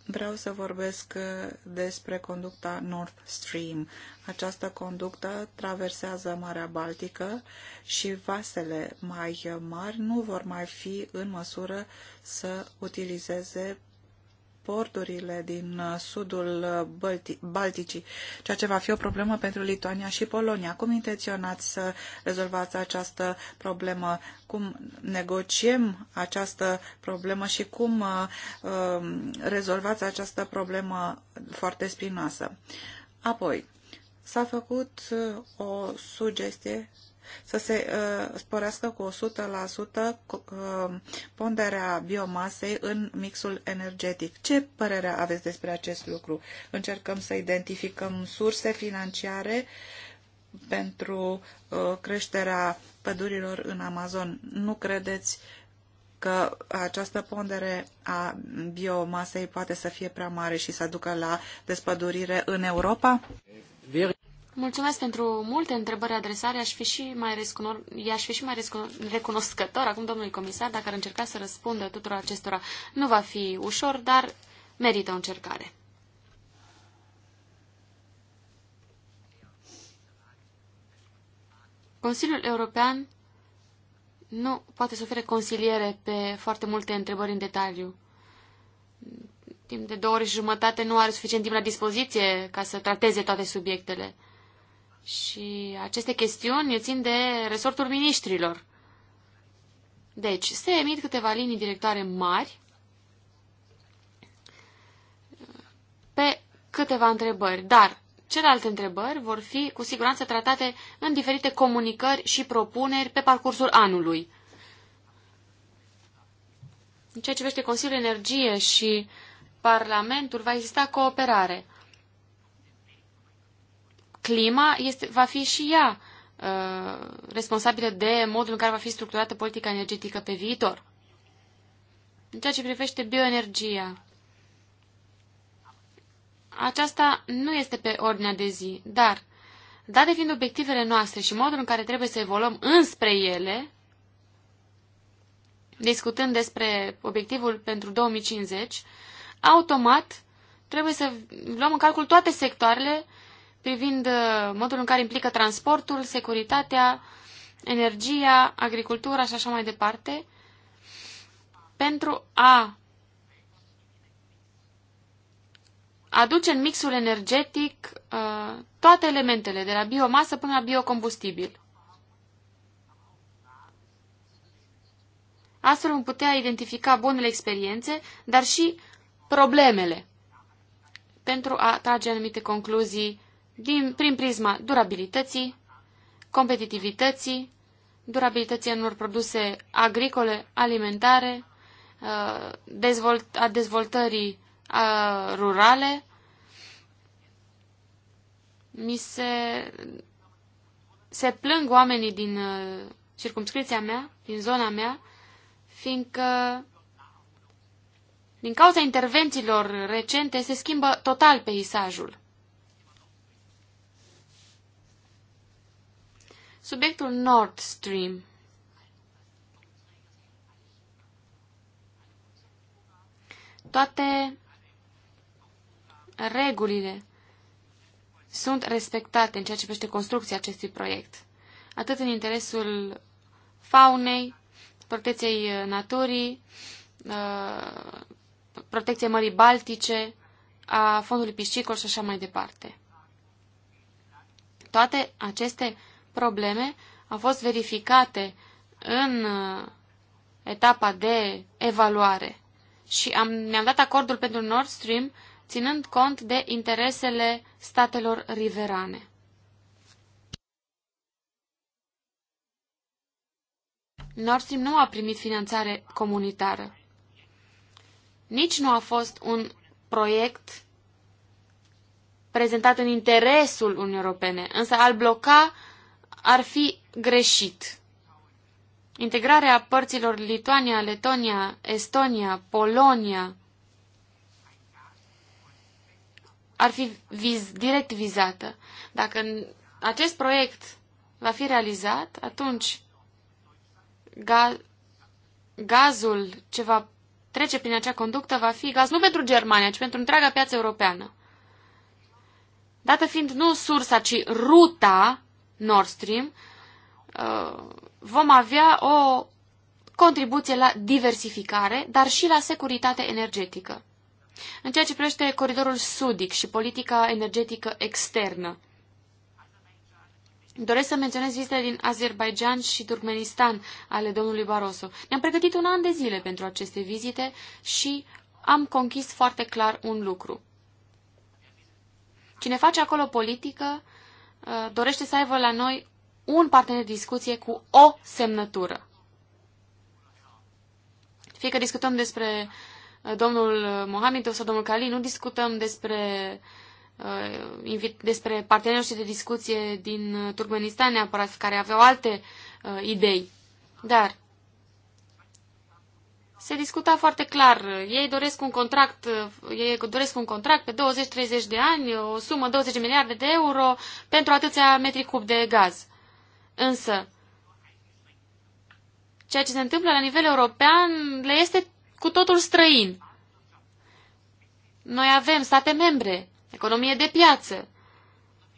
[SPEAKER 3] Vreau să vorbesc uh, despre conducta Nord Stream. Această conductă traversează Marea Baltică și vasele mai mari nu vor mai fi în măsură să utilizeze porturile din uh, sudul uh, Balti Balticii, ceea ce va fi o problemă pentru Lituania și Polonia. Cum intenționați să rezolvați această problemă? Cum negociem această problemă și cum uh, um, rezolvați această problemă foarte spinoasă? Apoi, s-a făcut uh, o sugestie să se uh, sporească cu 100% uh, ponderea biomasei în mixul energetic. Ce părere aveți despre acest lucru? Încercăm să identificăm surse financiare pentru uh, creșterea pădurilor în Amazon. Nu credeți că această pondere a biomasei poate să fie prea mare și să ducă la despădurire în Europa?
[SPEAKER 1] Mulțumesc pentru multe întrebări adresare. Aș fi și mai, recuno... aș fi și mai recunoscător acum domnului comisar dacă ar încerca să răspundă tuturor acestora. Nu va fi ușor, dar merită o încercare. Consiliul European nu poate să ofere consiliere pe foarte multe întrebări în detaliu. Timp de două ori și jumătate nu are suficient timp la dispoziție ca să trateze toate subiectele. Și aceste chestiuni țin de resortul miniștrilor. Deci, se emit câteva linii directoare mari pe câteva întrebări, dar celelalte întrebări vor fi cu siguranță tratate în diferite comunicări și propuneri pe parcursul anului. În ceea ce privește Consiliul Energie și Parlamentul, va exista cooperare clima este, va fi și ea uh, responsabilă de modul în care va fi structurată politica energetică pe viitor. În ceea ce privește bioenergia, aceasta nu este pe ordinea de zi, dar, date fiind obiectivele noastre și modul în care trebuie să evoluăm înspre ele, discutând despre obiectivul pentru 2050, automat trebuie să luăm în calcul toate sectoarele privind uh, modul în care implică transportul, securitatea, energia, agricultura și așa mai departe, pentru a aduce în mixul energetic uh, toate elementele, de la biomasă până la biocombustibil. Astfel vom putea identifica bunele experiențe, dar și problemele pentru a trage anumite concluzii din, prin prisma durabilității, competitivității, durabilității unor produse agricole, alimentare, uh, a dezvoltării rurale. Mi se, se plâng oamenii din uh, circumscripția mea, din zona mea, fiindcă din cauza intervențiilor recente se schimbă total peisajul. Subiectul Nord Stream. Toate regulile sunt respectate în ceea ce privește construcția acestui proiect, atât în interesul faunei, protecției naturii, uh, protecției Mării Baltice, a fondului piscicol și așa mai departe. Toate aceste probleme au fost verificate în uh, etapa de evaluare și am, ne-am dat acordul pentru Nord Stream ținând cont de interesele statelor riverane. Nord Stream nu a primit finanțare comunitară. Nici nu a fost un proiect prezentat în interesul Uniunii Europene, însă al bloca ar fi greșit. Integrarea părților Lituania, Letonia, Estonia, Polonia ar fi viz, direct vizată. Dacă acest proiect va fi realizat, atunci ga, gazul ce va trece prin acea conductă va fi gaz nu pentru Germania, ci pentru întreaga piață europeană. Dată fiind nu sursa, ci ruta Nord Stream, uh, vom avea o contribuție la diversificare, dar și la securitate energetică. În ceea ce privește coridorul sudic și politica energetică externă, Doresc să menționez vizitele din Azerbaijan și Turkmenistan ale domnului Barroso. Ne-am pregătit un an de zile pentru aceste vizite și am conchis foarte clar un lucru. Cine face acolo politică Uh, dorește să aibă la noi un partener de discuție cu o semnătură. Fie că discutăm despre uh, domnul Mohamed sau domnul Cali, nu discutăm despre, uh, despre partenerii de discuție din Turkmenistan neapărat, care aveau alte idei. Dar se discuta foarte clar. Ei doresc un contract, ei doresc un contract pe 20-30 de ani, o sumă 20 de miliarde de euro pentru atâția metri cub de gaz. Însă, ceea ce se întâmplă la nivel european le este cu totul străin. Noi avem state membre, economie de piață,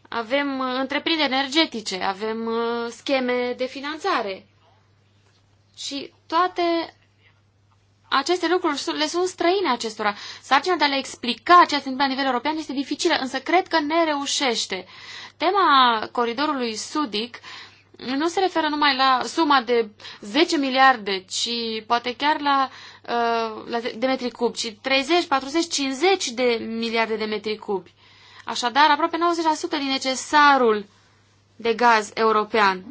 [SPEAKER 1] avem uh, întreprinderi energetice, avem uh, scheme de finanțare. Și toate aceste lucruri le sunt străine acestora. Sarcina de a le explica ce se întâmplă la nivel european este dificilă, însă cred că ne reușește. Tema coridorului sudic nu se referă numai la suma de 10 miliarde, ci poate chiar la, uh, la de metri cubi, ci 30, 40, 50 de miliarde de metri cubi. Așadar, aproape 90% din necesarul de gaz european.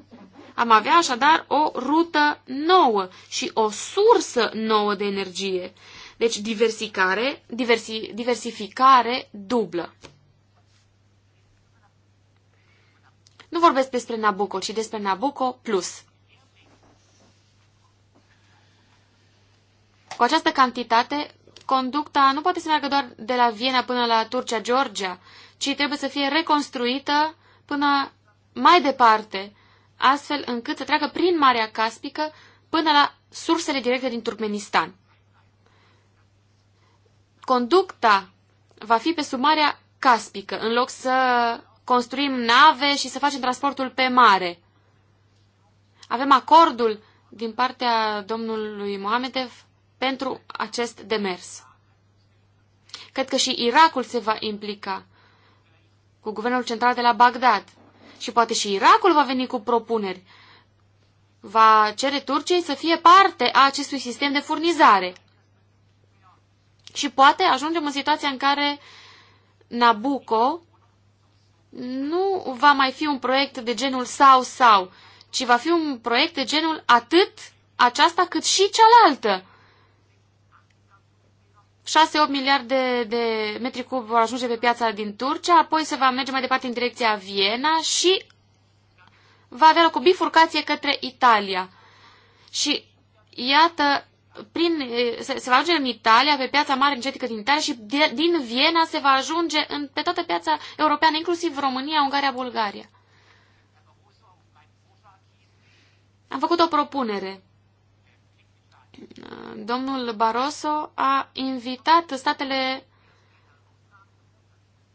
[SPEAKER 1] Am avea așadar o rută nouă și o sursă nouă de energie. Deci diversificare, diversi, diversificare dublă. Nu vorbesc despre Nabucco, ci despre Nabucco Plus. Cu această cantitate, conducta nu poate să meargă doar de la Viena până la Turcia, Georgia, ci trebuie să fie reconstruită până mai departe, astfel încât să treacă prin Marea Caspică până la sursele directe din Turkmenistan. Conducta va fi pe sub Marea Caspică, în loc să construim nave și să facem transportul pe mare. Avem acordul din partea domnului Mohamedev pentru acest demers. Cred că și Irakul se va implica cu guvernul central de la Bagdad și poate și Irakul va veni cu propuneri. Va cere Turciei să fie parte a acestui sistem de furnizare. Și poate ajungem în situația în care Nabucco nu va mai fi un proiect de genul sau-sau, ci va fi un proiect de genul atât aceasta cât și cealaltă. 6-8 miliarde de metri cub vor ajunge pe piața din Turcia, apoi se va merge mai departe în direcția Viena și va avea loc o bifurcație către Italia. Și iată, prin, se, se va ajunge în Italia, pe piața mare energetică din Italia și de, din Viena se va ajunge în, pe toată piața europeană, inclusiv România, Ungaria, Bulgaria. Am făcut o propunere domnul Barroso a invitat statele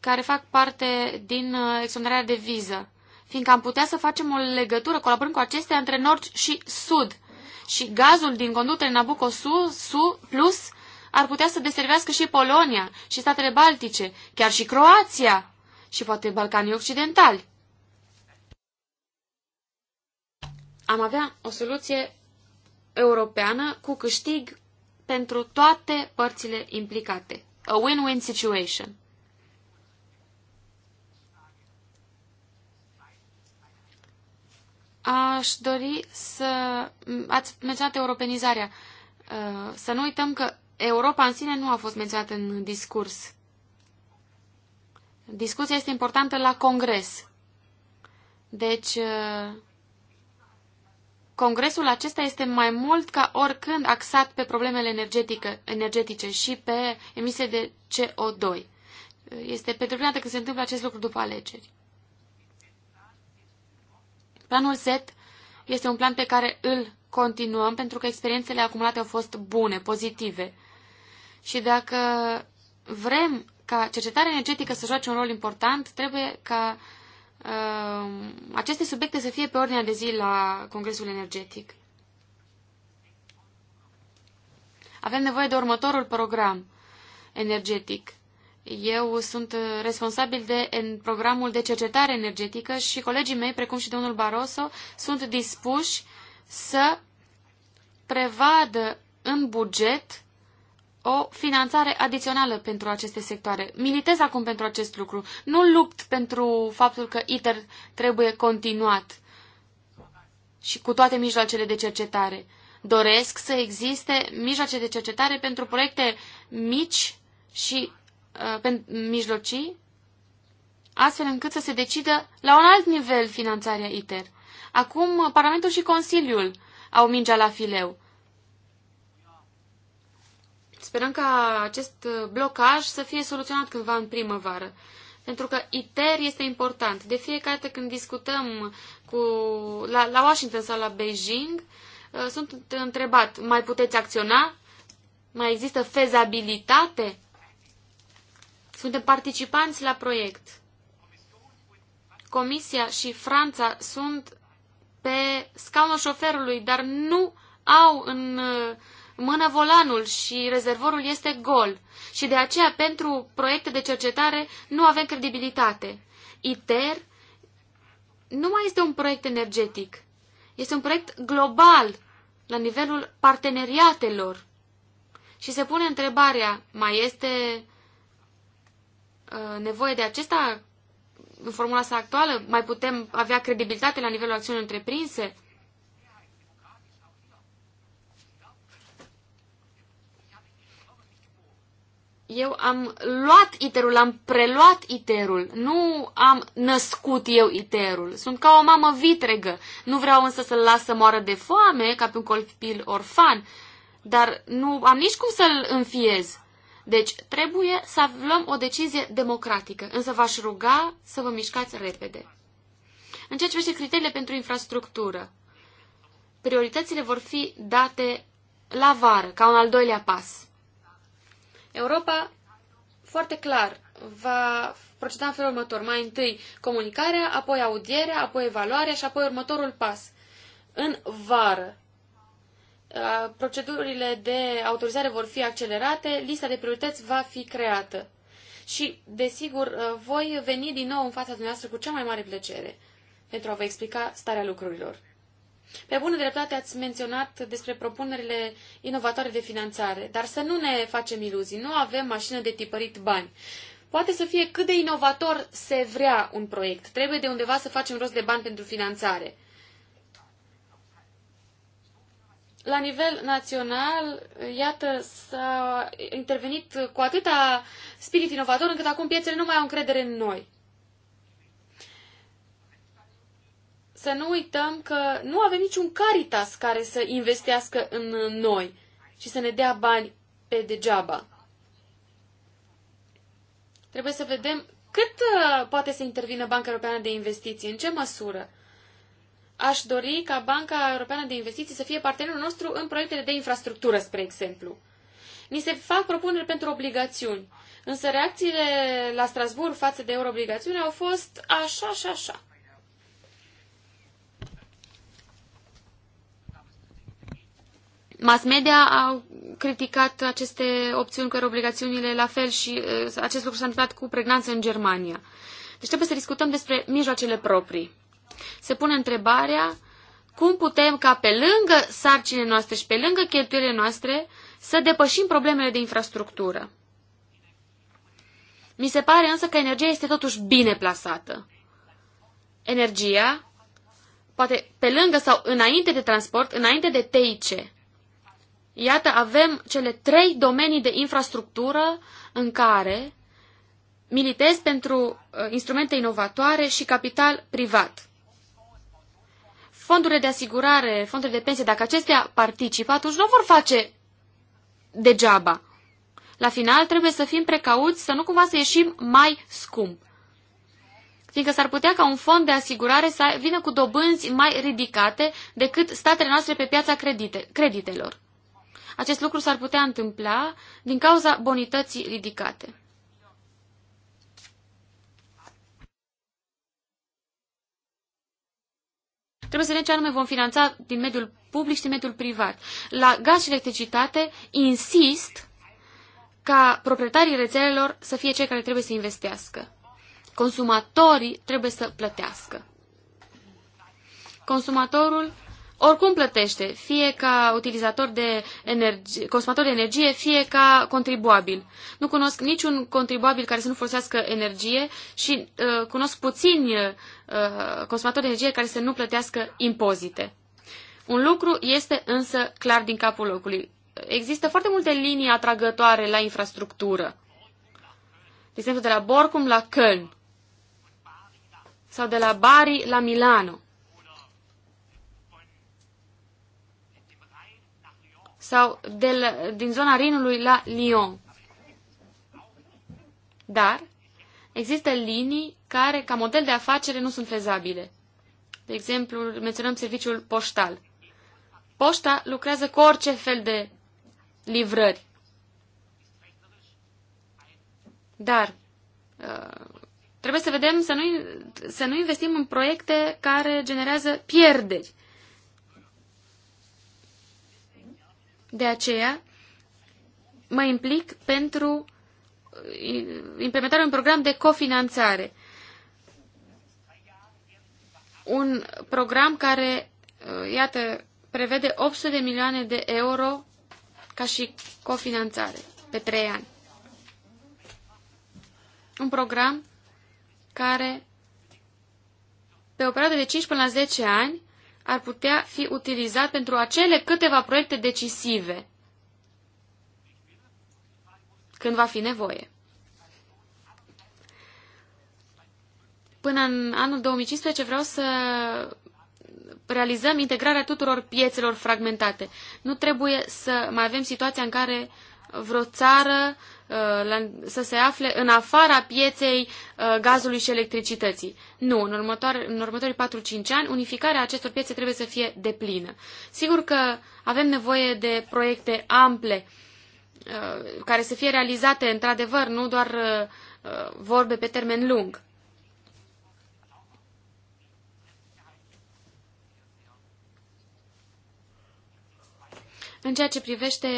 [SPEAKER 1] care fac parte din uh, exonerarea de viză, fiindcă am putea să facem o legătură, colaborând cu acestea, între nord și sud. Și gazul din conductele Nabucco Su, Su Plus ar putea să deservească și Polonia, și statele Baltice, chiar și Croația și poate Balcanii Occidentali. Am avea o soluție europeană cu câștig pentru toate părțile implicate. A win-win situation. Aș dori să... Ați menționat europenizarea. Uh, să nu uităm că Europa în sine nu a fost menționată în discurs. Discuția este importantă la Congres. Deci, uh, Congresul acesta este mai mult ca oricând axat pe problemele energetice și pe emisie de CO2. Este pentru prima dată când se întâmplă acest lucru după alegeri. Planul Z este un plan pe care îl continuăm pentru că experiențele acumulate au fost bune, pozitive. Și dacă vrem ca cercetarea energetică să joace un rol important, trebuie ca uh, Um, aceste subiecte să fie pe ordinea de zi la Congresul Energetic. Avem nevoie de următorul program energetic. Eu sunt responsabil de în programul de cercetare energetică și colegii mei, precum și domnul Barroso, sunt dispuși să prevadă în buget o finanțare adițională pentru aceste sectoare. Militez acum pentru acest lucru. Nu lupt pentru faptul că ITER trebuie continuat și cu toate mijloacele de cercetare. Doresc să existe mijloace de cercetare pentru proiecte mici și uh, mijlocii, astfel încât să se decidă la un alt nivel finanțarea ITER. Acum Parlamentul și Consiliul au mingea la fileu. Sperăm ca acest blocaj să fie soluționat cândva în primăvară. Pentru că ITER este important. De fiecare dată când discutăm cu, la, la Washington sau la Beijing, uh, sunt întrebat, mai puteți acționa? Mai există fezabilitate? Suntem participanți la proiect. Comisia și Franța sunt pe scaunul șoferului, dar nu au în uh, mână volanul și rezervorul este gol. Și de aceea, pentru proiecte de cercetare, nu avem credibilitate. ITER nu mai este un proiect energetic. Este un proiect global, la nivelul parteneriatelor. Și se pune întrebarea, mai este uh, nevoie de acesta în formula sa actuală? Mai putem avea credibilitate la nivelul acțiunilor întreprinse? eu am luat iterul, am preluat iterul, nu am născut eu iterul. Sunt ca o mamă vitregă. Nu vreau însă să-l las să moară de foame, ca pe un copil orfan, dar nu am nici cum să-l înfiez. Deci trebuie să luăm o decizie democratică, însă v-aș ruga să vă mișcați repede. În ceea ce privește criteriile pentru infrastructură, prioritățile vor fi date la vară, ca un al doilea pas. Europa, foarte clar, va proceda în felul următor. Mai întâi comunicarea, apoi audierea, apoi evaluarea și apoi următorul pas. În vară, procedurile de autorizare vor fi accelerate, lista de priorități va fi creată. Și, desigur, voi veni din nou în fața dumneavoastră cu cea mai mare plăcere pentru a vă explica starea lucrurilor. Pe bună dreptate ați menționat despre propunerile inovatoare de finanțare, dar să nu ne facem iluzii, nu avem mașină de tipărit bani. Poate să fie cât de inovator se vrea un proiect. Trebuie de undeva să facem rost de bani pentru finanțare. La nivel național, iată, s-a intervenit cu atâta spirit inovator încât acum piețele nu mai au încredere în noi. să nu uităm că nu avem niciun caritas care să investească în noi și să ne dea bani pe degeaba. Trebuie să vedem cât uh, poate să intervină Banca Europeană de Investiții, în ce măsură. Aș dori ca Banca Europeană de Investiții să fie partenerul nostru în proiectele de infrastructură, spre exemplu. Ni se fac propuneri pentru obligațiuni, însă reacțiile la Strasbourg față de euroobligațiuni au fost așa și așa. Mass media au criticat aceste opțiuni care obligațiunile la fel și acest lucru s-a întâmplat cu pregnanță în Germania. Deci trebuie să discutăm despre mijloacele proprii. Se pune întrebarea cum putem ca pe lângă sarcinile noastre și pe lângă cheltuielile noastre să depășim problemele de infrastructură. Mi se pare însă că energia este totuși bine plasată. Energia, poate pe lângă sau înainte de transport, înainte de TIC, Iată, avem cele trei domenii de infrastructură în care militez pentru uh, instrumente inovatoare și capital privat. Fondurile de asigurare, fondurile de pensie, dacă acestea participă, atunci nu vor face degeaba. La final trebuie să fim precauți să nu cumva să ieșim mai scump. Fiindcă s-ar putea ca un fond de asigurare să vină cu dobânzi mai ridicate decât statele noastre pe piața credite, creditelor. Acest lucru s-ar putea întâmpla din cauza bonității ridicate. Trebuie să vedem ce anume vom finanța din mediul public și din mediul privat. La gaz și electricitate insist ca proprietarii rețelelor să fie cei care trebuie să investească. Consumatorii trebuie să plătească. Consumatorul oricum plătește, fie ca utilizator de energie, consumator de energie, fie ca contribuabil. Nu cunosc niciun contribuabil care să nu folosească energie și uh, cunosc puțini uh, consumatori de energie care să nu plătească impozite. Un lucru este însă clar din capul locului. Există foarte multe linii atragătoare la infrastructură. De exemplu, de la Borcum la Köln sau de la Bari la Milano. sau de la, din zona Rinului la Lyon. Dar există linii care, ca model de afacere, nu sunt fezabile. De exemplu, menționăm serviciul poștal. Poșta lucrează cu orice fel de livrări. Dar uh, trebuie să vedem, să nu, să nu investim în proiecte care generează pierderi. De aceea mă implic pentru implementarea unui program de cofinanțare. Un program care, uh, iată, prevede 800 de milioane de euro ca și cofinanțare pe trei ani. Un program care pe o perioadă de 5 până la 10 ani ar putea fi utilizat pentru acele câteva proiecte decisive când va fi nevoie. Până în anul 2015 vreau să realizăm integrarea tuturor piețelor fragmentate. Nu trebuie să mai avem situația în care vreo țară Uh, să se afle în afara pieței uh, gazului și electricității. Nu, în, următoare, în următorii 4-5 ani unificarea acestor piețe trebuie să fie deplină. Sigur că avem nevoie de proiecte ample uh, care să fie realizate într-adevăr, nu doar vorbe pe termen lung. În ceea ce privește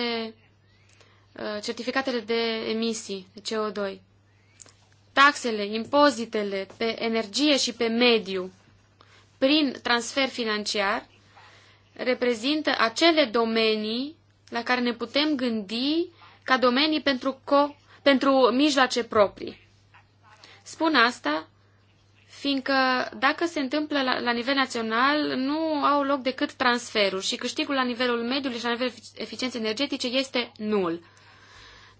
[SPEAKER 1] Uh, certificatele de emisii, de CO2, taxele, impozitele pe energie și pe mediu prin transfer financiar reprezintă acele domenii la care ne putem gândi ca domenii pentru, co, pentru mijloace proprii. Spun asta fiindcă dacă se întâmplă la, la nivel național, nu au loc decât transferuri și câștigul la nivelul mediului și la nivelul eficienței energetice este nul.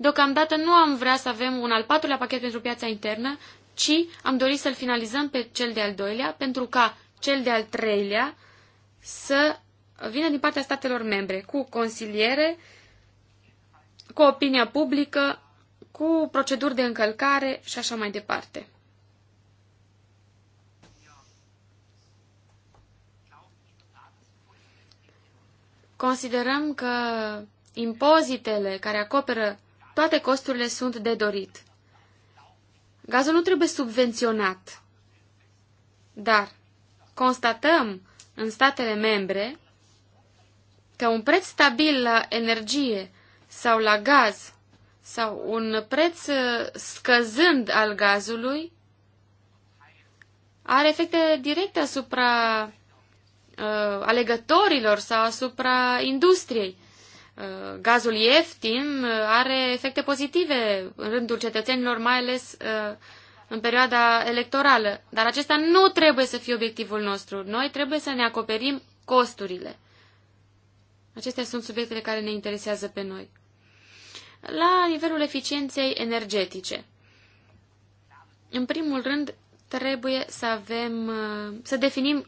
[SPEAKER 1] Deocamdată nu am vrea să avem un al patrulea pachet pentru piața internă, ci am dorit să-l finalizăm pe cel de-al doilea, pentru ca cel de-al treilea să vină din partea statelor membre, cu consiliere, cu opinia publică, cu proceduri de încălcare și așa mai departe. Considerăm că impozitele care acoperă toate costurile sunt de dorit. Gazul nu trebuie subvenționat, dar constatăm în statele membre că un preț stabil la energie sau la gaz sau un preț uh, scăzând al gazului are efecte directe asupra uh, alegătorilor sau asupra industriei. Uh, gazul ieftin uh, are efecte pozitive în rândul cetățenilor, mai ales uh, în perioada electorală. Dar acesta nu trebuie să fie obiectivul nostru. Noi trebuie să ne acoperim costurile. Acestea sunt subiectele care ne interesează pe noi. La nivelul eficienței energetice. În primul rând, trebuie să avem, să definim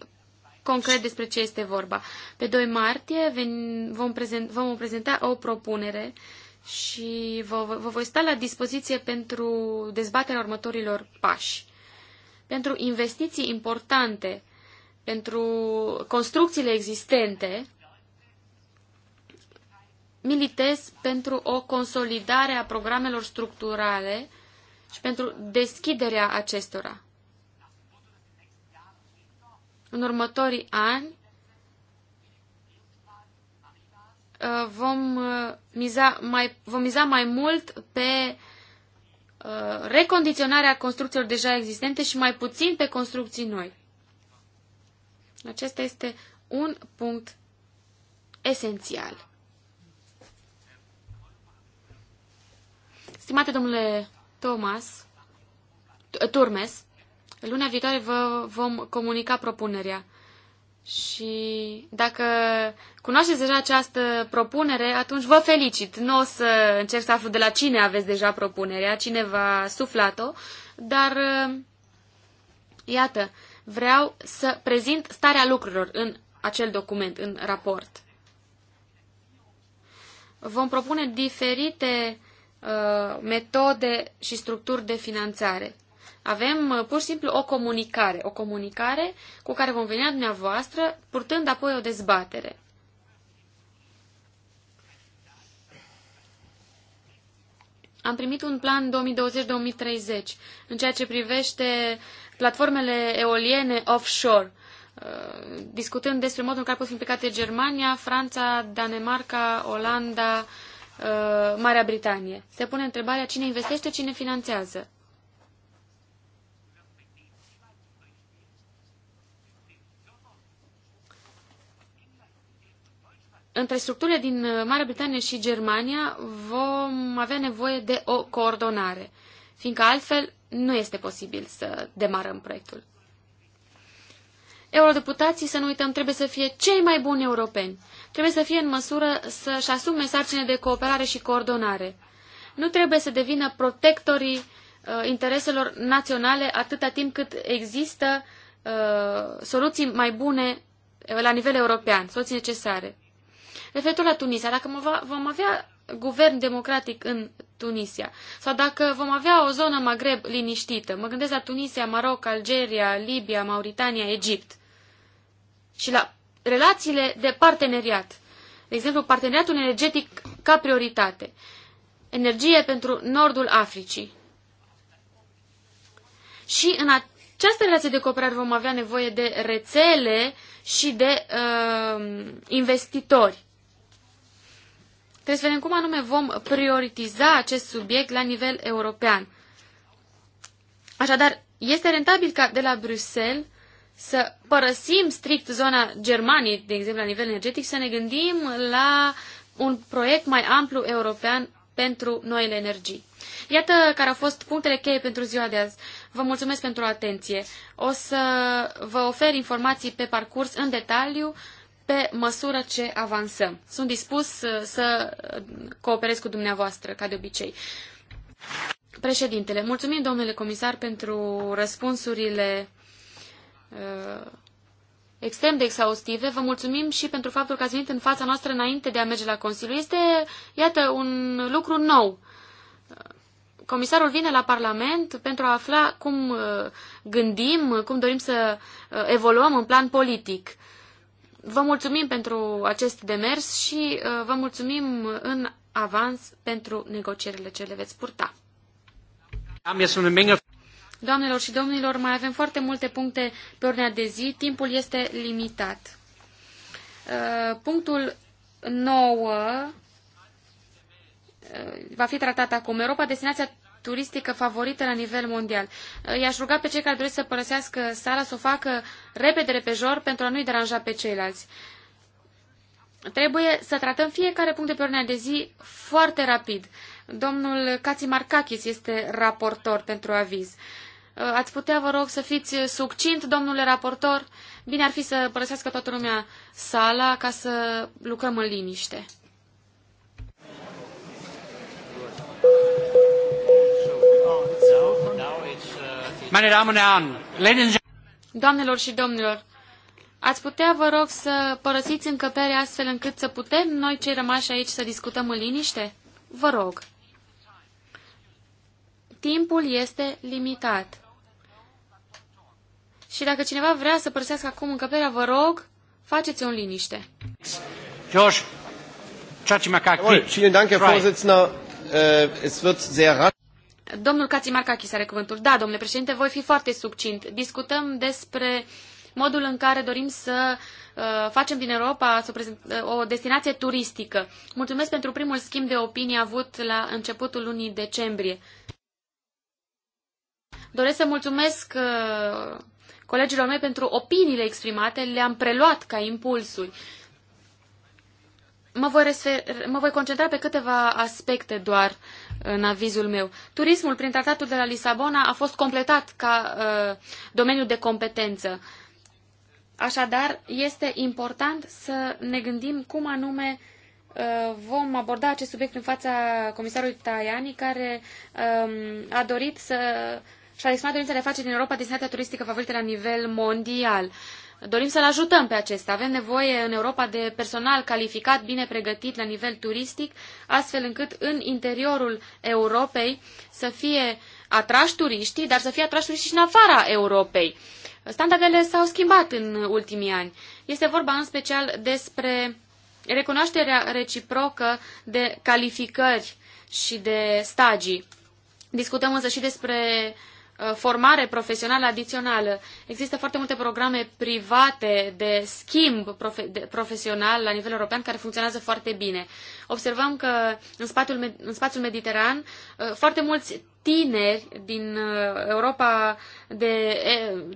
[SPEAKER 1] concret despre ce este vorba. Pe 2 martie ven, vom, prezent, vom prezenta o propunere și vă, vă voi sta la dispoziție pentru dezbaterea următorilor pași. Pentru investiții importante, pentru construcțiile existente, militez pentru o consolidare a programelor structurale și pentru deschiderea acestora. În următorii ani uh, vom uh, miza mai, vom miza mai mult pe uh, recondiționarea construcțiilor deja existente și mai puțin pe construcții noi. Acesta este un punct esențial. Stimate domnule Thomas, Turmes, Luna viitoare vă vom comunica propunerea. Și dacă cunoașteți deja această propunere, atunci vă felicit. Nu o să încerc să aflu de la cine aveți deja propunerea, cine v-a suflat-o, dar uh, iată, vreau să prezint starea lucrurilor în acel document, în raport. Vom propune diferite uh, metode și structuri de finanțare. Avem uh, pur și simplu o comunicare, o comunicare cu care vom veni dumneavoastră, purtând apoi o dezbatere. Am primit un plan 2020-2030 în ceea ce privește platformele eoliene offshore, uh, discutând despre modul în care pot fi implicate Germania, Franța, Danemarca, Olanda, uh, Marea Britanie. Se pune întrebarea cine investește, cine finanțează. între structurile din uh, Marea Britanie și Germania vom avea nevoie de o coordonare, fiindcă altfel nu este posibil să demarăm proiectul. Eurodeputații, să nu uităm, trebuie să fie cei mai buni europeni. Trebuie să fie în măsură să-și asume sarcine de cooperare și coordonare. Nu trebuie să devină protectorii uh, intereselor naționale atâta timp cât există uh, soluții mai bune la nivel european, soluții necesare. Referitor la Tunisia, dacă vom avea guvern democratic în Tunisia sau dacă vom avea o zonă Maghreb liniștită, mă gândesc la Tunisia, Maroc, Algeria, Libia, Mauritania, Egipt și la relațiile de parteneriat. De exemplu, parteneriatul energetic ca prioritate. Energie pentru nordul Africii. Și în această relație de cooperare vom avea nevoie de rețele uh, și de uh, investitori. Trebuie să vedem cum anume vom prioritiza acest subiect la nivel european. Așadar, este rentabil ca de la Bruxelles să părăsim strict zona Germaniei, de exemplu, la nivel energetic, să ne gândim la un proiect mai amplu european pentru noile energii. Iată care au fost punctele cheie pentru ziua de azi. Vă mulțumesc pentru atenție. O să vă ofer informații pe parcurs în detaliu pe măsură ce avansăm. Sunt dispus uh, să uh, cooperez cu dumneavoastră, ca de obicei. Președintele, mulțumim, domnule comisar, pentru răspunsurile uh, extrem de exhaustive. Vă mulțumim și pentru faptul că ați venit în fața noastră înainte de a merge la Consiliu. Este, iată, un lucru nou Comisarul vine la Parlament pentru a afla cum uh, gândim, cum dorim să uh, evoluăm în plan politic. Vă mulțumim pentru acest demers și uh, vă mulțumim în avans pentru negocierile ce le veți purta. Doamnelor și domnilor, mai avem foarte multe puncte pe ordinea de zi. Timpul este limitat. Punctul 9 va fi tratat acum. Europa, destinația turistică favorită la nivel mondial. I-aș ruga pe cei care doresc să părăsească sala să o facă repede, repejor, pentru a nu-i deranja pe ceilalți. Trebuie să tratăm fiecare punct de pe ordinea de zi foarte rapid. Domnul Markakis este raportor pentru aviz. Uh, ați putea, vă rog, să fiți succint, domnule raportor? Bine ar fi să părăsească toată lumea sala ca să lucrăm în liniște. Doamnelor și domnilor, ați putea, vă rog, să părăsiți încăperea astfel încât să putem noi cei rămași aici să discutăm în liniște? Vă rog. Timpul este limitat. Și dacă cineva vrea să părăsească acum încăperea, vă rog, faceți-o în liniște.
[SPEAKER 2] George, Chachimakakis. Vielen Dank, Herr Vorsitzender. Äh, es wird sehr rasch.
[SPEAKER 1] Domnul Cațimarcachis are cuvântul. Da, domnule președinte, voi fi foarte succint. Discutăm despre modul în care dorim să uh, facem din Europa uh, o destinație turistică. Mulțumesc pentru primul schimb de opinie avut la începutul lunii decembrie. Doresc să mulțumesc uh, colegilor mei pentru opiniile exprimate, le-am preluat ca impulsuri. Mă voi, refer, mă voi concentra pe câteva aspecte doar în avizul meu. Turismul, prin tratatul de la Lisabona, a fost completat ca uh, domeniu de competență. Așadar, este important să ne gândim cum anume uh, vom aborda acest subiect în fața comisarului Tajani, care um, a dorit să și-a exprimat dorința de a face din Europa destinația turistică favorită la nivel mondial. Uh, Dorim să-l ajutăm pe acesta. Avem nevoie în Europa de personal calificat, bine pregătit la nivel turistic, astfel încât în interiorul Europei să fie atrași turiștii, dar să fie atrași turiștii și în afara Europei. Standardele s-au schimbat în ultimii ani. Este vorba în special despre recunoașterea reciprocă de calificări și de stagii. Discutăm însă și despre Uh, formare profesională adițională. Există foarte multe programe private de schimb profe de profesional la nivel european care funcționează foarte bine. Observăm că în, spatul, în spațiul mediteran uh, foarte mulți tineri din uh, Europa, de,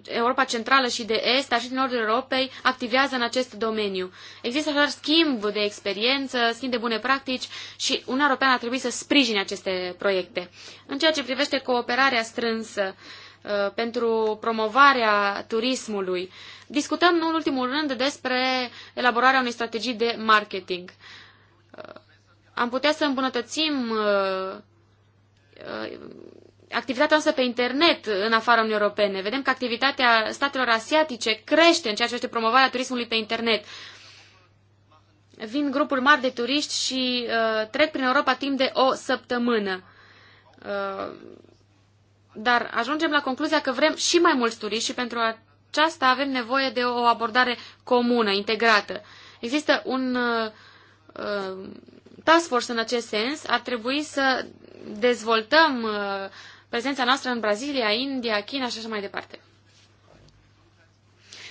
[SPEAKER 1] Europa Centrală și de Est, dar și din Nordul Europei, activează în acest domeniu. Există așadar schimb de experiență, schimb de bune practici și Uniunea Europeană ar trebui să sprijine aceste proiecte. În ceea ce privește cooperarea strânsă uh, pentru promovarea turismului, discutăm în ultimul rând despre elaborarea unei strategii de marketing. Uh, am putea să îmbunătățim Uh, activitatea noastră pe internet în afara Uniunii Europene. Vedem că activitatea statelor asiatice crește în ceea ce este promovarea turismului pe internet. Vin grupuri mari de turiști și uh, trec prin Europa timp de o săptămână. Uh, dar ajungem la concluzia că vrem și mai mulți turiști și pentru aceasta avem nevoie de o abordare comună, integrată. Există un uh, uh task force în acest sens, ar trebui să dezvoltăm uh, prezența noastră în Brazilia, India, China și așa mai departe.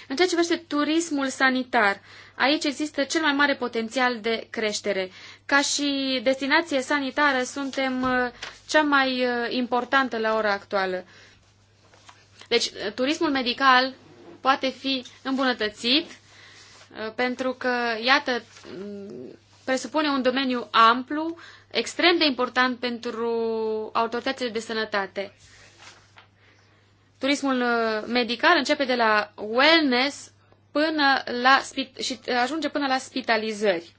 [SPEAKER 1] În ceea ce privește turismul sanitar, aici există cel mai mare potențial de creștere. Ca și destinație sanitară suntem uh, cea mai uh, importantă la ora actuală. Deci, turismul medical poate fi îmbunătățit pentru că, iată, presupune un domeniu amplu, extrem de important pentru autoritățile de sănătate. Turismul uh, medical începe de la wellness până la, și uh, ajunge până la spitalizări.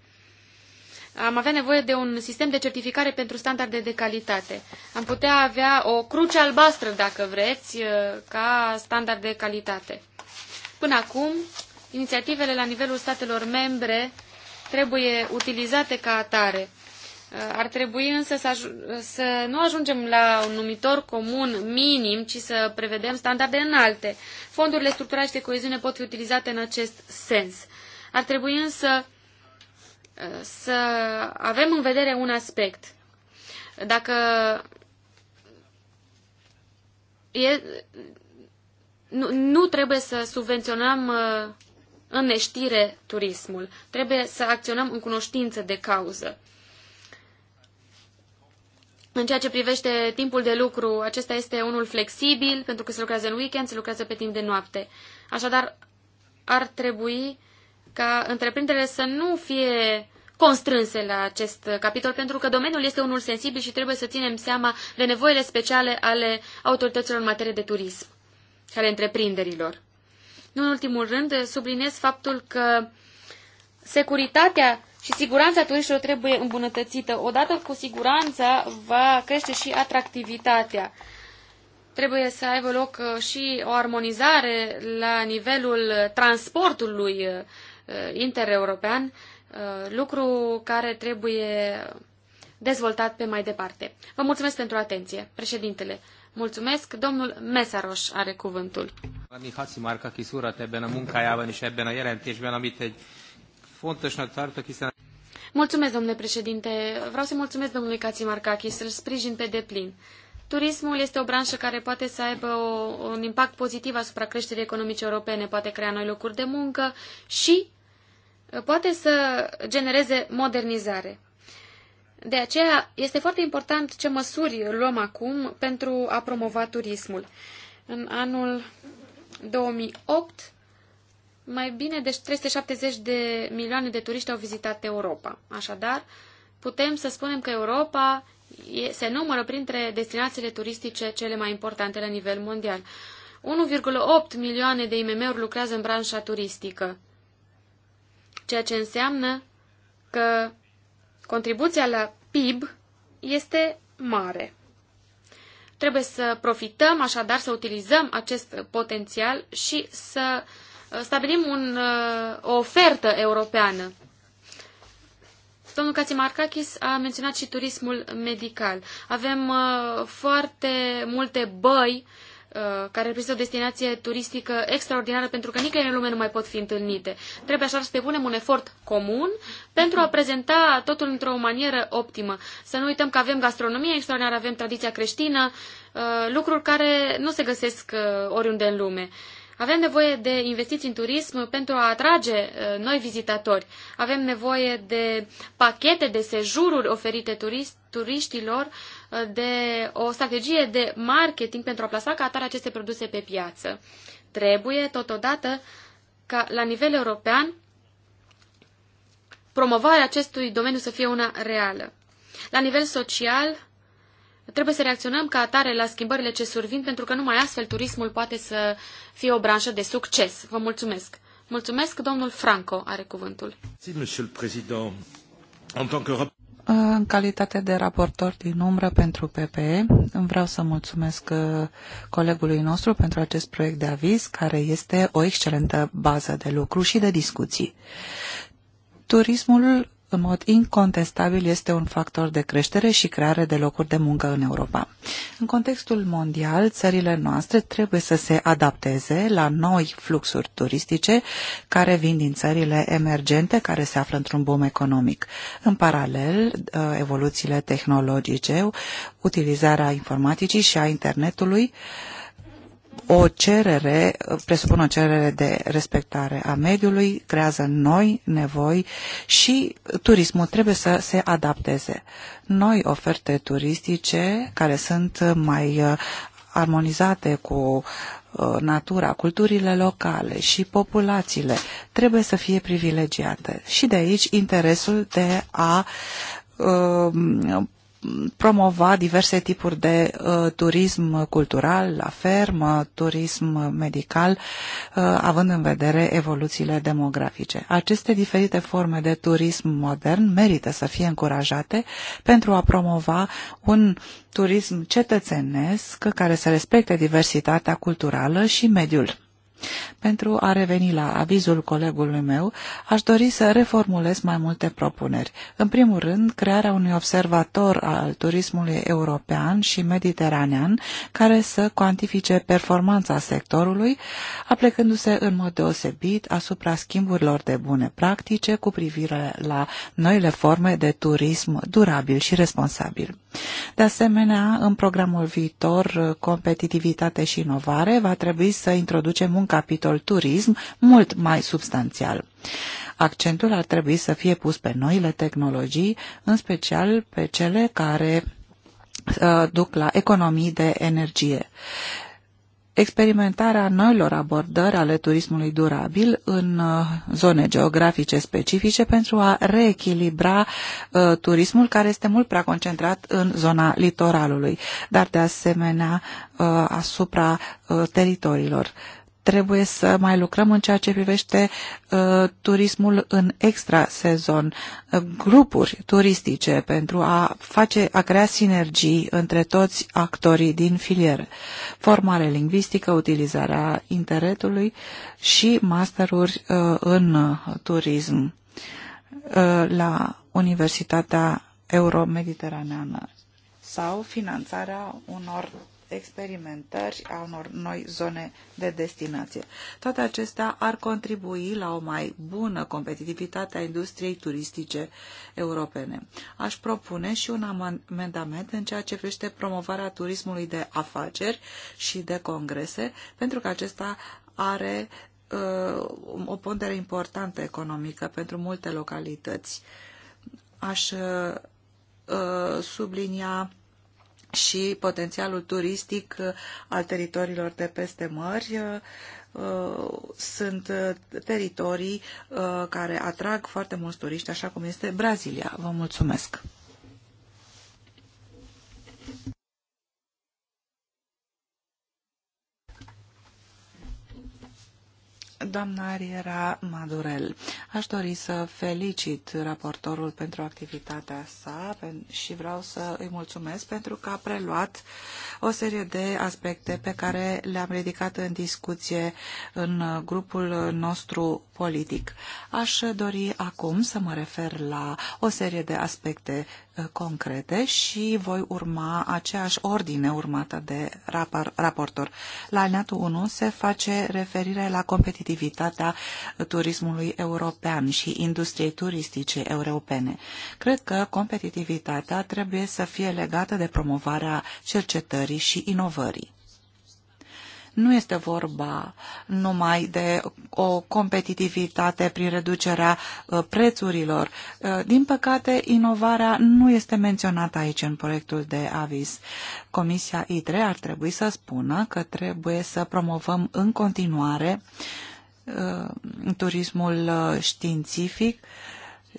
[SPEAKER 1] Am avea nevoie de un sistem de certificare pentru standarde de calitate. Am putea avea o cruce albastră, dacă vreți, uh, ca standard de calitate. Până acum, inițiativele la nivelul statelor membre trebuie utilizate ca atare. Uh, ar trebui însă să, să nu ajungem la un numitor comun minim, ci să prevedem standarde înalte. Fondurile structurale și de coeziune pot fi utilizate în acest sens. Ar trebui însă uh, să avem în vedere un aspect. Dacă e, nu, nu trebuie să subvenționăm uh, neștire turismul. Trebuie să acționăm în cunoștință de cauză. În ceea ce privește timpul de lucru, acesta este unul flexibil, pentru că se lucrează în weekend, se lucrează pe timp de noapte. Așadar, ar trebui ca întreprinderile să nu fie constrânse la acest capitol, pentru că domeniul este unul sensibil și trebuie să ținem seama de nevoile speciale ale autorităților în materie de turism și ale întreprinderilor. Nu în ultimul rând, subliniez faptul că securitatea și siguranța turiștilor trebuie îmbunătățită. Odată cu siguranța va crește și atractivitatea. Trebuie să aibă loc uh, și o armonizare la nivelul transportului uh, intereuropean, uh, lucru care trebuie dezvoltat pe mai departe. Vă mulțumesc pentru atenție, președintele. Mulțumesc. Domnul Mesaros are cuvântul.
[SPEAKER 2] Adni Hacimarkak is urat ebben a munkájában és ebben a jelentésben, amit egy fontosnak tartok, hiszen...
[SPEAKER 1] Mulțumesc, domnule președinte. Vreau să mulțumesc domnului Kacimarkakis, să-l sprijin pe deplin. Turismul este o branșă care poate să aibă o, un impact pozitiv asupra creșterii economice europene, poate crea noi locuri de muncă și uh, poate să genereze modernizare. De aceea este foarte important ce măsuri luăm acum pentru a promova turismul. În anul 2008, mai bine de 370 de milioane de turiști au vizitat Europa. Așadar, putem să spunem că Europa se numără printre destinațiile turistice cele mai importante la nivel mondial. 1,8 milioane de IMM-uri lucrează în branșa turistică, ceea ce înseamnă că Contribuția la PIB este mare. Trebuie să profităm, așadar, să utilizăm acest potențial și să uh, stabilim un, uh, o ofertă europeană. Domnul Cațimarcachis a menționat și turismul medical. Avem uh, foarte multe băi uh, Uh, care reprezintă o destinație turistică extraordinară, pentru că nicăieri în lume nu mai pot fi întâlnite. Trebuie așa să depunem un efort comun pentru a prezenta totul într-o manieră optimă. Să nu uităm că avem gastronomie extraordinară, avem tradiția creștină, uh, lucruri care nu se găsesc uh, oriunde în lume. Avem nevoie de investiții în turism pentru a atrage noi vizitatori. Avem nevoie de pachete de sejururi oferite turist, turiștilor de o strategie de marketing pentru a plasa ca atare aceste produse pe piață. Trebuie, totodată, ca la nivel european, promovarea acestui domeniu să fie una reală. La nivel social, trebuie să reacționăm ca atare la schimbările ce survin, pentru că numai astfel turismul poate să fie o branșă de succes. Vă mulțumesc! Mulțumesc, domnul Franco are cuvântul.
[SPEAKER 3] În calitate de raportor din umbră pentru PPE, vreau să mulțumesc uh, colegului nostru pentru acest proiect de aviz, care este o excelentă bază de lucru și de discuții. Turismul în mod incontestabil este un factor de creștere și creare de locuri de muncă în Europa. În contextul mondial, țările noastre trebuie să se adapteze la noi fluxuri turistice care vin din țările emergente care se află într-un boom economic. În paralel, ă, evoluțiile tehnologice, utilizarea informaticii și a internetului o cerere, presupun o cerere de respectare a mediului, creează noi nevoi și turismul trebuie să se adapteze. Noi oferte turistice care sunt mai uh, armonizate cu uh, natura, culturile locale și populațiile trebuie să fie privilegiate. Și de aici interesul de a uh, promova diverse tipuri de uh, turism cultural, la fermă, turism medical, uh, având în vedere evoluțiile demografice. Aceste diferite forme de turism modern merită să fie încurajate pentru a promova un turism cetățenesc care să respecte diversitatea culturală și mediul. Pentru a reveni la avizul colegului meu, aș dori să reformulez mai multe propuneri. În primul rând, crearea unui observator al turismului european și mediteranean care să cuantifice performanța sectorului, aplecându-se în mod deosebit asupra schimburilor de bune practice cu privire la noile forme de turism durabil și responsabil. De asemenea, în programul viitor Competitivitate și Inovare va trebui să introducem un capitol turism mult mai substanțial. Accentul ar trebui să fie pus pe noile tehnologii, în special pe cele care uh, duc la economii de energie. Experimentarea noilor abordări ale turismului durabil în uh, zone geografice specifice pentru a reechilibra uh, turismul care este mult prea concentrat în zona litoralului, dar de asemenea uh, asupra uh, teritoriilor trebuie să mai lucrăm în ceea ce privește uh, turismul în extrasezon, uh, grupuri turistice pentru a face, a crea sinergii între toți actorii din filiere, formare lingvistică, utilizarea internetului și masteruri uh, în uh, turism uh, la Universitatea Euromediteraneană sau finanțarea unor experimentări a unor noi zone de destinație. Toate acestea ar contribui la o mai bună competitivitate a industriei turistice europene. Aș propune și un amendament în ceea ce privește promovarea turismului de afaceri și de congrese, pentru că acesta are uh, o pondere importantă economică pentru multe localități. Aș uh, sublinia și potențialul turistic uh, al teritoriilor de peste mări. Uh, sunt uh, teritorii care atrag foarte mulți turiști, așa cum este Brazilia. Vă mulțumesc! Doamna Ariera Madurel, aș dori să felicit raportorul pentru activitatea sa și vreau să îi mulțumesc pentru că a preluat o serie de aspecte pe care le-am ridicat în discuție în grupul nostru politic. Aș dori acum să mă refer la o serie de aspecte concrete și voi urma aceeași ordine urmată de raportor. La alineatul 1 se face referire la competitivitatea turismului european și industriei turistice europene. Cred că competitivitatea trebuie să fie legată de promovarea cercetării și inovării. Nu este vorba numai de o competitivitate prin reducerea uh, prețurilor. Uh, din păcate, inovarea nu este menționată aici în proiectul de aviz. Comisia ITRE ar trebui să spună că trebuie să promovăm în continuare uh, turismul științific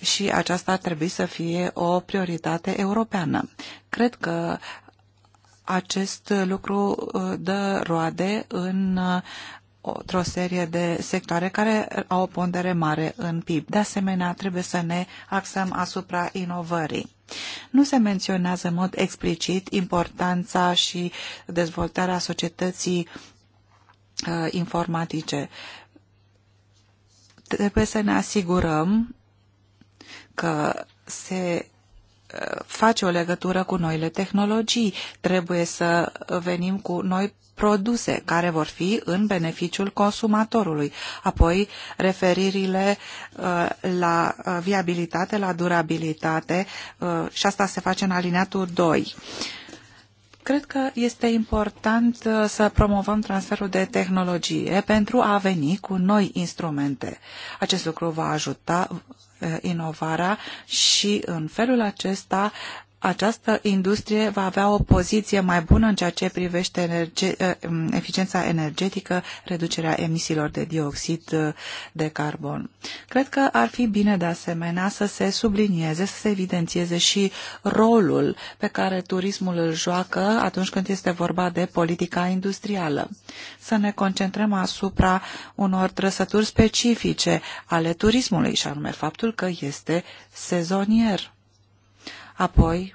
[SPEAKER 3] și aceasta ar trebui să fie o prioritate europeană. Cred că acest lucru uh, dă roade în uh, o serie de sectoare care au o pondere mare în PIB. De asemenea, trebuie să ne axăm asupra inovării. Nu se menționează în mod explicit importanța și dezvoltarea societății uh, informatice. Trebuie să ne asigurăm că se face o legătură cu noile tehnologii. Trebuie să venim cu noi produse care vor fi în beneficiul consumatorului. Apoi, referirile uh, la uh, viabilitate, la durabilitate uh, și asta se face în alineatul 2. Cred că este important să promovăm transferul de tehnologie pentru a veni cu noi instrumente. Acest lucru va ajuta Eh, inovarea și în felul acesta această industrie va avea o poziție mai bună în ceea ce privește energe eh, mm, eficiența energetică, reducerea emisiilor de dioxid eh, de carbon. Cred că ar fi bine de asemenea să se sublinieze, să se evidențieze și rolul pe care turismul îl joacă atunci când este vorba de politica industrială. Să ne concentrăm asupra unor trăsături specifice ale turismului și anume faptul că este sezonier Apoi,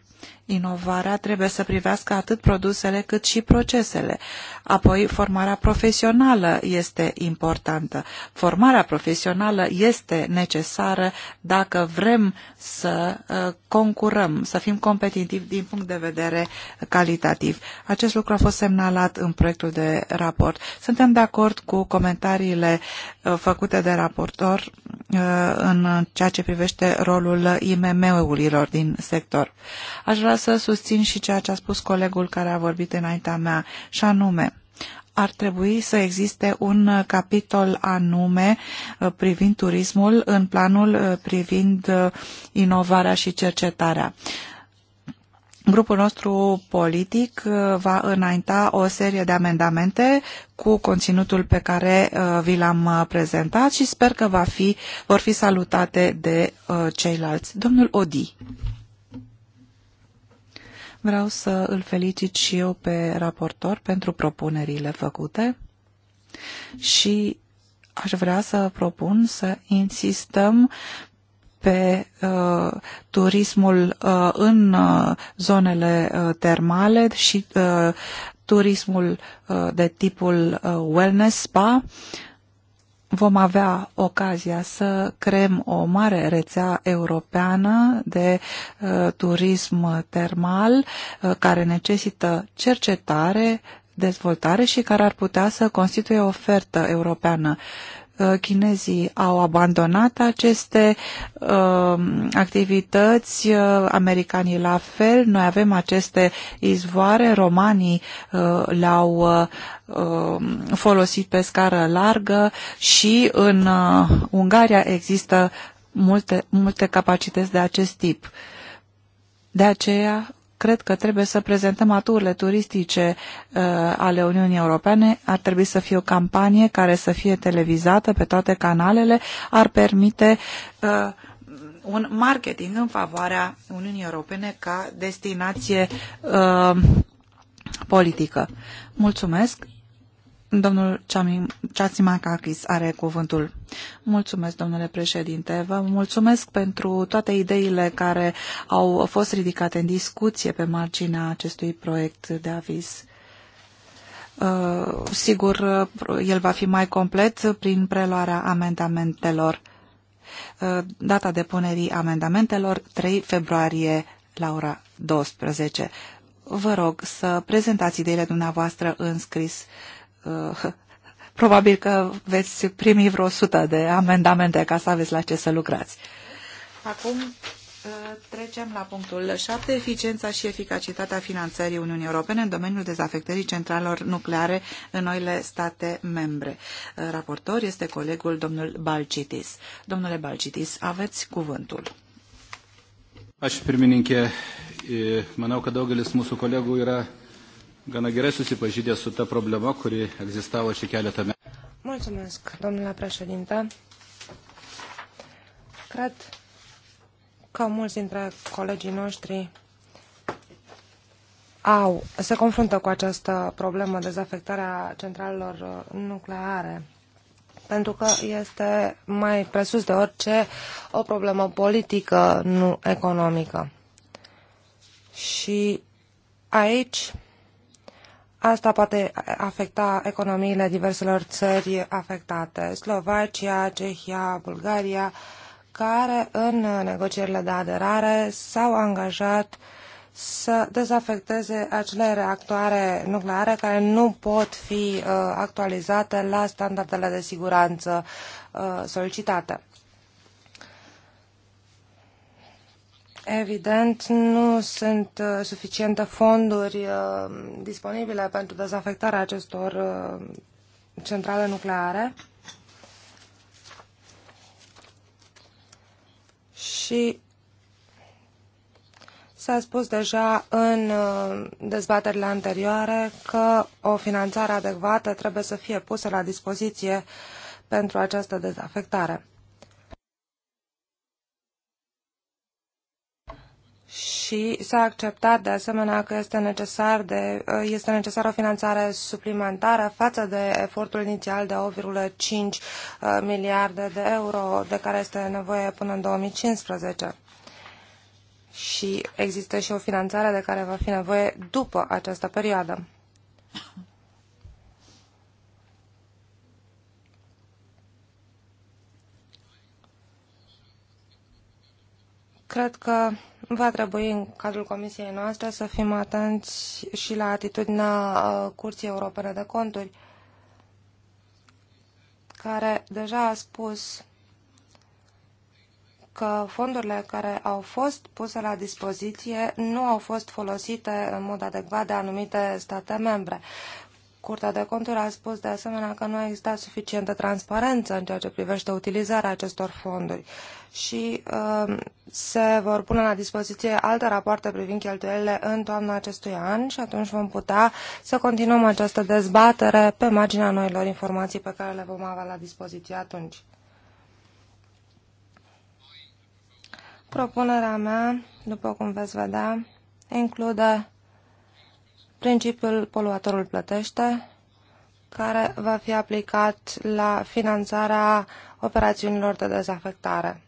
[SPEAKER 3] Inovarea trebuie să privească atât produsele cât și procesele. Apoi, formarea profesională este importantă. Formarea profesională este necesară dacă vrem să uh, concurăm, să fim competitivi din punct de vedere calitativ. Acest lucru a fost semnalat în proiectul de raport. Suntem de acord cu comentariile uh, făcute de raportor uh, în ceea ce privește rolul IMM-urilor din sector. Aș vrea să susțin și ceea ce a spus colegul care a vorbit înaintea mea, și anume, ar trebui să existe un capitol anume uh, privind turismul în planul uh, privind uh, inovarea și cercetarea. Grupul nostru politic va înainta o serie de amendamente cu conținutul pe care vi l-am prezentat și sper că va fi, vor fi salutate de ceilalți. Domnul Odi. Vreau să îl felicit și eu pe raportor pentru propunerile făcute și aș vrea să propun să insistăm pe uh, turismul uh, în uh, zonele uh, termale și uh, turismul uh, de tipul uh, wellness spa uh, vom avea ocazia să creăm o mare rețea europeană de uh, turism termal uh, care necesită cercetare, dezvoltare și care ar putea să constituie o ofertă europeană. Uh, Chinezii au abandonat aceste um, activități, uh, americanii la fel, noi avem aceste izvoare, romanii uh, le-au uh, um, folosit pe scară largă și în Ungaria există multe, multe capacități de acest tip. De aceea cred că trebuie să prezentăm aturile turistice uh, ale Uniunii Europene. Ar trebui să fie o campanie care să fie televizată pe toate canalele. Ar permite uh, un marketing în favoarea Uniunii Europene ca destinație uh, politică. Mulțumesc! Domnul Chatsimakakis are cuvântul. Mulțumesc, domnule președinte. Vă mulțumesc pentru toate ideile care au fost ridicate în discuție pe marginea acestui proiect de aviz. Uh, sigur, uh, el va fi mai complet prin preluarea amendamentelor. Uh, data depunerii amendamentelor 3 februarie la ora 12. Vă rog să prezentați ideile dumneavoastră în scris. probabil că veți primi vreo sută de amendamente ca să aveți la ce să lucrați. Acum uh, trecem la punctul 7, eficiența și eficacitatea finanțării Uniunii Europene în domeniul dezafectării centralelor nucleare în noile state membre. Uh, raportor este colegul domnul Balcitis. Domnule Balcitis, aveți cuvântul.
[SPEAKER 2] Aș primi pirmininkė, Mă că daugelis mūsų kolegų yra gana gerai susipažinę su ta problema, kuri egzistavo și keletą metų.
[SPEAKER 5] Mulțumesc, domnule președinte. Cred că mulți dintre colegii noștri au, se confruntă cu această problemă, dezafectarea centralelor uh, nucleare, pentru că este mai presus de orice o problemă politică, nu economică. Și aici Asta poate afecta economiile diverselor țări afectate, Slovacia, Cehia, Bulgaria, care în negocierile de aderare s-au angajat să dezafecteze acele reactoare nucleare care nu pot fi uh, actualizate la standardele de siguranță uh, solicitate. Evident, nu sunt uh, suficiente fonduri uh, disponibile pentru dezafectarea acestor uh, centrale nucleare. Și S-a spus deja în dezbaterile anterioare că o finanțare adecvată trebuie să fie pusă la dispoziție pentru această dezafectare. și s-a acceptat de asemenea că este, necesar de, uh, este necesar o finanțare suplimentară față de efortul inițial de 8,5 uh, miliarde de euro de care este nevoie până în 2015. Și există și o finanțare de care va fi nevoie după această perioadă. Cred că va trebui în cadrul comisiei noastre să fim atenți și la atitudinea uh, Curții Europene de Conturi, care deja a spus că fondurile care au fost puse la dispoziție nu au fost folosite în mod adecvat de anumite state membre. Curtea de conturi a spus de asemenea că nu a existat suficientă transparență în ceea ce privește utilizarea acestor fonduri și uh, se vor pune la dispoziție alte rapoarte privind cheltuielile în toamna acestui an și atunci vom putea să continuăm această dezbatere pe marginea noilor informații pe care le vom avea la dispoziție atunci. Propunerea mea, după cum veți vedea, include principiul poluatorul plătește, care va fi aplicat la finanțarea operațiunilor de dezafectare.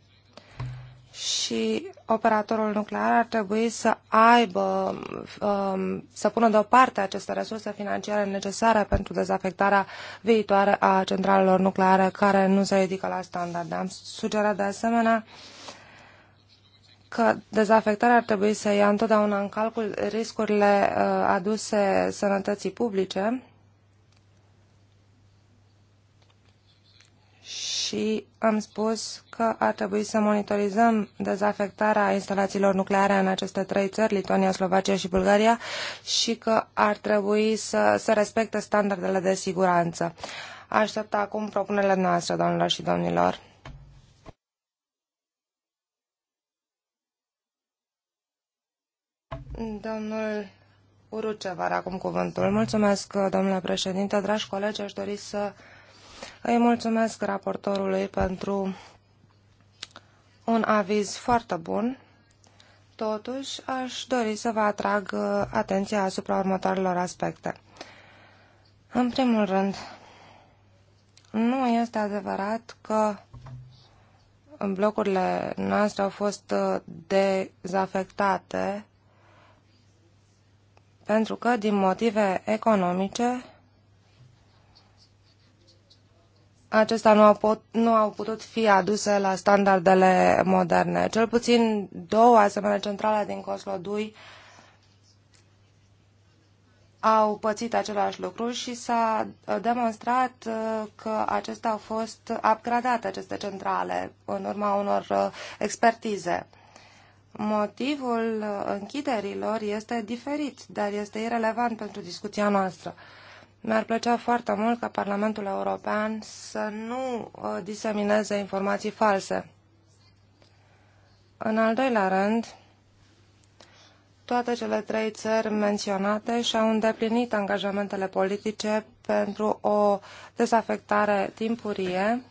[SPEAKER 5] Și operatorul nuclear ar trebui să aibă, um, să pună deoparte aceste resurse financiare necesare pentru dezafectarea viitoare a centralelor nucleare care nu se ridică la standarde. Am sugerat de asemenea că dezafectarea ar trebui să ia întotdeauna în calcul riscurile uh, aduse sănătății publice și am spus că ar trebui să monitorizăm dezafectarea instalațiilor nucleare în aceste trei țări, Lituania, Slovacia și Bulgaria, și că ar trebui să, să respecte standardele de siguranță. Aștept acum propunerile noastre, doamnelor și domnilor. Domnul Urucev acum cuvântul. Mulțumesc, domnule președinte. Dragi colegi, aș dori să îi mulțumesc raportorului pentru un aviz foarte bun. Totuși, aș dori să vă atrag uh, atenția asupra următoarelor aspecte. În primul rând, nu este adevărat că blocurile noastre au fost uh, dezafectate pentru că, din motive economice, acestea nu au, pot, nu au putut fi aduse la standardele moderne. Cel puțin două asemenea centrale din Coslodui au pățit același lucru și s-a demonstrat uh, că acestea au fost upgradate, aceste centrale, în urma unor uh, expertize motivul uh, închiderilor este diferit, dar este irelevant pentru discuția noastră. Mi-ar plăcea foarte mult ca Parlamentul European să nu uh, disemineze informații false. În al doilea rând, toate cele trei țări menționate și-au îndeplinit angajamentele politice pentru o dezafectare timpurie,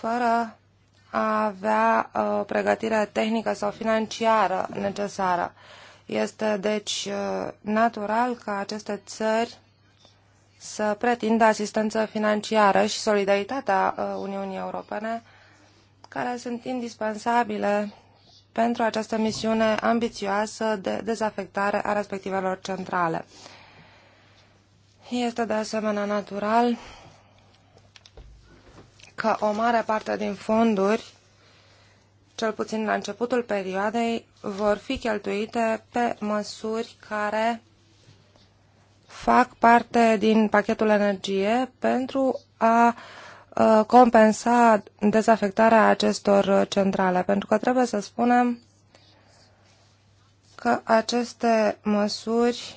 [SPEAKER 5] fără a avea uh, pregătirea tehnică sau financiară necesară. Este deci uh, natural ca aceste țări să pretindă asistență financiară și solidaritatea uh, Uniunii Europene, care sunt indispensabile pentru această misiune ambițioasă de dezafectare a respectivelor centrale. Este de asemenea natural că o mare parte din fonduri, cel puțin la începutul perioadei, vor fi cheltuite pe măsuri care fac parte din pachetul energie pentru a ă, compensa dezafectarea acestor centrale, pentru că trebuie să spunem că aceste măsuri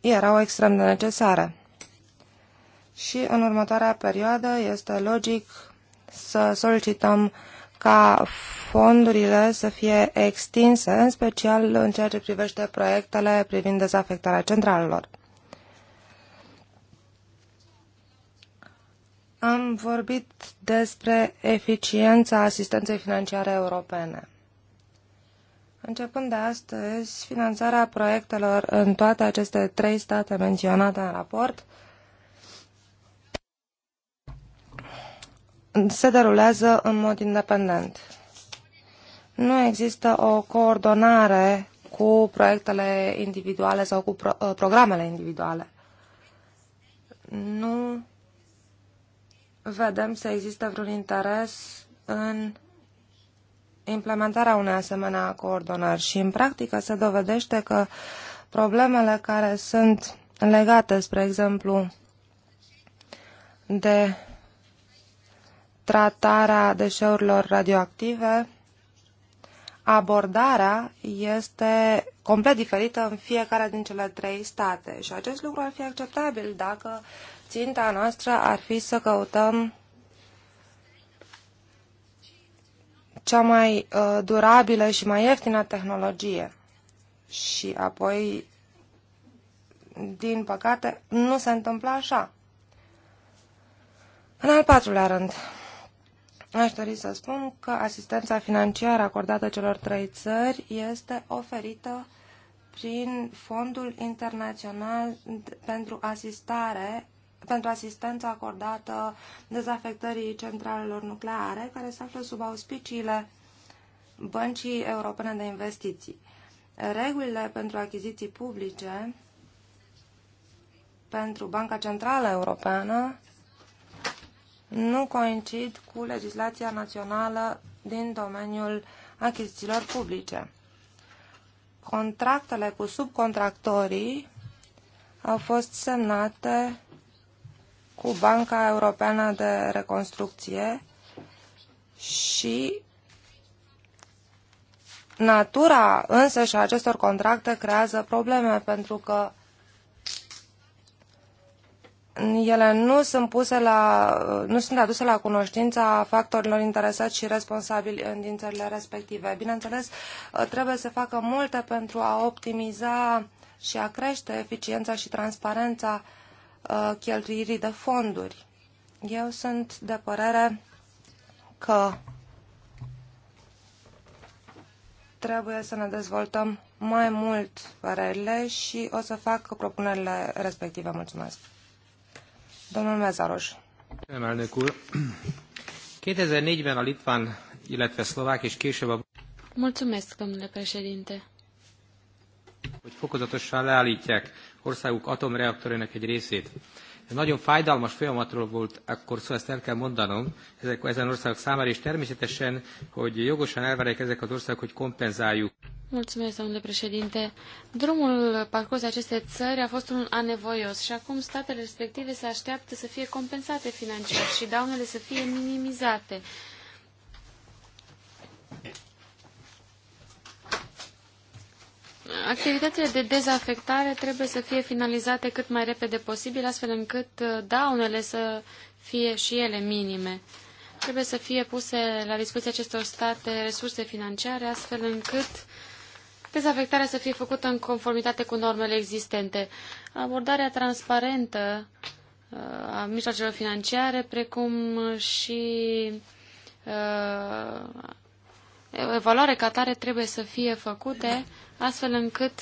[SPEAKER 5] erau extrem de necesare și în următoarea perioadă este logic să solicităm ca fondurile să fie extinse, în special în ceea ce privește proiectele privind dezafectarea centralelor. Am vorbit despre eficiența asistenței financiare europene. Începând de astăzi, finanțarea proiectelor în toate aceste trei state menționate în raport se derulează în mod independent. Nu există o coordonare cu proiectele individuale sau cu pro uh, programele individuale. Nu vedem să există vreun interes în implementarea unei asemenea coordonări și în practică se dovedește că problemele care sunt legate, spre exemplu, de tratarea deșeurilor radioactive, abordarea este complet diferită în fiecare din cele trei state și acest lucru ar fi acceptabil dacă ținta noastră ar fi să căutăm cea mai uh, durabilă și mai ieftină tehnologie. Și apoi, din păcate, nu se întâmplă așa. În al patrulea rând, Aș dori să spun că asistența financiară acordată celor trei țări este oferită prin Fondul Internațional pentru Asistare pentru asistența acordată dezafectării centralelor nucleare, care se află sub auspiciile Băncii Europene de Investiții. Regulile pentru achiziții publice pentru Banca Centrală Europeană nu coincid cu legislația națională din domeniul achizițiilor publice. Contractele cu subcontractorii au fost semnate cu Banca Europeană de Reconstrucție și natura însă și a acestor contracte creează probleme pentru că ele nu sunt puse la, nu sunt aduse la cunoștința factorilor interesați și responsabili din țările respective. Bineînțeles, trebuie să facă multe pentru a optimiza și a crește eficiența și transparența uh, cheltuirii de fonduri. Eu sunt de părere că trebuie să ne dezvoltăm mai mult părerile și o să fac propunerile respective. Mulțumesc! Domnul Mezaros.
[SPEAKER 2] Köszönöm, elnök úr. 2004-ben a litván, illetve szlovák és később a...
[SPEAKER 1] Mulțumesc, domnule președinte.
[SPEAKER 2] Hogy fokozatosan leállítják országuk atomreaktorének egy részét. Ez nagyon fájdalmas folyamatról volt akkor szó, szóval ezt el kell mondanom, ezek, ezen országok számára, és természetesen, hogy jogosan elvárják ezek az országok, hogy kompenzáljuk.
[SPEAKER 1] Mulțumesc, domnule președinte. Drumul parcurs acestei țări a fost unul anevoios și acum statele respective se așteaptă să fie compensate financiar și daunele să fie minimizate. Activitățile de dezafectare trebuie să fie finalizate cât mai repede posibil, astfel încât uh, daunele să fie și ele minime. Trebuie să fie puse la dispoziția acestor state resurse financiare, astfel încât dezafectarea să fie făcută în conformitate cu normele existente. Abordarea transparentă uh, a mijloacelor financiare, precum și uh, evaluare ca tare trebuie să fie făcute astfel încât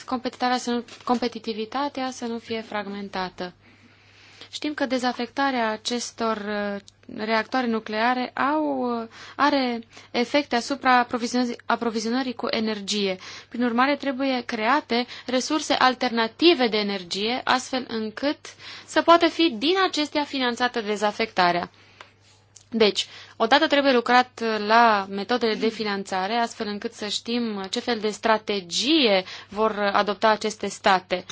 [SPEAKER 1] să nu, competitivitatea să nu fie fragmentată. Știm că dezafectarea acestor uh, reactoare nucleare au, uh, are efecte asupra aprovizionării cu energie. Prin urmare, trebuie create resurse alternative de energie, astfel încât să poată fi din acestea finanțată dezafectarea. Deci, odată trebuie lucrat la metodele de finanțare, astfel încât să știm ce fel de strategie vor adopta aceste state.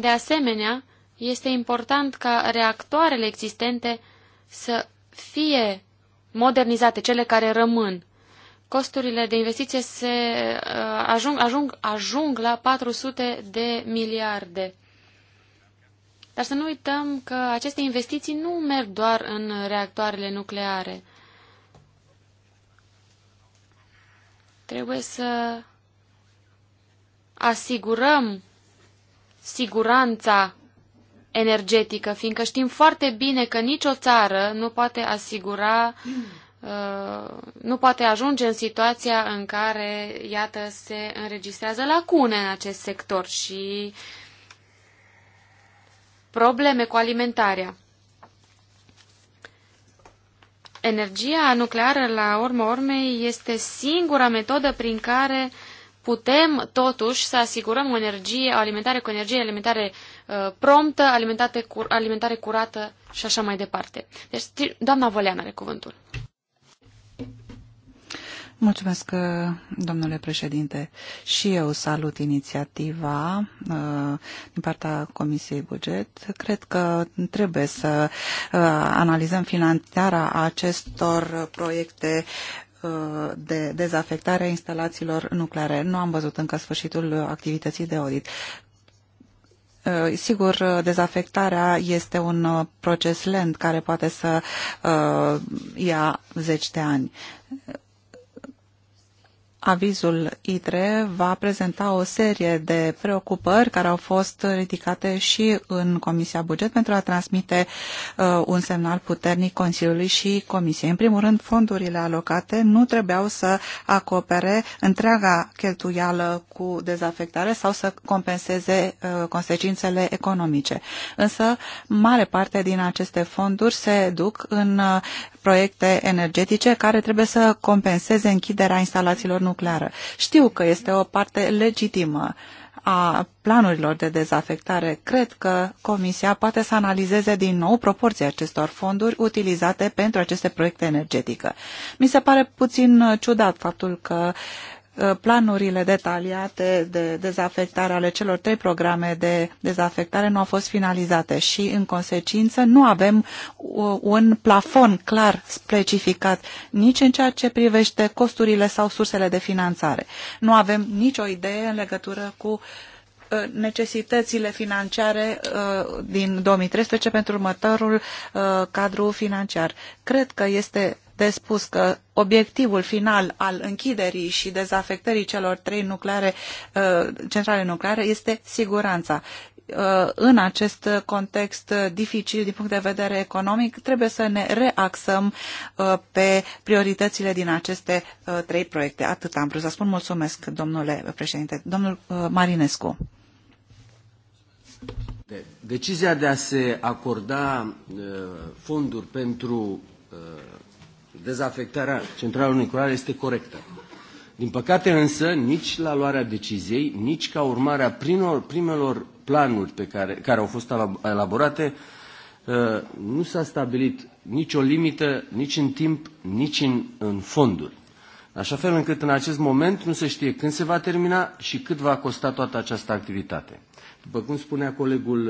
[SPEAKER 1] De asemenea, este important ca reactoarele existente să fie modernizate, cele care rămân. Costurile de investiție se uh, ajung, ajung, ajung la 400 de miliarde. Dar să nu uităm că aceste investiții nu merg doar în reactoarele nucleare. Trebuie să asigurăm siguranța energetică, fiindcă știm foarte bine că nicio țară nu poate asigura, uh, nu poate ajunge în situația în care, iată, se înregistrează lacune în acest sector și probleme cu alimentarea. Energia nucleară, la urma urmei, este singura metodă prin care putem, totuși, să asigurăm o energie, o alimentare cu energie, alimentare uh, promptă, alimentare, cur alimentare curată și așa mai departe. Deci, doamna Volean are cuvântul.
[SPEAKER 3] Mulțumesc, domnule președinte. Și eu salut inițiativa uh, din partea Comisiei Buget. Cred că trebuie să uh, analizăm finanțarea acestor proiecte uh, de dezafectare a instalațiilor nucleare. Nu am văzut încă sfârșitul activității de audit. Sigur, dezafectarea este un proces lent care poate să ia zeci de ani. Avizul ITRE va prezenta o serie de preocupări care au fost ridicate și în Comisia Buget pentru a transmite uh, un semnal puternic Consiliului și Comisiei. În primul rând, fondurile alocate nu trebuiau să acopere întreaga cheltuială cu dezafectare sau să compenseze uh, consecințele economice. Însă, mare parte din aceste fonduri se duc în uh, proiecte energetice care trebuie să compenseze închiderea instalațiilor nucleară. Știu că este o parte legitimă a planurilor de dezafectare, cred că Comisia poate să analizeze din nou proporția acestor fonduri utilizate pentru aceste proiecte energetică. Mi se pare puțin ciudat faptul că uh, Uh, planurile detaliate de dezafectare ale celor trei programe de dezafectare nu au fost finalizate și, în consecință, nu avem uh, un plafon clar specificat nici în ceea ce privește costurile sau sursele de finanțare. Nu avem nicio idee în legătură cu uh, necesitățile financiare din 2013 pentru următorul cadru financiar. Cred că este de spus că obiectivul final al închiderii și dezafectării celor trei nucleare, uh, centrale nucleare este siguranța uh, în acest context dificil din punct de vedere economic, trebuie să ne reaxăm uh, pe prioritățile din aceste trei proiecte. Atât am vrut să spun. Mulțumesc, domnule președinte. Domnul Marinescu.
[SPEAKER 2] Decizia de a se acorda fonduri pentru dezafectarea centralului nucleare este corectă. Din păcate însă, nici la luarea deciziei, nici ca urmare a primelor planuri pe care, care au fost elaborate, ă, nu s-a stabilit nicio limită, nici în timp, nici în, în fonduri. Așa fel încât în acest moment nu se știe când se va termina și cât va costa toată această activitate. După cum spunea colegul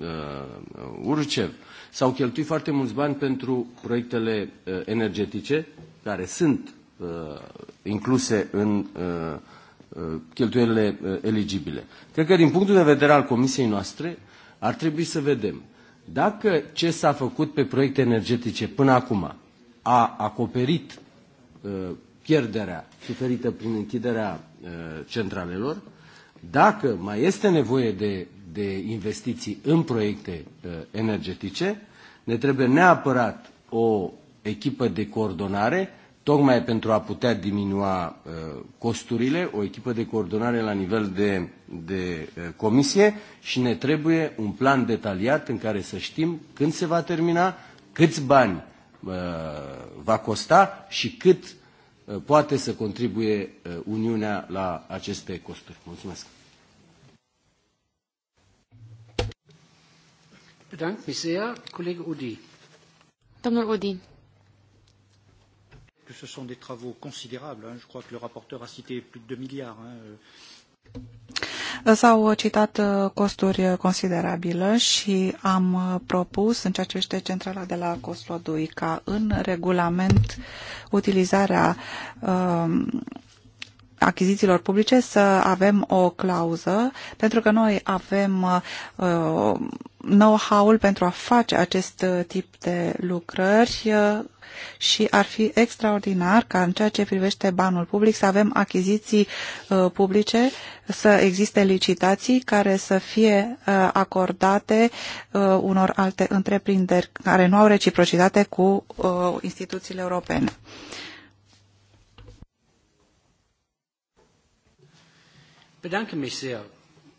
[SPEAKER 2] uh, ă, ă, Urcev, uh, S-au cheltuit foarte mulți bani pentru proiectele uh, energetice, care sunt uh, incluse în uh, cheltuielile eligibile. Cred că din punctul de vedere al comisiei noastre ar trebui să vedem dacă ce s-a făcut pe proiecte energetice până acum a acoperit pierderea suferită prin închiderea centralelor, dacă mai este nevoie de de investiții în proiecte uh, energetice. Ne trebuie neapărat o echipă de coordonare, tocmai pentru a putea diminua uh, costurile, o echipă de coordonare la nivel de, de uh, comisie și ne trebuie un plan detaliat în care să știm când se va termina, câți bani va costa și cât poate să contribuie Uniunea la aceste costuri. Mulțumesc! bedanke mich sehr, Kollege Udi.
[SPEAKER 1] Domnul Udi.
[SPEAKER 2] Que ce sont des travaux considérables. Hein. Je crois que le rapporteur a cité plus de 2 milliards. Hein.
[SPEAKER 3] S-au citat uh, costuri uh, considerabile și am uh, propus în ceea ce este centrala de la Coslodui ca în regulament utilizarea uh, achizițiilor publice să avem o clauză, pentru că noi avem uh, know-how-ul pentru a face acest uh, tip de lucrări uh, și ar fi extraordinar ca în ceea ce privește banul public să avem achiziții uh, publice, să existe licitații care să fie acordate unor alte întreprinderi care nu au reciprocitate cu instituțiile europene.
[SPEAKER 2] Bedanke mich sehr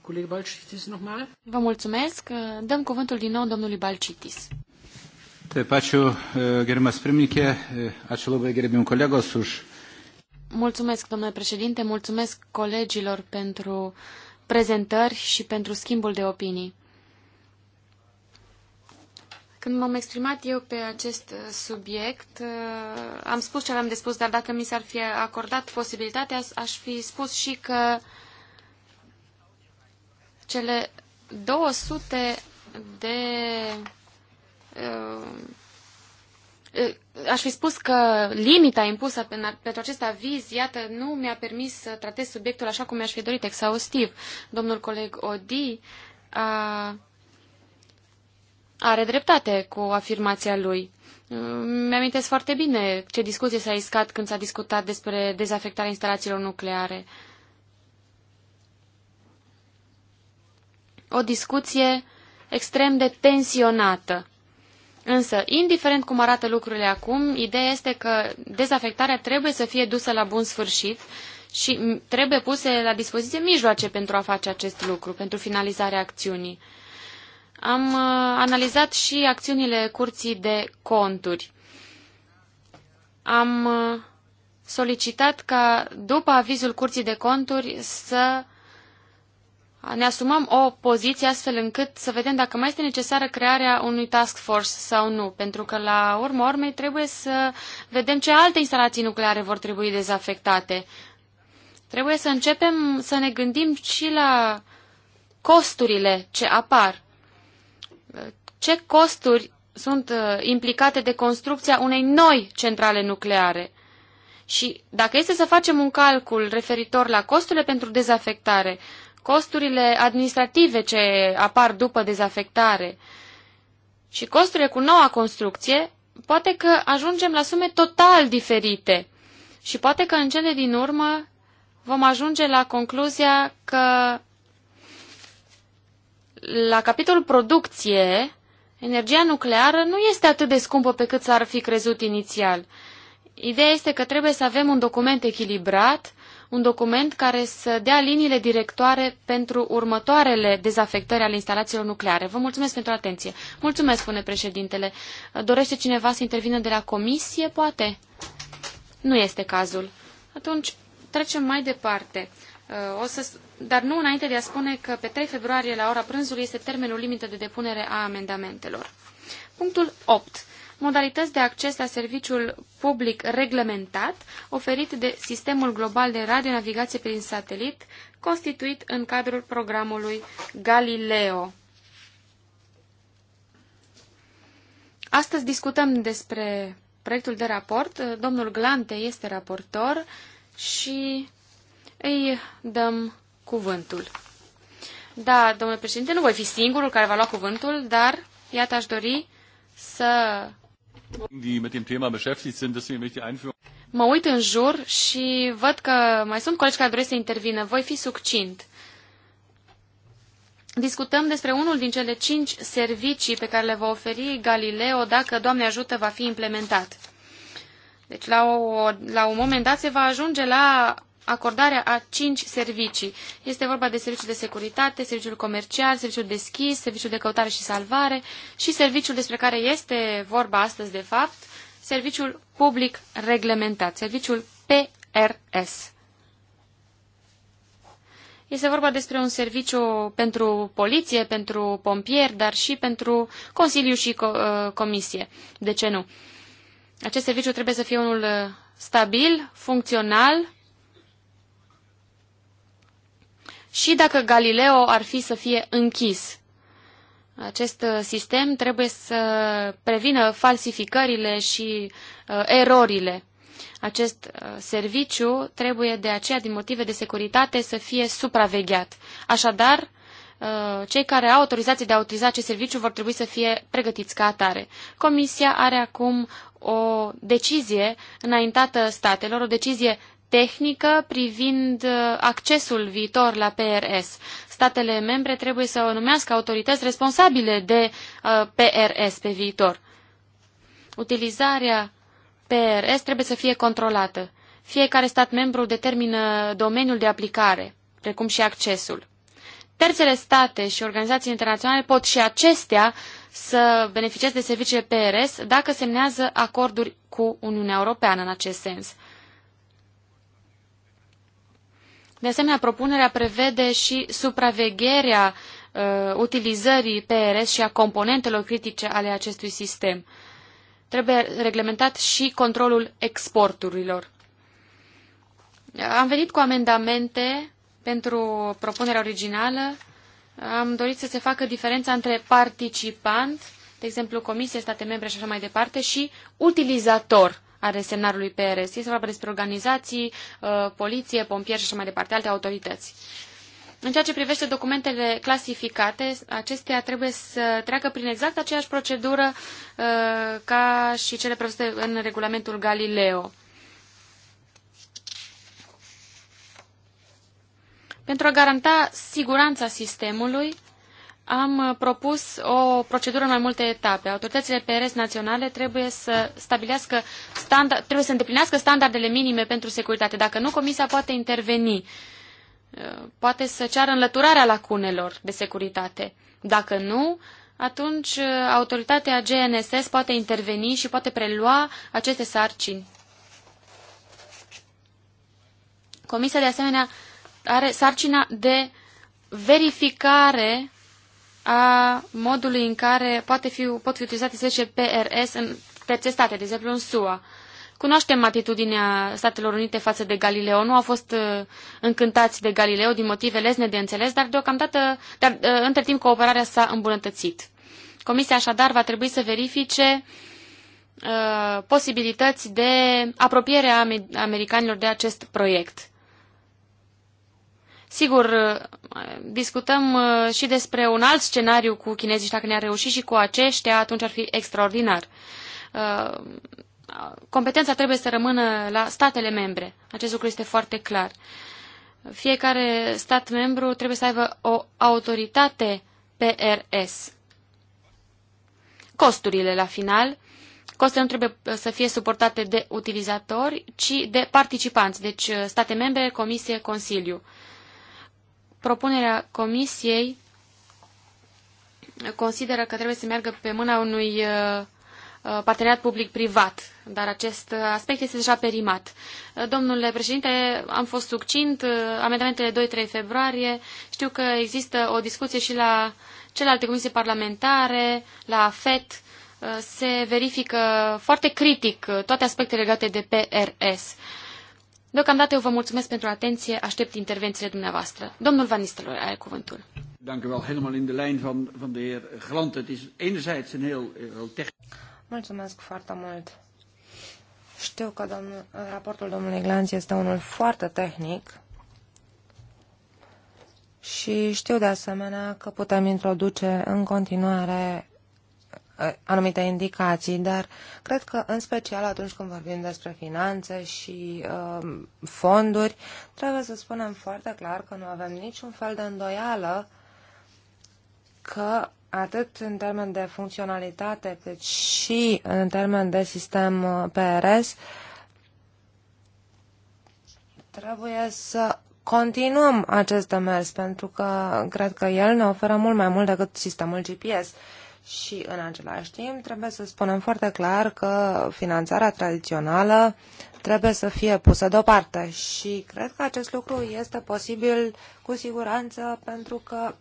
[SPEAKER 2] Coleg Balcitis,
[SPEAKER 1] normal? Vă mulțumesc. Dăm cuvântul din nou domnului Balcitis.
[SPEAKER 2] Te ačiū, gerimas pirmininkė, ačiū labai gerbim kolegos už.
[SPEAKER 1] Mulțumesc, domnule președinte, mulțumesc colegilor pentru prezentări și pentru schimbul de opinii. Când m-am exprimat eu pe acest subiect, am spus ce am de spus, dar dacă mi s-ar fi acordat posibilitatea, aș fi spus și că cele 200 de... Uh, aș fi spus că limita impusă pentru acest aviz, iată, nu mi-a permis să tratez subiectul așa cum mi-aș fi dorit, exhaustiv. Domnul coleg Odi a are dreptate cu afirmația lui. Mi-amintesc foarte bine ce discuție s-a iscat când s-a discutat despre dezafectarea instalațiilor nucleare. o discuție extrem de tensionată. Însă, indiferent cum arată lucrurile acum, ideea este că dezafectarea trebuie să fie dusă la bun sfârșit și trebuie puse la dispoziție mijloace pentru a face acest lucru, pentru finalizarea acțiunii. Am uh, analizat și acțiunile curții de conturi. Am uh, solicitat ca, după avizul curții de conturi, să ne asumăm o poziție astfel încât să vedem dacă mai este necesară crearea unui task force sau nu, pentru că la urma urmei trebuie să vedem ce alte instalații nucleare vor trebui dezafectate. Trebuie să începem să ne gândim și la costurile ce apar. Ce costuri sunt uh, implicate de construcția unei noi centrale nucleare? Și dacă este să facem un calcul referitor la costurile pentru dezafectare, uh, costurile administrative ce apar după dezafectare și costurile cu noua construcție, poate că ajungem la sume total diferite și poate că în cele din urmă vom ajunge la concluzia că la capitolul producție, energia nucleară nu este atât de scumpă pe cât s-ar fi crezut inițial. Ideea este că trebuie să avem un document echilibrat un document care să dea liniile directoare pentru următoarele dezafectări ale instalațiilor nucleare. Vă mulțumesc pentru atenție. Mulțumesc, spune președintele. Dorește cineva să intervină de la comisie, poate? Nu este cazul. Atunci trecem mai departe. Uh, o să, dar nu înainte de a spune că pe 3 februarie la ora prânzului este termenul limită de depunere a amendamentelor. Punctul 8 modalități de acces la serviciul public reglementat oferit de Sistemul Global de Radionavigație prin Satelit, constituit în cadrul programului Galileo. Astăzi discutăm despre proiectul de raport. Domnul Glante este raportor și îi dăm cuvântul. Da, domnule președinte, nu voi fi singurul care va lua cuvântul, dar iată aș dori să Mă uit în jur și văd că mai sunt colegi care doresc să intervină. Voi fi succint. Discutăm despre unul din cele cinci servicii pe care le va oferi Galileo dacă, Doamne ajută, va fi implementat. Deci la, o, la un moment dat se va ajunge la acordarea a cinci servicii. Este vorba de serviciul de securitate, serviciul comercial, serviciul deschis, serviciul de căutare și salvare și serviciul despre care este vorba astăzi de fapt, serviciul public reglementat, serviciul PRS. Este vorba despre un serviciu pentru poliție, pentru pompieri, dar și pentru Consiliu și uh, Comisie. De ce nu? Acest serviciu trebuie să fie unul uh, stabil, funcțional, și dacă Galileo ar fi să fie închis. Acest uh, sistem trebuie să prevină falsificările și uh, erorile. Acest uh, serviciu trebuie de aceea, din motive de securitate, să fie supravegheat. Așadar, uh, cei care au autorizație de a utiliza acest serviciu vor trebui să fie pregătiți ca atare. Comisia are acum o decizie înaintată statelor, o decizie tehnică privind uh, accesul viitor la PRS. Statele membre trebuie să o numească autorități responsabile de uh, PRS pe viitor. Utilizarea PRS trebuie să fie controlată. Fiecare stat membru determină domeniul de aplicare, precum și accesul. Terțele state și organizații internaționale pot și acestea să beneficieze de serviciile PRS dacă semnează acorduri cu Uniunea Europeană în acest sens. De asemenea, propunerea prevede și supravegherea uh, utilizării PRS și a componentelor critice ale acestui sistem. Trebuie reglementat și controlul exporturilor. Am venit cu amendamente pentru propunerea originală. Am dorit să se facă diferența între participant, de exemplu Comisie, state membre și așa mai departe, și utilizator are semnarului PRS. Este vorba despre organizații, uh, poliție, pompieri și așa mai departe, alte autorități. În ceea ce privește documentele clasificate, acestea trebuie să treacă prin exact aceeași procedură uh, ca și cele prevăzute în regulamentul Galileo. Pentru a garanta siguranța sistemului, am uh, propus o procedură în mai multe etape. Autoritățile PRS naționale trebuie să stabilească standard, trebuie să îndeplinească standardele minime pentru securitate. Dacă nu, Comisia poate interveni. Uh, poate să ceară înlăturarea lacunelor de securitate. Dacă nu, atunci uh, autoritatea GNSS poate interveni și poate prelua aceste sarcini. Comisia, de asemenea, are sarcina de verificare a modului în care poate fi, pot fi utilizate serviciile PRS în terțe state, de exemplu în SUA. Cunoaștem atitudinea Statelor Unite față de Galileo. Nu au fost uh, încântați de Galileo din motive lesne de înțeles, dar deocamdată, dar, uh, între timp, cooperarea s-a îmbunătățit. Comisia așadar va trebui să verifice uh, posibilități de apropiere a americanilor de acest proiect. Sigur, discutăm uh, și despre un alt scenariu cu chinezii și dacă ne-ar reuși și cu aceștia, atunci ar fi extraordinar. Uh, competența trebuie să rămână la statele membre. Acest lucru este foarte clar. Fiecare stat membru trebuie să aibă o autoritate PRS. Costurile la final Costurile nu trebuie să fie suportate de utilizatori, ci de participanți, deci uh, state membre, comisie, consiliu. Propunerea comisiei consideră că trebuie să meargă pe mâna unui uh, uh, parteneriat public-privat, dar acest aspect este deja perimat. Uh, domnule președinte, am fost succint, amendamentele 2-3 februarie, știu că există o discuție și la celelalte comisii parlamentare, la FET, se verifică foarte critic toate aspectele legate de PRS. Deocamdată eu vă mulțumesc pentru atenție, aștept intervențiile dumneavoastră. Domnul Van Nistelrooy are cuvântul. Mulțumesc foarte
[SPEAKER 5] mult. Știu că domnul, raportul domnului Glanț este unul foarte tehnic și știu de asemenea că putem introduce în continuare Uh, anumite indicații, dar cred că în special atunci când vorbim despre finanțe și uh, fonduri, trebuie să spunem foarte clar că nu avem niciun fel de îndoială că atât în termen de funcționalitate, cât și în termen de sistem uh, PRS, trebuie să continuăm acest demers, pentru că cred că el ne oferă mult mai mult decât sistemul GPS. Uh, și în același timp trebuie să spunem foarte clar că finanțarea tradițională trebuie să fie pusă deoparte și cred că acest lucru este posibil cu siguranță pentru că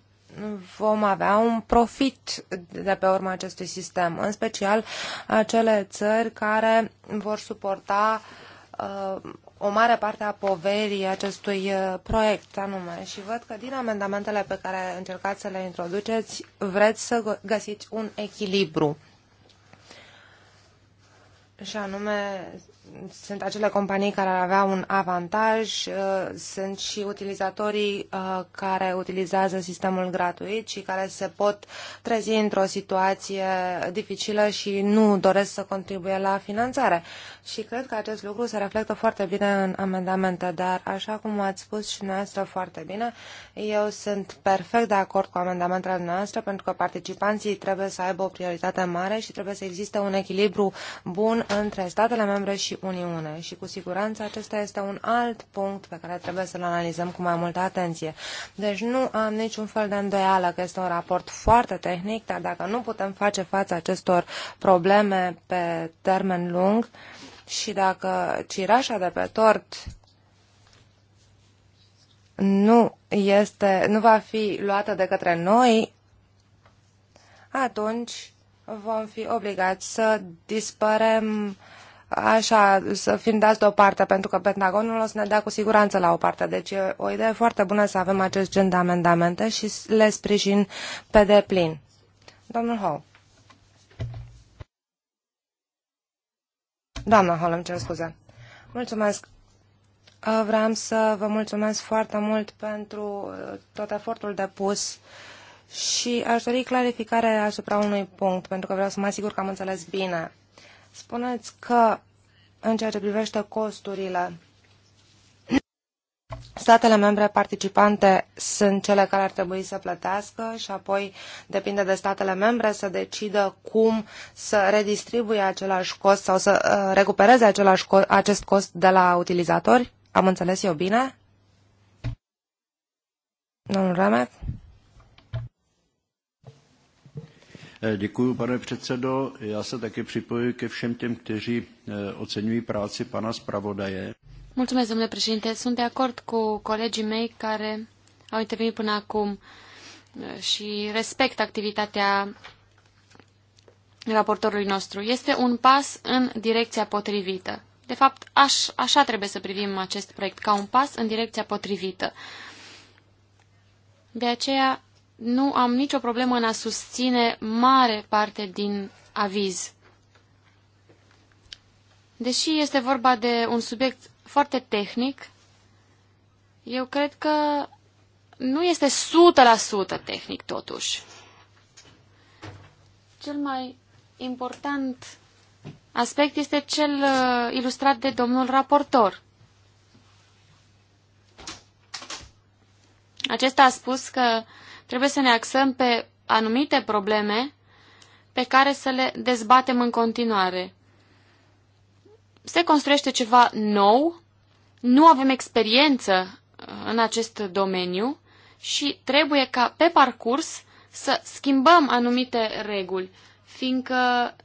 [SPEAKER 5] vom avea un profit de pe urma acestui sistem, în special acele țări care vor suporta uh, o mare parte a poverii acestui uh, proiect anume și văd că din amendamentele pe care încercați să le introduceți vreți să găsiți un echilibru și anume sunt acele companii care ar avea un avantaj, uh, sunt și utilizatorii uh, care utilizează sistemul gratuit și care se pot trezi într-o situație dificilă și nu doresc să contribuie la finanțare. Și cred că acest lucru se reflectă foarte bine în amendamente, dar așa cum ați spus și noastră foarte bine, eu sunt perfect de acord cu amendamentele noastre pentru că participanții trebuie să aibă o prioritate mare și trebuie să existe un echilibru bun între statele membre și și Uniune și cu siguranță acesta este un alt punct pe care trebuie să-l analizăm cu mai multă atenție. Deci nu am niciun fel de îndoială că este un raport foarte tehnic, dar dacă nu putem face față acestor probleme pe termen lung și dacă cirașa de pe tort nu, este, nu va fi luată de către noi, atunci vom fi obligați să dispărem așa, să fim dați deoparte, pentru că Pentagonul o să ne dea cu siguranță la o parte. Deci e o idee foarte bună să avem acest gen de amendamente și le sprijin pe deplin. Domnul Hall. Doamna Hall, îmi cer scuze. Mulțumesc. Ă, vreau să vă mulțumesc foarte mult pentru ă, tot efortul depus și aș dori clarificare asupra unui punct, pentru că vreau să mă asigur că am înțeles bine Spuneți că în ceea ce privește costurile, statele membre participante sunt cele care ar trebui să plătească și apoi depinde de statele membre să decidă cum să redistribuie același cost sau să uh, recupereze același co- acest cost de la utilizatori? Am înțeles eu bine? Domnul Remek?
[SPEAKER 2] Eh, Děkuji, pane předsedo. Já se také připojuji ke všem těm, kteří eh, oceňují práci pana zpravodaje.
[SPEAKER 1] Mulțumesc, domnule președinte. Sunt de acord cu colegii mei care au intervenit până acum eh, și respect activitatea raportorului nostru. Este un pas în direcția potrivită. De fapt, aș, așa trebuie să privim acest proiect, ca un pas în direcția potrivită. De aceea, nu am nicio problemă în a susține mare parte din aviz. Deși este vorba de un subiect foarte tehnic, eu cred că nu este 100% tehnic totuși. Cel mai important aspect este cel uh, ilustrat de domnul raportor. Acesta a spus că uh, Trebuie să ne axăm pe anumite probleme pe care să le dezbatem în continuare. Se construiește ceva nou, nu avem experiență uh, în acest domeniu și trebuie ca pe parcurs să schimbăm anumite reguli, fiindcă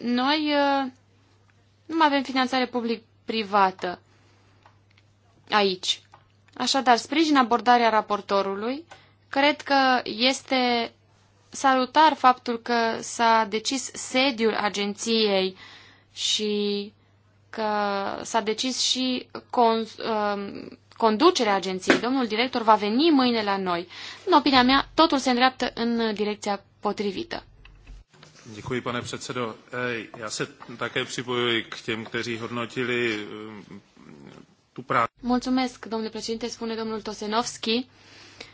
[SPEAKER 1] noi uh, nu mai avem finanțare public-privată aici. Așadar, sprijin abordarea raportorului Cred că este salutar faptul că s-a decis sediul agenției și că s-a decis și con, uh, conducerea agenției. Domnul director va veni mâine la noi. În opinia mea, totul se îndreaptă în direcția potrivită.
[SPEAKER 5] Děkuji, pane předsedo. Já se také připojuji k těm, kteří hodnotili um, tu práci.
[SPEAKER 1] Mulțumesc, domnule președinte, spune domnul Tosenovský.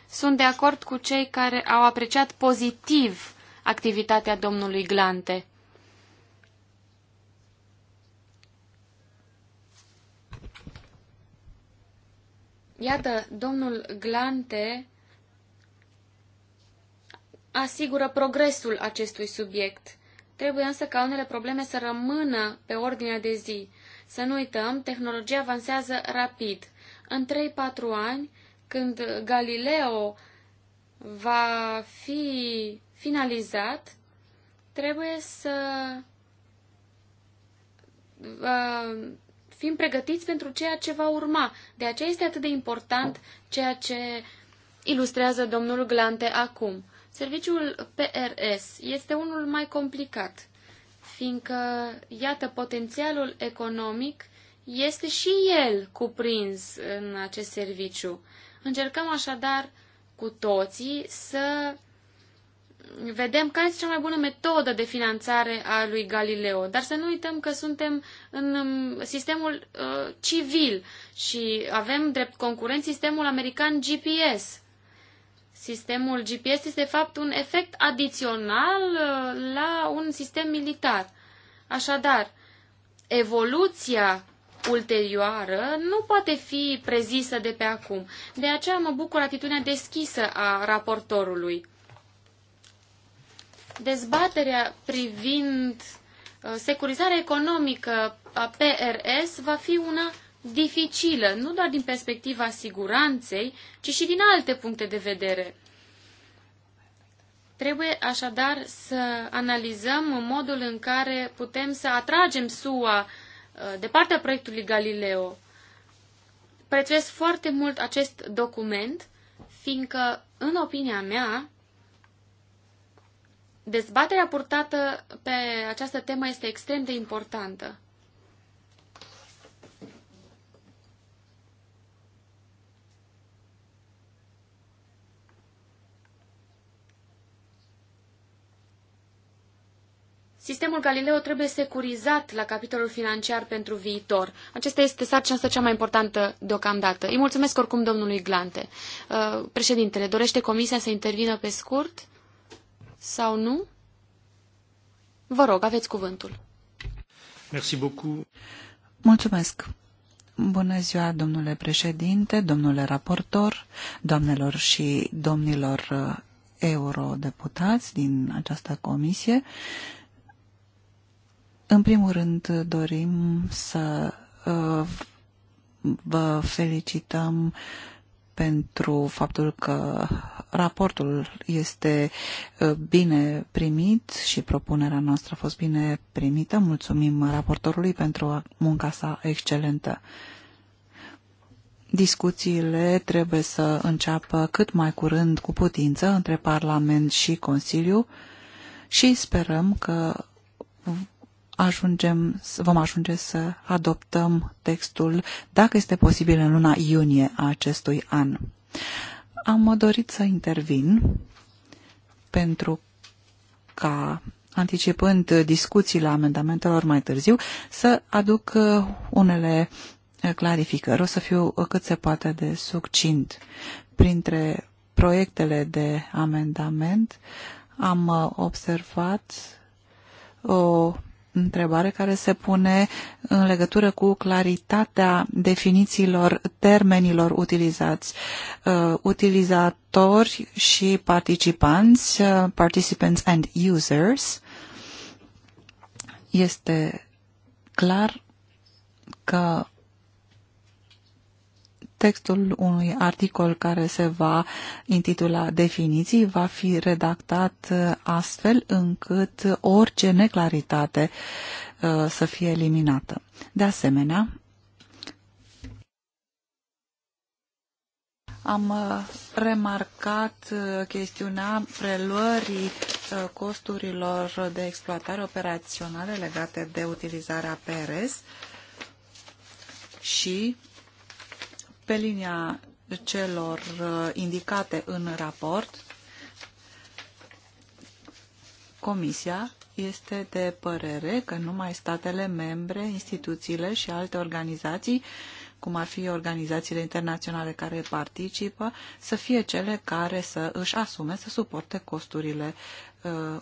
[SPEAKER 1] Sunt de acord cu cei care au apreciat pozitiv activitatea domnului Glante. Iată, domnul Glante asigură progresul acestui subiect. Trebuie însă ca unele probleme să rămână pe ordinea de zi. Să nu uităm, tehnologia avansează rapid. În 3-4 ani când Galileo va fi finalizat, trebuie să uh, fim pregătiți pentru ceea ce va urma. De aceea este atât de important ceea ce ilustrează domnul Glante acum. Serviciul PRS este unul mai complicat, fiindcă, iată, potențialul economic este și el cuprins în acest serviciu. Încercăm așadar cu toții să vedem care este cea mai bună metodă de finanțare a lui Galileo, dar să nu uităm că suntem în um, sistemul uh, civil și avem drept concurent sistemul american GPS. Sistemul GPS este, de fapt, un efect adițional uh, la un sistem militar. Așadar, evoluția ulterioară nu poate fi prezisă de pe acum. De aceea mă bucur atitudinea deschisă a raportorului. Dezbaterea privind uh, securizarea economică a PRS va fi una dificilă, nu doar din perspectiva siguranței, ci și din alte puncte de vedere. Trebuie așadar să analizăm modul în care putem să atragem SUA de partea proiectului Galileo. Prețuiesc foarte mult acest document, fiindcă, în opinia mea, dezbaterea purtată pe această temă este extrem de importantă. Sistemul Galileo trebuie securizat la capitolul financiar pentru viitor. Acesta este sarcina cea mai importantă deocamdată. Îi mulțumesc oricum domnului Glante. Uh, președintele, dorește comisia să intervină pe scurt sau nu? Vă rog, aveți cuvântul.
[SPEAKER 3] Merci beaucoup. Mulțumesc. Bună ziua, domnule președinte, domnule raportor, doamnelor și domnilor uh, eurodeputați din această comisie. În primul rând dorim să uh, vă felicităm pentru faptul că raportul este uh, bine primit și propunerea noastră a fost bine primită. Mulțumim raportorului pentru munca sa excelentă. Discuțiile trebuie să înceapă cât mai curând cu putință între Parlament și Consiliu și sperăm că ajungem, vom ajunge să adoptăm textul, dacă este posibil, în luna iunie a acestui an. Am dorit să intervin pentru ca, anticipând discuțiile amendamentelor mai târziu, să aduc uh, unele uh, clarificări. O să fiu uh, cât se poate de succint. Printre proiectele de amendament am observat o întrebare care se pune în legătură cu claritatea definițiilor termenilor utilizați. Uh, utilizatori și participanți, uh, participants and users, este clar că textul unui articol care se va intitula Definiții va fi redactat uh, astfel încât orice neclaritate uh, să fie eliminată. De asemenea, am uh, remarcat chestiunea preluării costurilor de exploatare operaționale legate de utilizarea PRS și pe linia celor uh, indicate în raport, Comisia este de părere că numai statele membre, instituțiile și alte organizații, cum ar fi organizațiile internaționale care participă, să fie cele care să își asume să suporte costurile uh,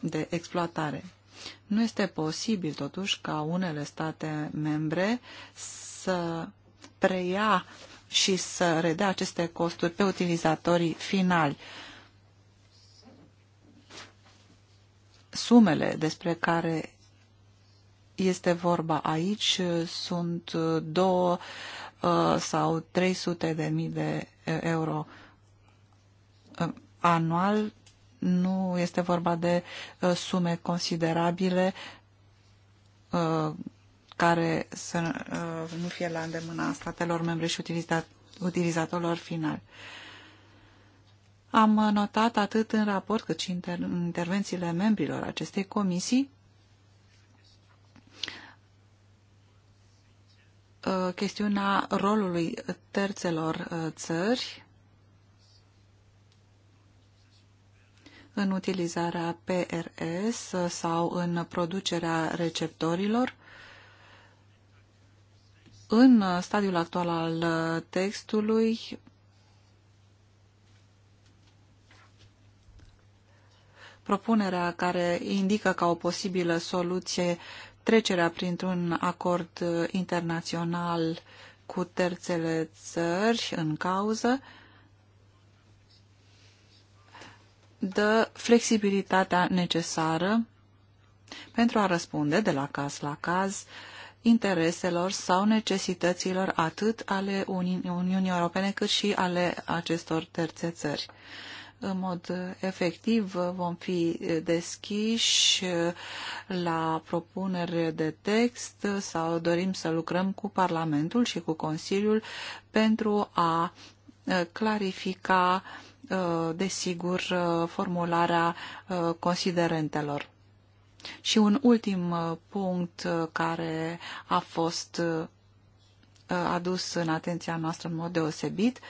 [SPEAKER 3] de exploatare. Nu este posibil, totuși, ca unele state membre să preia și să redea aceste costuri pe utilizatorii finali. Sumele despre care este vorba aici sunt două uh, sau 300 de mii de uh, euro uh, anual. Nu este vorba de sume considerabile care să uh, nu fie la îndemâna statelor membre și utilizatorilor finali. Am notat atât în raport cât și în intervențiile membrilor acestei comisii uh, chestiunea rolului terțelor uh, țări în utilizarea PRS sau în producerea receptorilor în stadiul actual al uh, textului, propunerea care indică ca o posibilă soluție trecerea printr-un acord uh, internațional cu terțele țări în cauză, dă flexibilitatea necesară pentru a răspunde de la caz la caz uh, intereselor sau necesităților atât ale Uniunii Europene cât și ale acestor terțe țări. În mod efectiv vom fi deschiși la propunere de text sau dorim să lucrăm cu Parlamentul și cu Consiliul pentru a clarifica desigur formularea considerentelor. Și un ultim uh, punct uh, care a fost uh, adus în atenția noastră în mod deosebit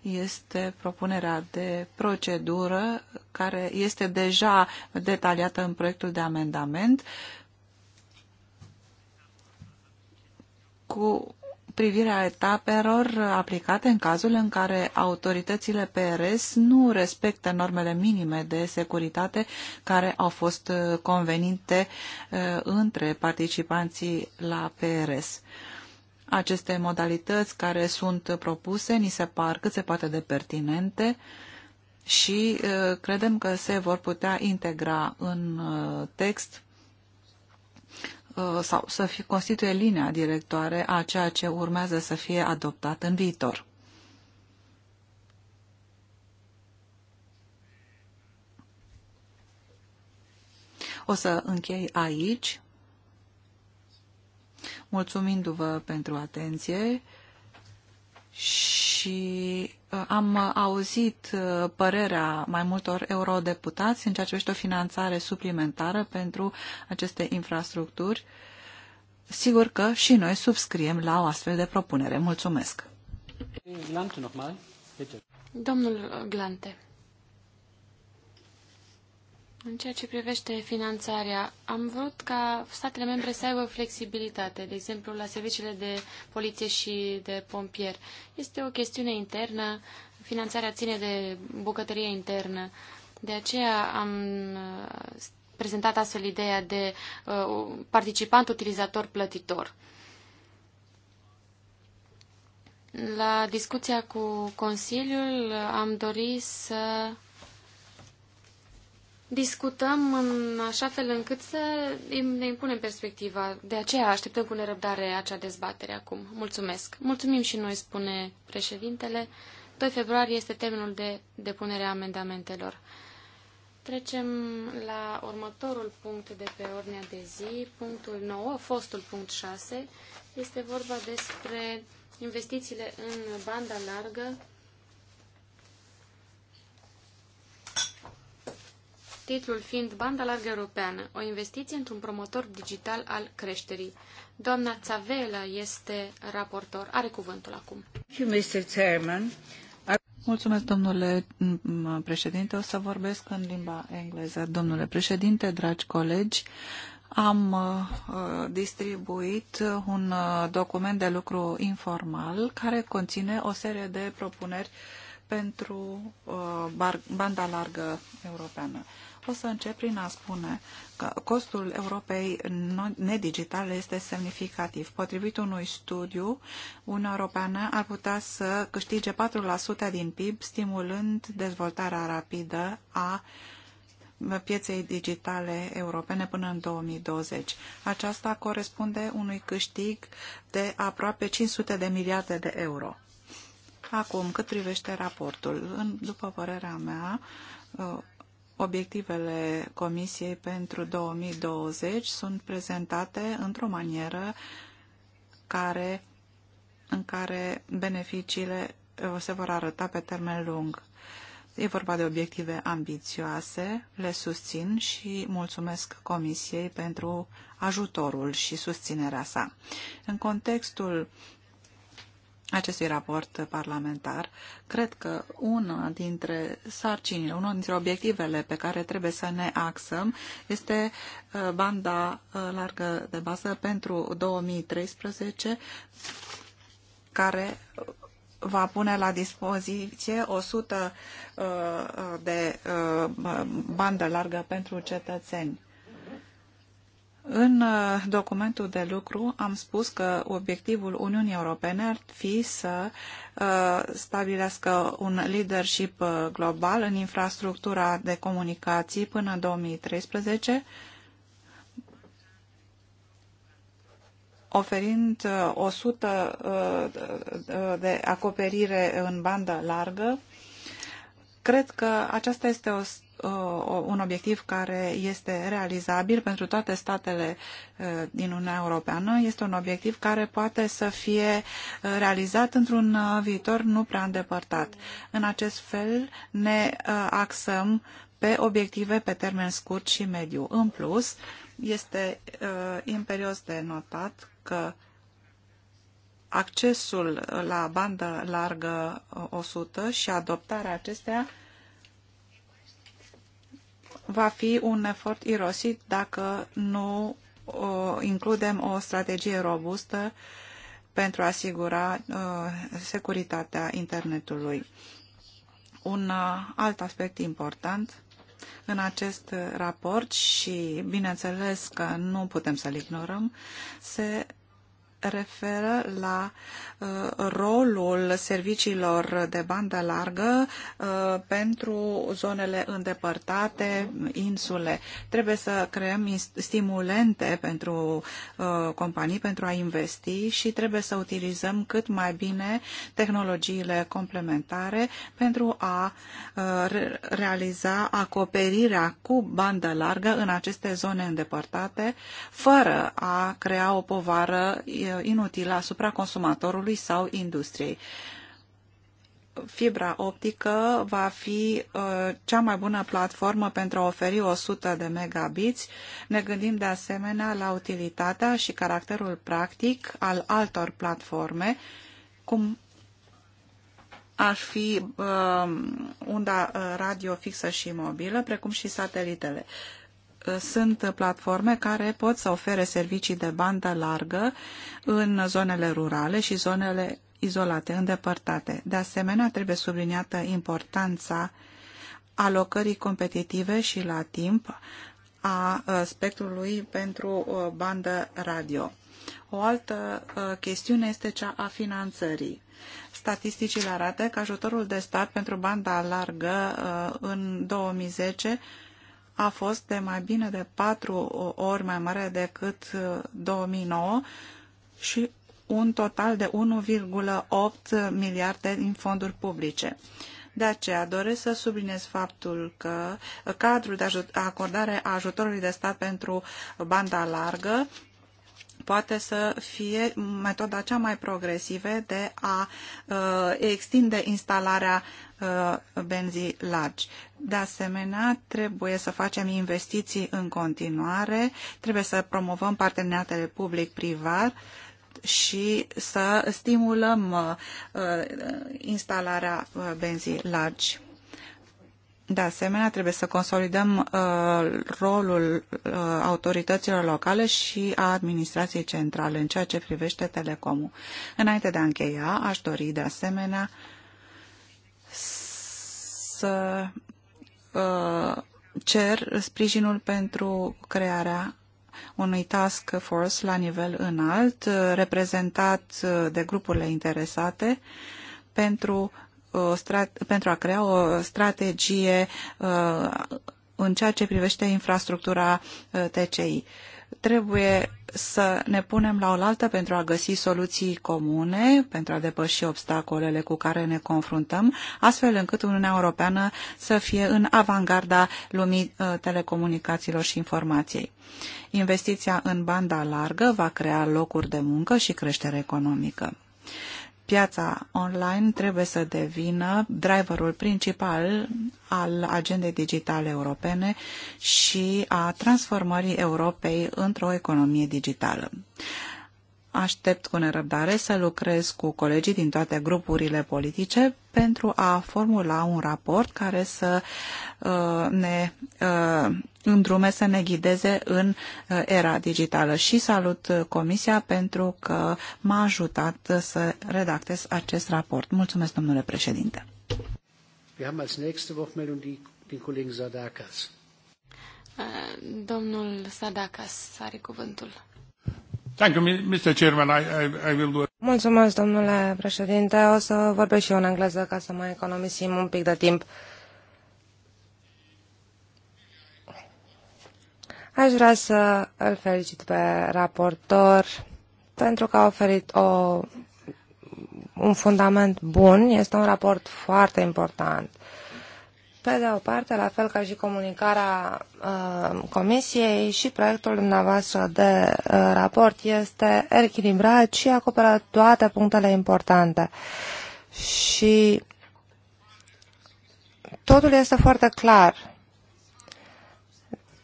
[SPEAKER 3] este propunerea de procedură care este deja detaliată în proiectul de amendament cu privirea etapelor aplicate în cazul în care autoritățile PRS nu respectă normele minime de securitate care au fost uh, convenite uh, între participanții la PRS. Aceste modalități care sunt propuse ni se par cât se poate de pertinente și uh, credem că se vor putea integra în text Uh, sau să fi, constituie linia directoare a ceea ce urmează să fie adoptat în viitor. O să închei aici, mulțumindu-vă pentru atenție și am auzit uh, părerea mai multor eurodeputați în ceea ce privește o finanțare suplimentară pentru aceste infrastructuri. Sigur că și noi subscriem la o astfel de propunere. Mulțumesc!
[SPEAKER 1] Domnul Glante. În ceea ce privește finanțarea, am vrut ca statele membre să aibă flexibilitate, de exemplu la serviciile de poliție și de pompier. Este o chestiune internă, finanțarea ține de bucătărie internă. De aceea am uh, prezentat astfel ideea de uh, participant utilizator plătitor. La discuția cu Consiliul uh, am dorit să discutăm în așa fel încât să ne impunem perspectiva. De aceea așteptăm cu nerăbdare acea dezbatere acum. Mulțumesc. Mulțumim și noi, spune președintele. 2 februarie este termenul de depunere a amendamentelor. Trecem la următorul punct de pe ordinea de zi, punctul 9, fostul punct 6. Este vorba despre investițiile în banda largă titlul fiind Banda Largă Europeană, o investiție într-un promotor digital al creșterii. Doamna Țavela este raportor. Are cuvântul acum.
[SPEAKER 3] Mulțumesc, domnule președinte. O să vorbesc în limba engleză. Domnule președinte, dragi colegi, am uh, distribuit un uh, document de lucru informal care conține o serie de propuneri pentru uh, banda largă europeană pot să încep prin a spune că costul Europei nedigitale este semnificativ. Potrivit unui studiu, Uniunea Europeană ar putea să câștige 4% din PIB, stimulând dezvoltarea rapidă a pieței digitale europene până în 2020. Aceasta corespunde unui câștig de aproape 500 de miliarde de euro. Acum, cât privește raportul, în, după părerea mea, uh, Obiectivele Comisiei pentru 2020 sunt prezentate într-o manieră care, în care beneficiile uh, se vor arăta pe termen lung. E vorba de obiective ambițioase, le susțin și mulțumesc Comisiei pentru ajutorul și susținerea sa. În contextul acestui raport parlamentar, cred că una dintre sarcinile, unul dintre obiectivele pe care trebuie să ne axăm este uh, banda uh, largă de bază pentru 2013, care va pune la dispoziție 100 uh, de bandă largă pentru cetățeni. În uh, documentul de lucru am spus că obiectivul Uniunii Europene ar fi să uh, stabilească un leadership uh, global în infrastructura de comunicații până în 2013, oferind 100 de acoperire în bandă largă. Cred că aceasta este o Uh, un obiectiv care este realizabil pentru toate statele uh, din Uniunea Europeană. Este un obiectiv care poate să fie uh, realizat într-un viitor nu prea îndepărtat. În acest fel ne axăm pe obiective pe termen scurt și mediu. În plus, este imperios de notat că accesul la bandă largă 100 și adoptarea acestea va fi un efort irosit dacă nu includem o strategie robustă pentru a asigura securitatea internetului. Un uh, alt aspect important în acest raport și bineînțeles că nu putem să-l ignorăm, se referă la uh, rolul serviciilor de bandă largă uh, pentru zonele îndepărtate, insule. Trebuie să creăm stimulente pentru uh, companii pentru a investi și trebuie să utilizăm cât mai bine tehnologiile complementare pentru a realiza acoperirea cu bandă largă în aceste zone îndepărtate, fără a crea o povară inutilă asupra consumatorului sau industriei. Fibra optică va fi uh, cea mai bună platformă pentru a oferi 100 de megabits. Ne gândim de asemenea la utilitatea și caracterul practic al altor platforme, cum ar fi uh, unda uh, radio fixă și mobilă, precum și satelitele. Uh, sunt platforme care pot să ofere servicii de bandă largă în zonele rurale și zonele izolate, îndepărtate. De asemenea, trebuie subliniată importanța alocării competitive și la timp a spectrului pentru bandă radio. O altă chestiune este cea a finanțării. Statisticile arată că ajutorul de stat pentru banda largă în 2010 a fost de mai bine de patru ori mai mare decât 2009 uh, și un total de 1,8 miliarde din fonduri publice. De aceea doresc să subliniez faptul că cadrul de acordare a ajutorului de stat pentru banda largă poate să fie metoda cea mai progresivă de a uh, extinde instalarea Uh, benzii largi. De asemenea, trebuie să facem investiții în continuare, trebuie să promovăm parteneriatele public-privat și să stimulăm uh, uh, instalarea benzii largi. De asemenea, trebuie să consolidăm uh, rolul uh, autorităților locale și a administrației centrale în ceea ce privește telecomul. Înainte de a încheia, aș dori de asemenea uh, să uh, cer sprijinul pentru crearea unui task force la nivel înalt, uh, reprezentat uh, de grupurile interesate, pentru, pentru a crea o strategie în ceea ce privește infrastructura uh, TCI. Trebuie să ne punem la oaltă pentru a găsi soluții comune, pentru a depăși obstacolele cu care ne confruntăm, astfel încât Uniunea Europeană să fie în avangarda lumii uh, telecomunicațiilor și informației. Investiția în banda largă va crea locuri de muncă și creștere economică piața online trebuie să devină driverul principal al agendei digitale europene și a transformării Europei într-o economie digitală. Aștept cu nerăbdare să lucrez cu colegii din toate grupurile politice pentru a formula un raport care să uh, ne uh, îndrume, să ne ghideze în uh, era digitală. Și salut Comisia pentru că m-a ajutat să redactez acest raport. Mulțumesc, domnule președinte.
[SPEAKER 1] Domnul Sadakas are cuvântul.
[SPEAKER 5] Mulțumesc, domnule președinte. O să vorbesc și eu în engleză ca să mai economisim un pic de timp. Aș vrea să îl felicit pe raportor pentru că a oferit o, un fundament bun. Este un raport foarte important pe de o parte, la fel ca și comunicarea uh, Comisiei și proiectul dumneavoastră de uh, raport este echilibrat și acoperă toate punctele importante. Și totul este foarte clar.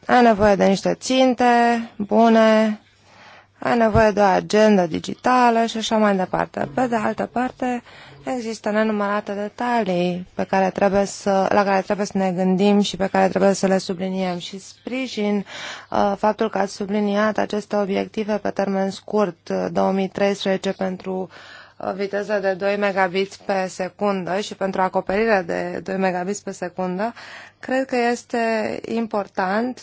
[SPEAKER 5] Ai nevoie de niște ținte bune, ai nevoie de o agendă digitală și așa mai departe. Pe de altă parte, uh, Există nenumărate detalii pe care trebuie să, la care trebuie să ne gândim și pe care trebuie să le subliniem și sprijin uh, faptul că ați subliniat aceste obiective pe termen scurt, 2013 uh, pentru uh, viteză de 2 megabits pe secundă și pentru acoperirea de 2 megabits pe secundă, cred că este important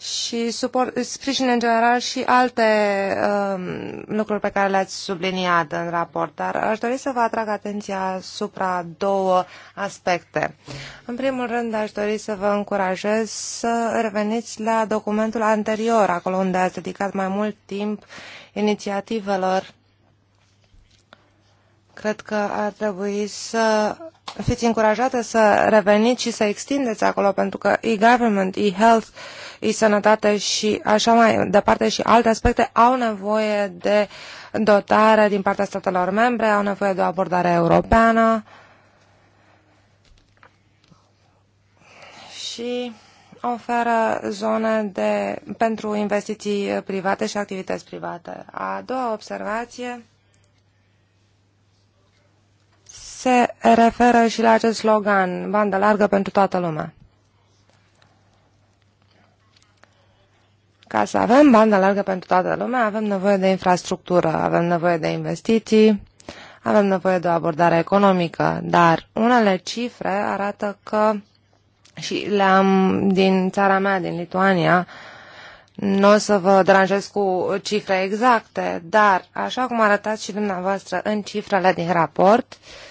[SPEAKER 5] și suport, sprijin în general și alte um, lucruri pe care le-ați subliniat în raport, dar aș dori să vă atrag atenția asupra două aspecte. În primul rând, aș dori să vă încurajez să reveniți la documentul anterior, acolo unde ați dedicat mai mult timp inițiativelor. Cred că ar trebui să fiți încurajată să reveniți și să extindeți acolo, pentru că e-government, e-health, e-sănătate și așa mai departe și alte aspecte au nevoie de dotare din partea statelor membre, au nevoie de o abordare europeană și oferă zone de, pentru investiții private și activități private. A doua observație se referă și la acest slogan, bandă largă pentru toată lumea. Ca să avem bandă largă pentru toată lumea, avem nevoie de infrastructură, avem nevoie de investiții, avem nevoie de o abordare economică, dar unele cifre arată că și le-am din țara mea, din Lituania, nu o să vă deranjez cu cifre exacte, dar așa cum arătați și dumneavoastră în cifrele din raport, uh,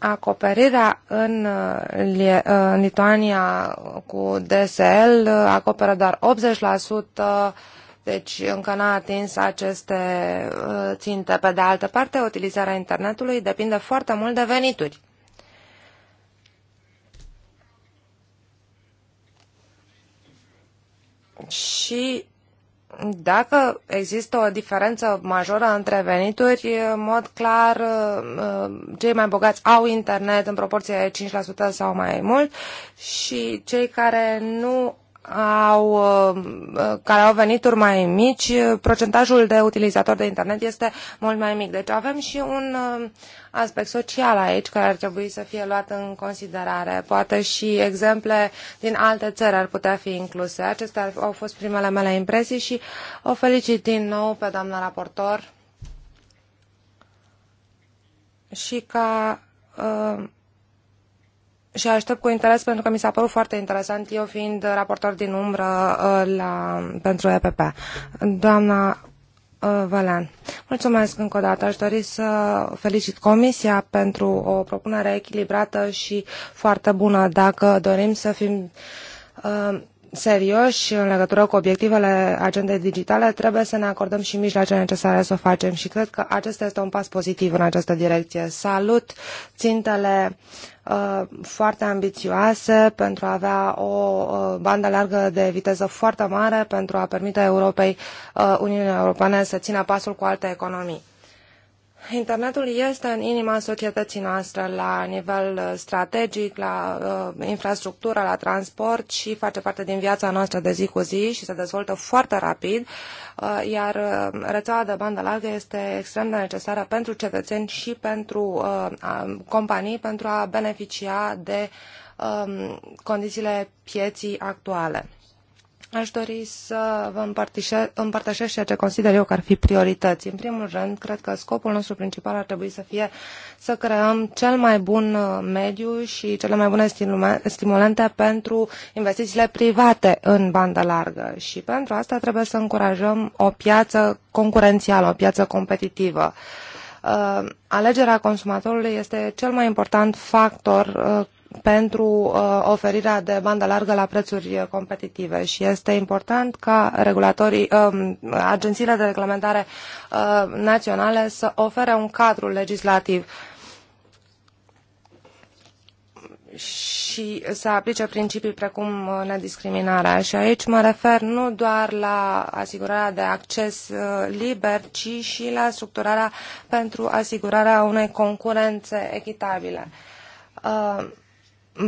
[SPEAKER 5] Acoperirea în, în Lituania cu DSL acoperă doar 80%, deci încă n-a atins aceste uh, ținte. Pe de altă parte, utilizarea internetului depinde foarte mult de venituri. Și dacă există o diferență majoră între venituri, în mod clar cei mai bogați au internet în proporție de 5% sau mai mult și cei care nu au, uh, care au venituri mai mici, procentajul de utilizatori de internet este mult mai mic. Deci avem și un uh, aspect social aici care ar trebui să fie luat în considerare. Poate și exemple din alte țări ar putea fi incluse. Acestea au fost primele mele impresii și o felicit din nou pe doamna raportor și ca uh, și aștept cu interes pentru că mi s-a părut foarte interesant, eu fiind raportor din umbră uh, la, pentru EPP. Doamna uh, Valean. Mulțumesc încă o dată. Aș dori să felicit Comisia pentru o propunere echilibrată și foarte bună. Dacă dorim să fim uh, serioși în legătură cu obiectivele agendei digitale, trebuie să ne acordăm și mijloacele necesare să o facem și cred că acesta este un pas pozitiv în această direcție. Salut țintele uh, foarte ambițioase pentru a avea o uh, bandă largă de viteză foarte mare pentru a permite Europei, uh, Uniunii Europene să țină pasul cu alte economii. Internetul este în inima societății noastre la nivel uh, strategic, la uh, infrastructură, la transport și face parte din viața noastră de zi cu zi și se dezvoltă foarte rapid, uh, iar uh, rețeaua de bandă largă este extrem de necesară pentru cetățeni și pentru uh, companii pentru a beneficia de um, condițiile pieții actuale. Aș dori să vă împărtășesc ceea ce consider eu că ar fi priorități. În primul rând, cred că scopul nostru principal ar trebui să fie să creăm cel mai bun uh, mediu și cele mai bune stimulente pentru investițiile private în bandă largă. Și pentru asta trebuie să încurajăm o piață concurențială, o piață competitivă uh, alegerea consumatorului este cel mai important factor uh, pentru uh, oferirea de bandă largă la prețuri competitive și este important ca regulatorii, um, agențiile de reglementare uh, naționale să ofere un cadru legislativ și să aplice principii precum uh, nediscriminarea. Și aici mă refer nu doar la asigurarea de acces liber, ci și la structurarea pentru asigurarea unei concurențe echitabile. Uh,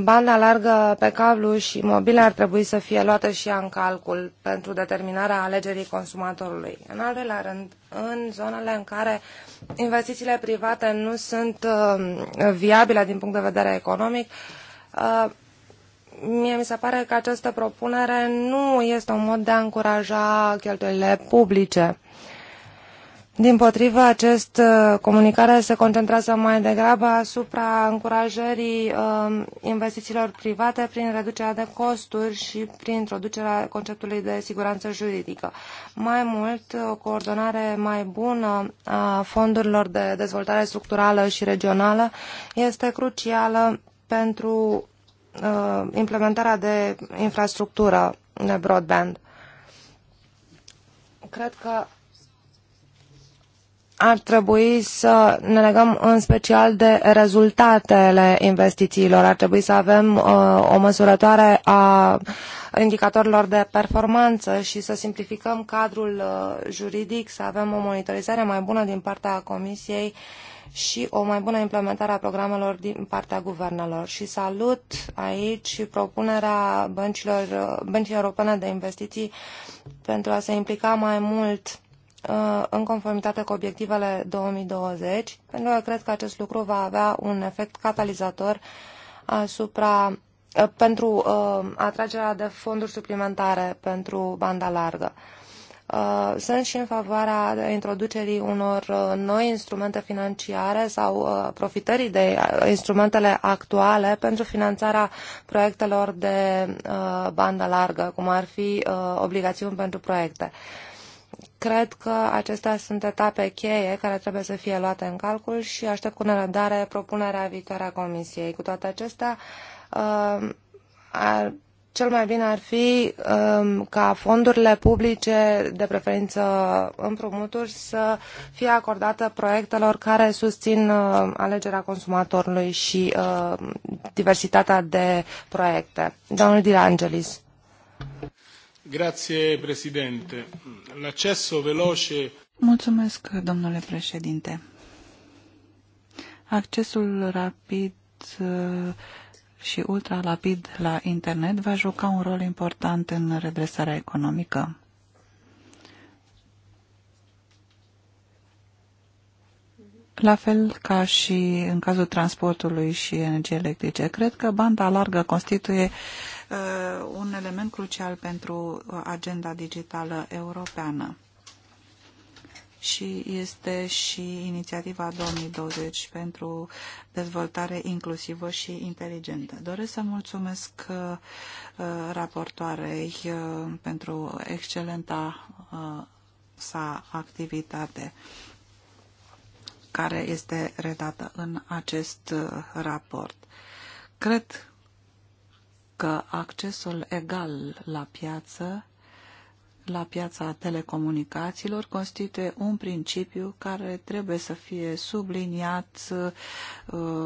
[SPEAKER 5] banda largă pe cablu și mobilă ar trebui să fie luată și ea în calcul pentru determinarea alegerii consumatorului. În al doilea rând, în zonele în care investițiile private nu sunt uh, viabile din punct de vedere economic, uh, mie mi se pare că această propunere nu este un mod de a încuraja cheltuielile publice din potrivă, acest uh, comunicare se concentrează mai degrabă asupra încurajării um, investițiilor private prin reducerea de costuri și prin introducerea conceptului de siguranță juridică. Mai mult, o coordonare mai bună a fondurilor de dezvoltare structurală și regională este crucială pentru uh, implementarea de infrastructură de broadband. Cred că ar trebui să ne legăm în special de rezultatele investițiilor. Ar trebui să avem uh, o măsurătoare a indicatorilor de performanță și să simplificăm cadrul uh, juridic, să avem o monitorizare mai bună din partea Comisiei și o mai bună implementare a programelor din partea guvernelor. Și salut aici propunerea băncilor, uh, băncii europene de investiții pentru a se implica mai mult Uh, în conformitate cu obiectivele 2020, pentru că cred că acest lucru va avea un efect catalizator asupra uh, pentru uh, atragerea de fonduri suplimentare pentru banda largă. Uh, sunt și în favoarea introducerii unor uh, noi instrumente financiare sau uh, profitării de uh, instrumentele actuale pentru finanțarea proiectelor de uh, bandă largă, cum ar fi uh, obligațiuni pentru proiecte. Uh, Cred că acestea sunt etape cheie care trebuie să fie luate în calcul și aștept cu nerăbdare propunerea viitoare a Comisiei. Cu toate acestea, um, ar, cel mai bine ar fi um, ca fondurile publice, de preferință împrumuturi, să fie acordate proiectelor care susțin uh, alegerea consumatorului și uh, diversitatea de proiecte. Domnul Dirangelis.
[SPEAKER 3] Mulțumesc, domnule președinte. Accesul rapid uh, și ultra-rapid la internet va juca un rol important în redresarea economică. La fel ca și în cazul transportului și energiei electrice, cred că banda largă constituie uh, Uh, un element crucial pentru uh, agenda digitală europeană și este și inițiativa 2020 pentru dezvoltare inclusivă și inteligentă. Doresc să mulțumesc uh, raportoarei pentru excelenta sa activitate care este redată în acest raport. Cred că accesul egal la piață, la piața telecomunicațiilor, constituie un principiu care trebuie să fie subliniat uh,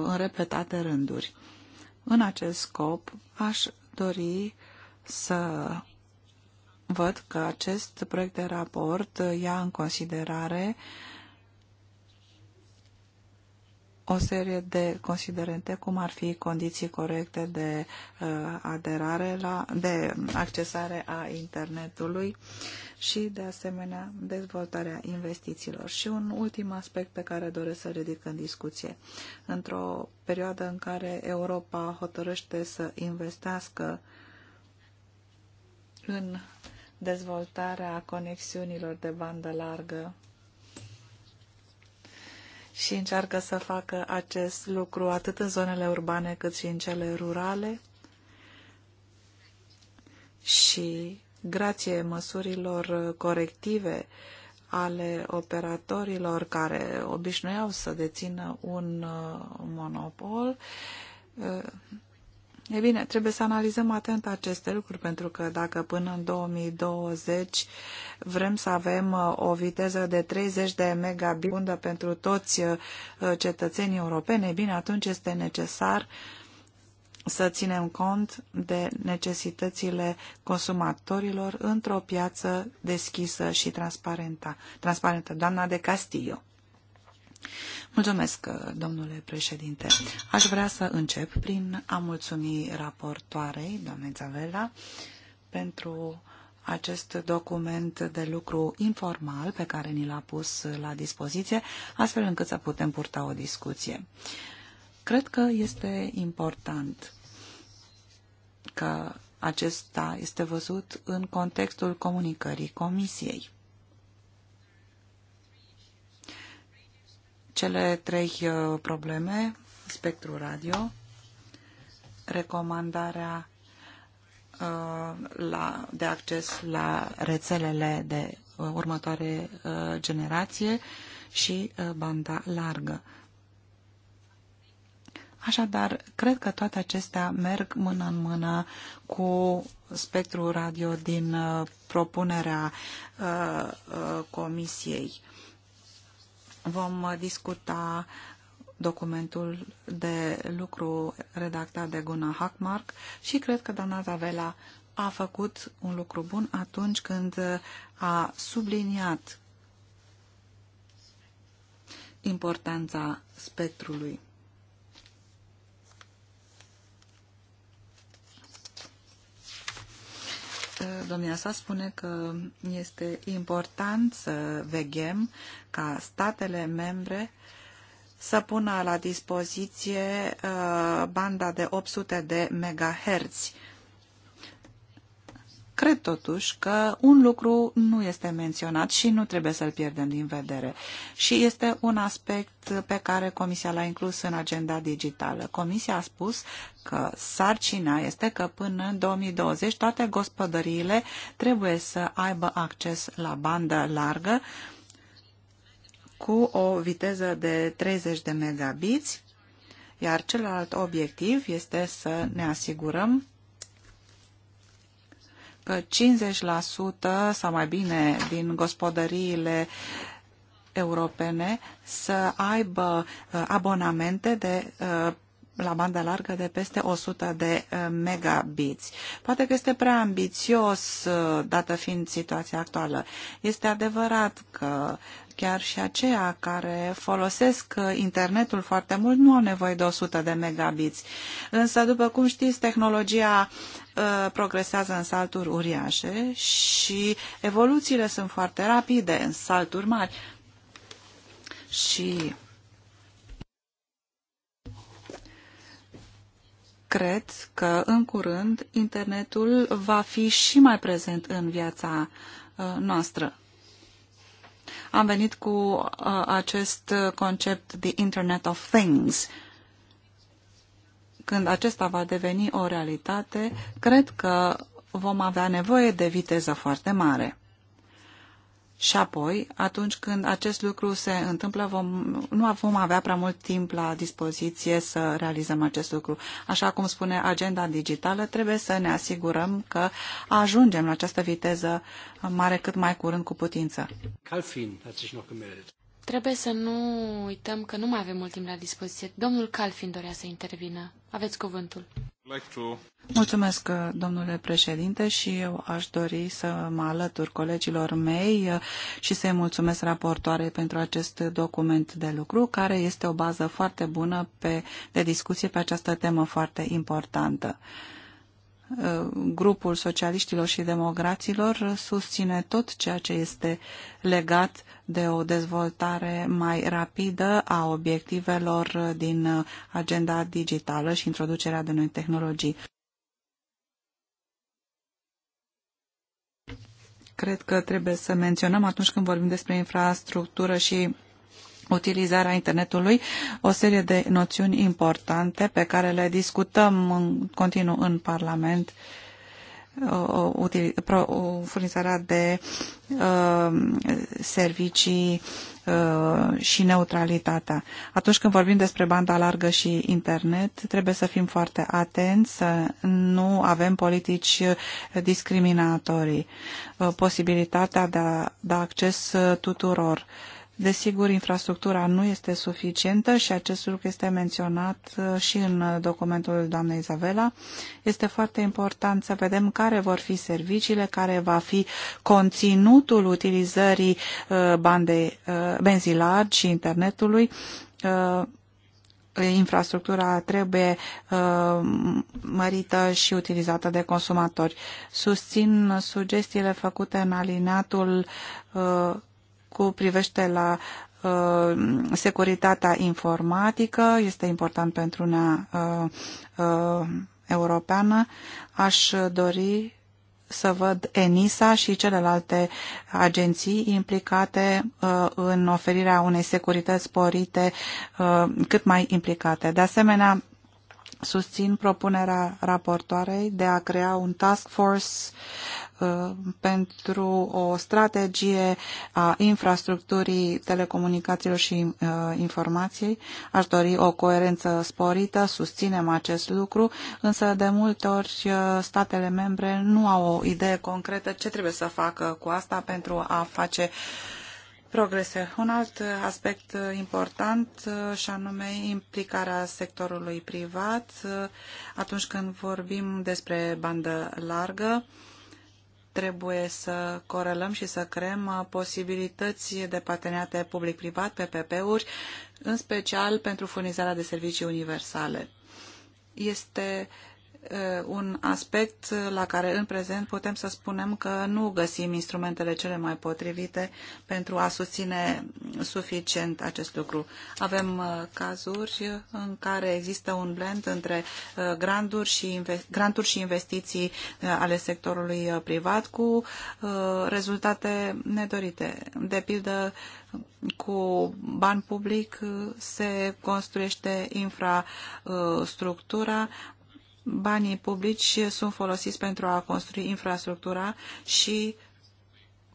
[SPEAKER 3] în repetate rânduri. În acest scop, aș dori să văd că acest proiect de raport ia în considerare uh, o serie de considerente, cum ar fi condiții corecte de uh, aderare la, de accesare a internetului și, de asemenea, dezvoltarea investițiilor. Și un ultim aspect pe care doresc să ridic în discuție. Într-o perioadă în care Europa hotărăște să investească în dezvoltarea conexiunilor de bandă largă și încearcă să facă acest lucru atât în zonele urbane cât și în cele rurale. Și grație măsurilor corective ale operatorilor care obișnuiau să dețină un uh, monopol, uh, E bine, trebuie să analizăm atent aceste lucruri, pentru că dacă până în 2020 vrem să avem uh, o viteză de 30 de megabit pentru toți uh, cetățenii europene, bine, atunci este necesar să ținem cont de necesitățile consumatorilor într-o piață deschisă și transparentă. transparentă. Doamna de Castillo. Mulțumesc, domnule președinte. Aș vrea să încep prin a mulțumi raportoarei, doamnei Zavela, pentru acest document de lucru informal pe care ni l-a pus la dispoziție, astfel încât să putem purta o discuție. Cred că este important că acesta este văzut în contextul comunicării Comisiei. Cele trei uh, probleme, spectru radio, recomandarea uh, la, de acces la rețelele de uh, următoare generație și banda largă. Așadar, cred că toate acestea merg mână în mână cu spectrul radio din propunerea uh, uh, comisiei. Vom uh, discuta documentul de lucru redactat de Guna Hackmark și cred că doamna Zavela a făcut un lucru bun atunci când uh, a subliniat importanța spectrului. domnia sa spune că este important să veghem ca statele membre să pună la dispoziție uh, banda de 800 de megahertz Cred totuși că un lucru nu este menționat și nu trebuie să-l pierdem din vedere. Și este un aspect pe care Comisia l-a inclus în agenda digitală. Comisia a spus că sarcina este că până în 2020 toate gospodăriile trebuie să aibă acces la bandă largă cu o viteză de 30 de megabiți, iar celălalt obiectiv este să ne asigurăm 50% sau mai bine din gospodăriile europene să aibă uh, abonamente de uh, la bandă largă de peste 100 de uh, megabits. Poate că este prea ambițios, dată fiind situația actuală. Este adevărat că Chiar și aceia care folosesc uh, internetul foarte mult nu au nevoie de 100 de megabiți. Însă, după cum știți, tehnologia uh, progresează în salturi uriașe și evoluțiile sunt foarte rapide, în salturi mari. Și cred că în curând internetul va fi și mai prezent în viața uh, noastră am venit cu uh, acest concept de Internet of Things. Când acesta va deveni o realitate, cred că vom avea nevoie de viteză foarte mare. Și apoi, atunci când acest lucru se întâmplă, vom, nu vom avea prea mult timp la dispoziție să realizăm acest lucru. Așa cum spune agenda digitală, trebuie să ne asigurăm că ajungem la această viteză mare cât mai curând cu putință.
[SPEAKER 2] Calfin,
[SPEAKER 1] Trebuie să nu uităm că nu mai avem mult timp la dispoziție. Domnul Calfin dorea să intervină. Aveți cuvântul.
[SPEAKER 3] Mulțumesc, domnule președinte, și eu aș dori să mă alătur colegilor mei și să-i mulțumesc raportoare pentru acest document de lucru, care este o bază foarte bună pe, de discuție pe această temă foarte importantă grupul socialiștilor și democraților susține tot ceea ce este legat de o dezvoltare mai rapidă a obiectivelor din agenda digitală și introducerea de noi tehnologii. Cred că trebuie să menționăm atunci când vorbim despre infrastructură și utilizarea internetului, o serie de noțiuni importante pe care le discutăm în continuu în Parlament, furnizarea de ă, servicii ă, și neutralitatea. Atunci când vorbim despre banda largă și internet, trebuie să fim foarte atenți să nu avem politici discriminatorii. Ă, posibilitatea de a da acces tuturor Desigur, infrastructura nu este suficientă și acest lucru este menționat uh, și în uh, documentul doamnei Izabela. Este foarte important să vedem care vor fi serviciile, care va fi conținutul utilizării uh, bandei benzii largi și internetului infrastructura trebuie mărită și utilizată de consumatori. Susțin sugestiile făcute în alineatul cu privește la uh, securitatea informatică, este important pentru una uh, uh, Europeană. Aș dori să văd ENISA și celelalte agenții implicate uh, în oferirea unei securități sporite cât mai implicate. De asemenea, susțin propunerea raportoarei de a crea un task force Uh, pentru o strategie a infrastructurii telecomunicațiilor și uh, informației. Aș dori o coerență sporită, susținem acest lucru, însă de multe ori uh, statele membre nu au o idee concretă ce trebuie să facă cu asta pentru a face progrese. Un alt aspect important și anume implicarea sectorului privat atunci când vorbim despre bandă largă. Trebuie să corelăm și să creăm uh, posibilități de parteneriate public-privat, PPP-uri, în special pentru furnizarea de servicii universale. Este uh, Uh, un aspect la care în prezent putem să spunem că nu găsim instrumentele cele mai potrivite pentru a susține suficient acest lucru. Avem uh, cazuri în care există un blend între uh, granturi și, granturi și investiții ale sectorului privat cu rezultate nedorite. De pildă, cu bani public se construiește infrastructura, banii publici sunt folosiți pentru a construi infrastructura și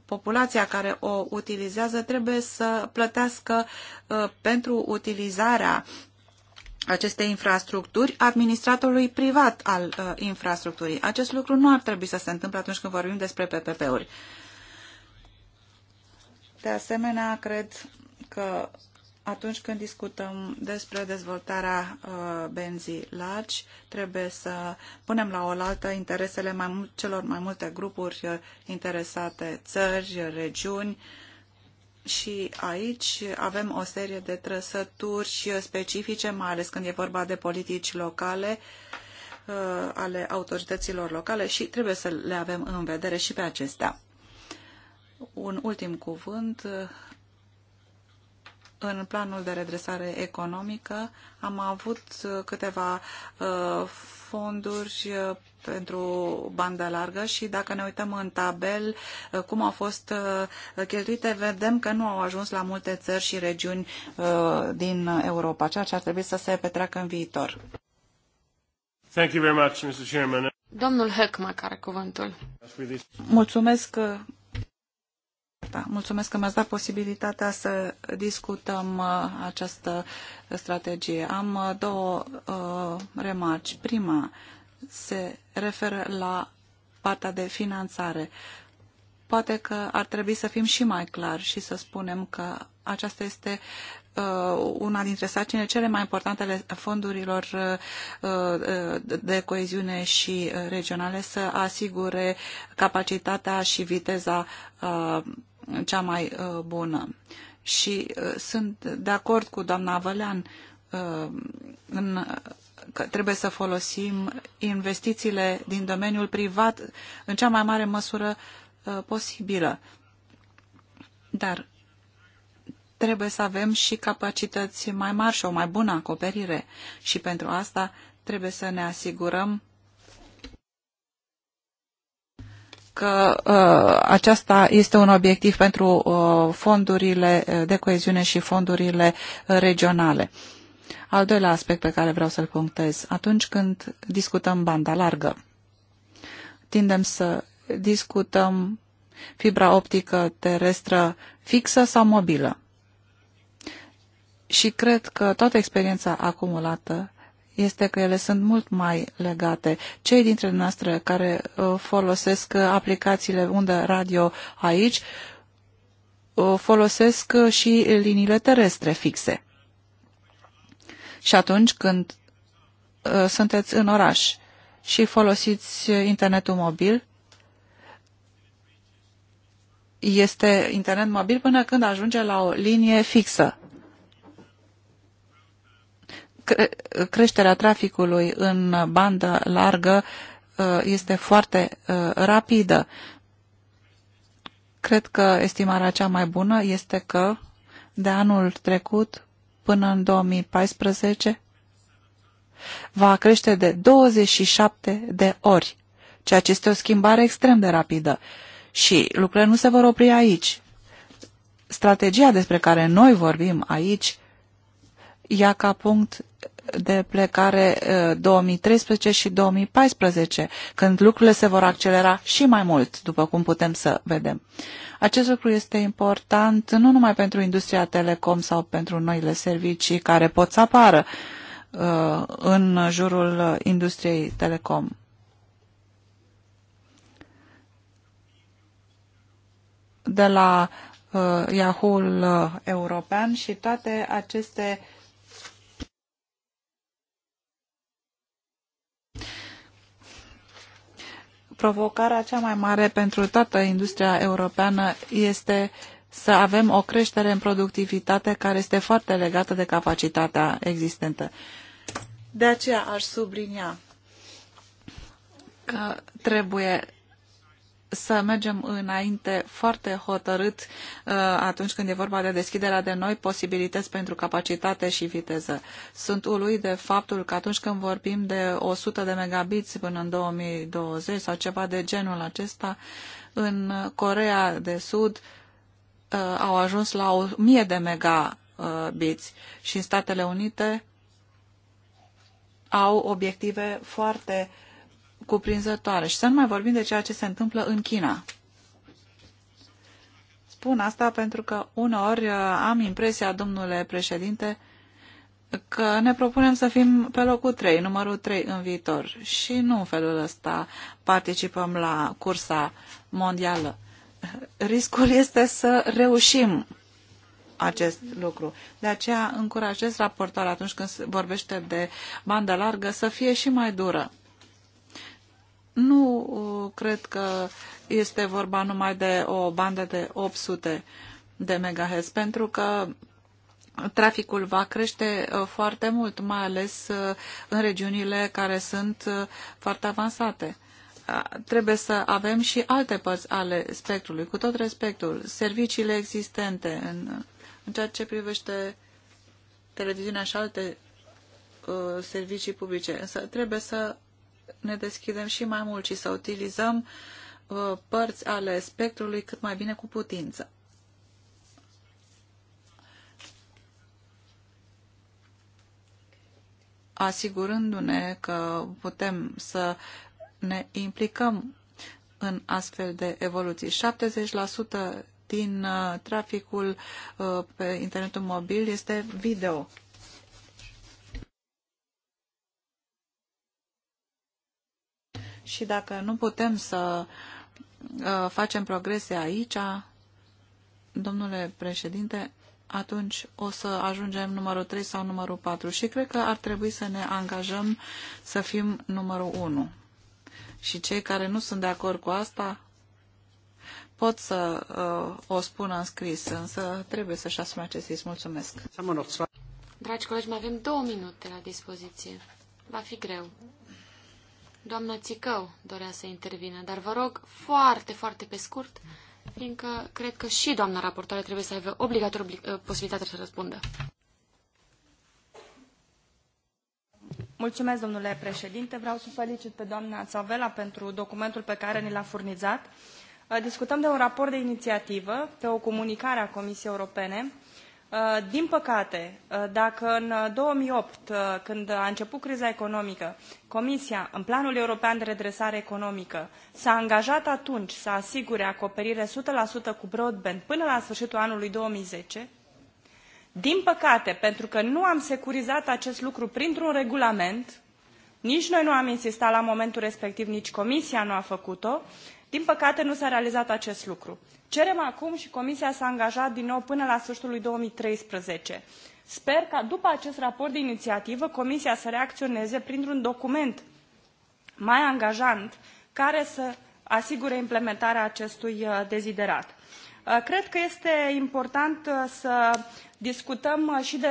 [SPEAKER 3] populația care o utilizează trebuie să plătească uh, pentru utilizarea acestei infrastructuri administratorului privat al uh, infrastructurii. Acest lucru nu ar trebui să se întâmple atunci când vorbim despre PPP-uri. De asemenea, cred că atunci când discutăm despre dezvoltarea uh, benzii largi, trebuie să punem la oaltă interesele mai mult, celor mai multe grupuri uh, interesate, țări, regiuni, și aici avem o serie de trăsături uh, specifice, mai ales când e vorba de politici locale uh, ale autorităților locale și trebuie să le avem în vedere și pe acestea. Un ultim cuvânt în planul de redresare economică am avut uh, câteva uh, fonduri uh, pentru bandă largă și dacă ne uităm în tabel cum au fost cheltuite, vedem că nu au ajuns la multe țări și regiuni din Europa, ceea ce ar trebui să se petreacă în viitor.
[SPEAKER 2] Thank you very much, Mr. Chairman.
[SPEAKER 3] Domnul Heckmark are cuvântul. Mulțumesc, dreapta. Mulțumesc că mi-ați dat posibilitatea să discutăm uh, această strategie. Am uh, două uh, remarci. Prima se referă la partea de finanțare. Poate că ar trebui să fim și mai clari și să spunem că aceasta este uh, una dintre sarcinile cele mai importante ale fondurilor de coeziune și regionale să asigure capacitatea și viteza cea mai uh, bună. Și uh, sunt de acord cu doamna Vălean uh, în că trebuie să folosim investițiile din domeniul privat în cea mai mare măsură posibilă. Dar trebuie să avem și capacități mai mari și o mai bună acoperire și pentru asta trebuie să ne asigurăm că uh, aceasta este un obiectiv pentru uh, fondurile uh, de coeziune și fondurile regionale. Al doilea aspect pe care vreau să-l punctez, atunci când discutăm banda largă, tindem să discutăm fibra optică terestră fixă sau mobilă. Și cred că toată experiența acumulată este că ele sunt mult mai legate. Cei dintre noastre care uh, folosesc uh, aplicațiile unde radio aici uh, folosesc și liniile terestre fixe. Și atunci când sunteți în oraș și folosiți internetul mobil, este internet mobil până când ajunge la o linie fixă cre creșterea traficului în bandă largă uh, este foarte uh, rapidă. Cred că estimarea cea mai bună este că de anul trecut până în 2014 va crește de 27 de ori, ceea ce este o schimbare extrem de rapidă. Și lucrurile nu se vor opri aici. Strategia despre care noi vorbim aici ia ca punct de plecare 2013 și 2014, când lucrurile se vor accelera și mai mult, după cum putem să vedem. Acest lucru este important nu numai pentru industria telecom sau pentru noile servicii care pot să apară uh, în jurul industriei telecom. De la uh, Yahoo european și toate aceste uh, provocarea cea mai mare pentru toată industria europeană este să avem o creștere în productivitate care este foarte legată de capacitatea existentă. De aceea aș sublinia că trebuie să mergem înainte foarte hotărât uh, atunci când e vorba de deschiderea de noi posibilități pentru capacitate și viteză. Sunt ului de faptul că atunci când vorbim de 100 de megabits până în 2020 sau ceva de genul acesta, în Corea de Sud uh, au ajuns la 1000 de megabits și în Statele Unite au obiective foarte uh, cuprinzătoare și să nu mai vorbim de ceea ce se întâmplă în China. Spun asta pentru că uneori uh, am impresia, domnule președinte, că ne propunem să fim pe locul 3, numărul 3 în viitor și nu în felul ăsta participăm la cursa mondială. Riscul este să reușim acest lucru. De aceea încurajez raportoarea atunci când vorbește de bandă largă să fie și mai dură nu uh, cred că este vorba numai de o bandă de 800 de MHz, pentru că traficul va crește uh, foarte mult, mai ales uh, în regiunile care sunt foarte avansate. Trebuie să avem și alte părți ale spectrului, cu tot respectul, serviciile existente în, în ceea ce privește televiziunea și alte uh, servicii publice. Însă trebuie să ne deschidem și mai mult și să utilizăm uh, părți ale spectrului cât mai bine cu putință. asigurându-ne că putem să ne implicăm în astfel de evoluții. 70% din uh, traficul uh, pe internetul mobil este video. Și dacă nu putem să uh, facem progrese aici, domnule președinte, atunci o să ajungem numărul 3 sau numărul 4 și cred că ar trebui să ne angajăm să fim numărul 1. Și cei care nu sunt de acord cu asta pot să uh, o spună în scris, însă trebuie să-și asume acest zis. Mulțumesc!
[SPEAKER 1] Dragi colegi, mai avem două minute la dispoziție. Va fi greu. Doamna Țicău dorea să intervină, dar vă rog foarte, foarte pe scurt, fiindcă cred că și doamna raportoare trebuie să aibă obligator oblig ă, posibilitatea să răspundă.
[SPEAKER 4] Mulțumesc, domnule președinte. Vreau să felicit pe doamna Țavela pentru documentul pe care ni l-a furnizat. Ă, discutăm de un raport de inițiativă, pe o comunicare a Comisiei Europene, Uh, din păcate, uh, dacă în 2008, uh, când a început criza economică, Comisia, în Planul European de Redresare Economică, s-a angajat atunci să asigure acoperire 100% cu broadband până la sfârșitul anului 2010, din păcate, pentru că nu am securizat acest lucru printr-un regulament, nici noi nu am insistat la momentul respectiv, nici Comisia nu a făcut-o, din păcate, nu s-a realizat acest lucru. Cerem acum și Comisia s-a angajat din nou până la sfârșitul lui 2013. Sper ca după acest raport de inițiativă Comisia să reacționeze printr-un document mai angajant care să asigure implementarea acestui uh, deziderat. Uh, cred că este important uh, să discutăm uh, și de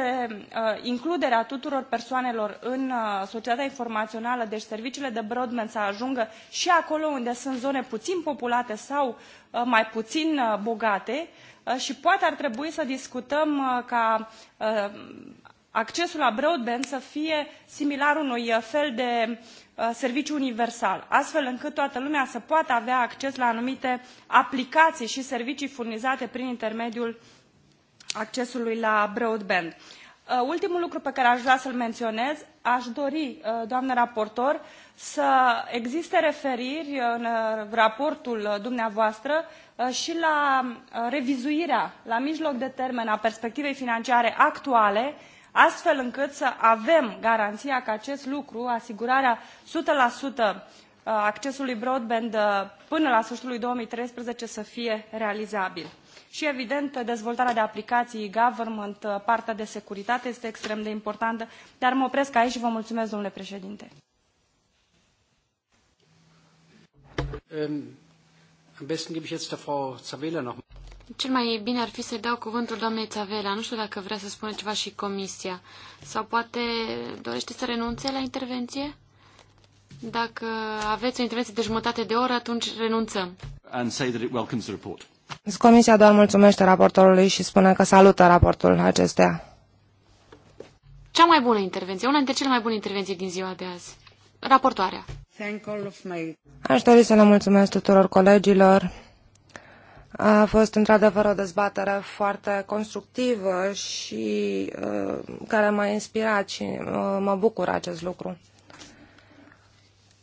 [SPEAKER 4] includerea tuturor persoanelor în societatea informațională, deci serviciile de broadband să ajungă și acolo unde sunt zone puțin populate sau mai puțin bogate și poate ar trebui să discutăm ca accesul la broadband să fie similar unui fel de Uh, serviciu universal astfel încât toată lumea să poată avea acces la anumite aplicații și servicii furnizate prin intermediul accesului la broadband. Uh, ultimul lucru pe care aș vrea să-l menționez, aș dori, uh, doamnă raportor, să existe referiri în raportul dumneavoastră și la revizuirea la mijloc de termen a perspectivei financiare actuale astfel încât să avem garanția că acest lucru, asigurarea 100% uh, accesului broadband uh, până la sfârșitul lui 2013 să fie realizabil. Și, evident, dezvoltarea de aplicații government, uh, partea de securitate este extrem de importantă, dar mă opresc aici și vă mulțumesc, domnule președinte.
[SPEAKER 2] Am besten gebe ich jetzt der Frau Zavela noch.
[SPEAKER 1] Cel mai bine ar fi să-i dau cuvântul doamnei Țavela. Nu știu dacă vrea să spună ceva și comisia. Sau poate dorește să renunțe la intervenție? Dacă aveți o intervenție jumătate de oră, atunci renunțăm.
[SPEAKER 5] And
[SPEAKER 2] say that it welcomes the report.
[SPEAKER 5] Deci comisia doar mulțumește raportorului și spune că salută raportul acestea.
[SPEAKER 1] Cea mai bună intervenție, una dintre cele mai bune intervenții din ziua de azi. Raportoarea.
[SPEAKER 5] Aș dori să le mulțumesc tuturor colegilor a fost într-adevăr o dezbatere foarte constructivă și uh, care m-a inspirat și uh, mă bucur acest lucru.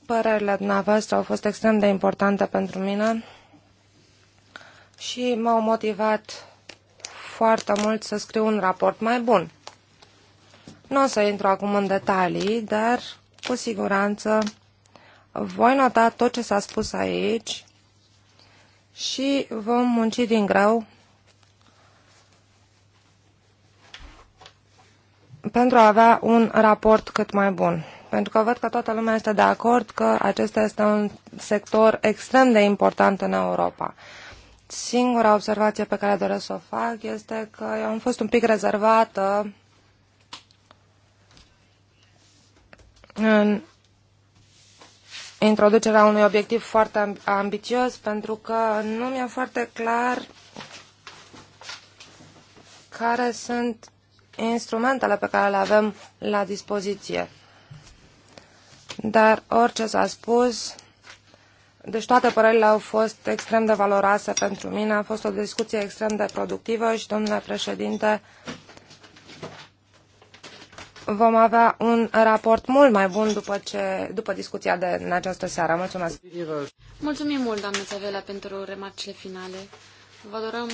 [SPEAKER 5] Părerile dumneavoastră au fost extrem de importante pentru mine și m-au motivat foarte mult să scriu un raport mai bun. Nu o să intru acum în detalii, dar cu siguranță voi nota tot ce s-a spus aici și vom munci din greu pentru a avea un raport cât mai bun. Pentru că văd că toată lumea este de acord că acesta este un sector extrem de important în Europa. Singura observație pe care doresc să o fac este că eu am fost un pic rezervată în introducerea unui obiectiv foarte ambițios, pentru că nu mi-e foarte clar care sunt instrumentele pe care le avem la dispoziție. Dar orice s-a spus, deci toate părerile au fost extrem de valoroase pentru mine, a fost o discuție extrem de productivă și, domnule președinte, vom avea un raport mult mai bun după, ce, după discuția de în această seară. Mulțumesc!
[SPEAKER 1] Mulțumim mult, doamnă Țavela, pentru remarcile finale. Vă dorăm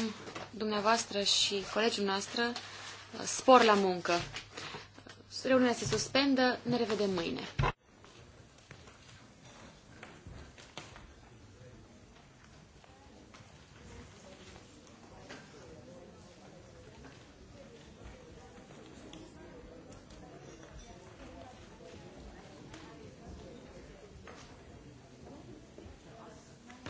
[SPEAKER 1] dumneavoastră și colegii noastră uh, spor la muncă. Reuniunea se suspendă, ne revedem mâine.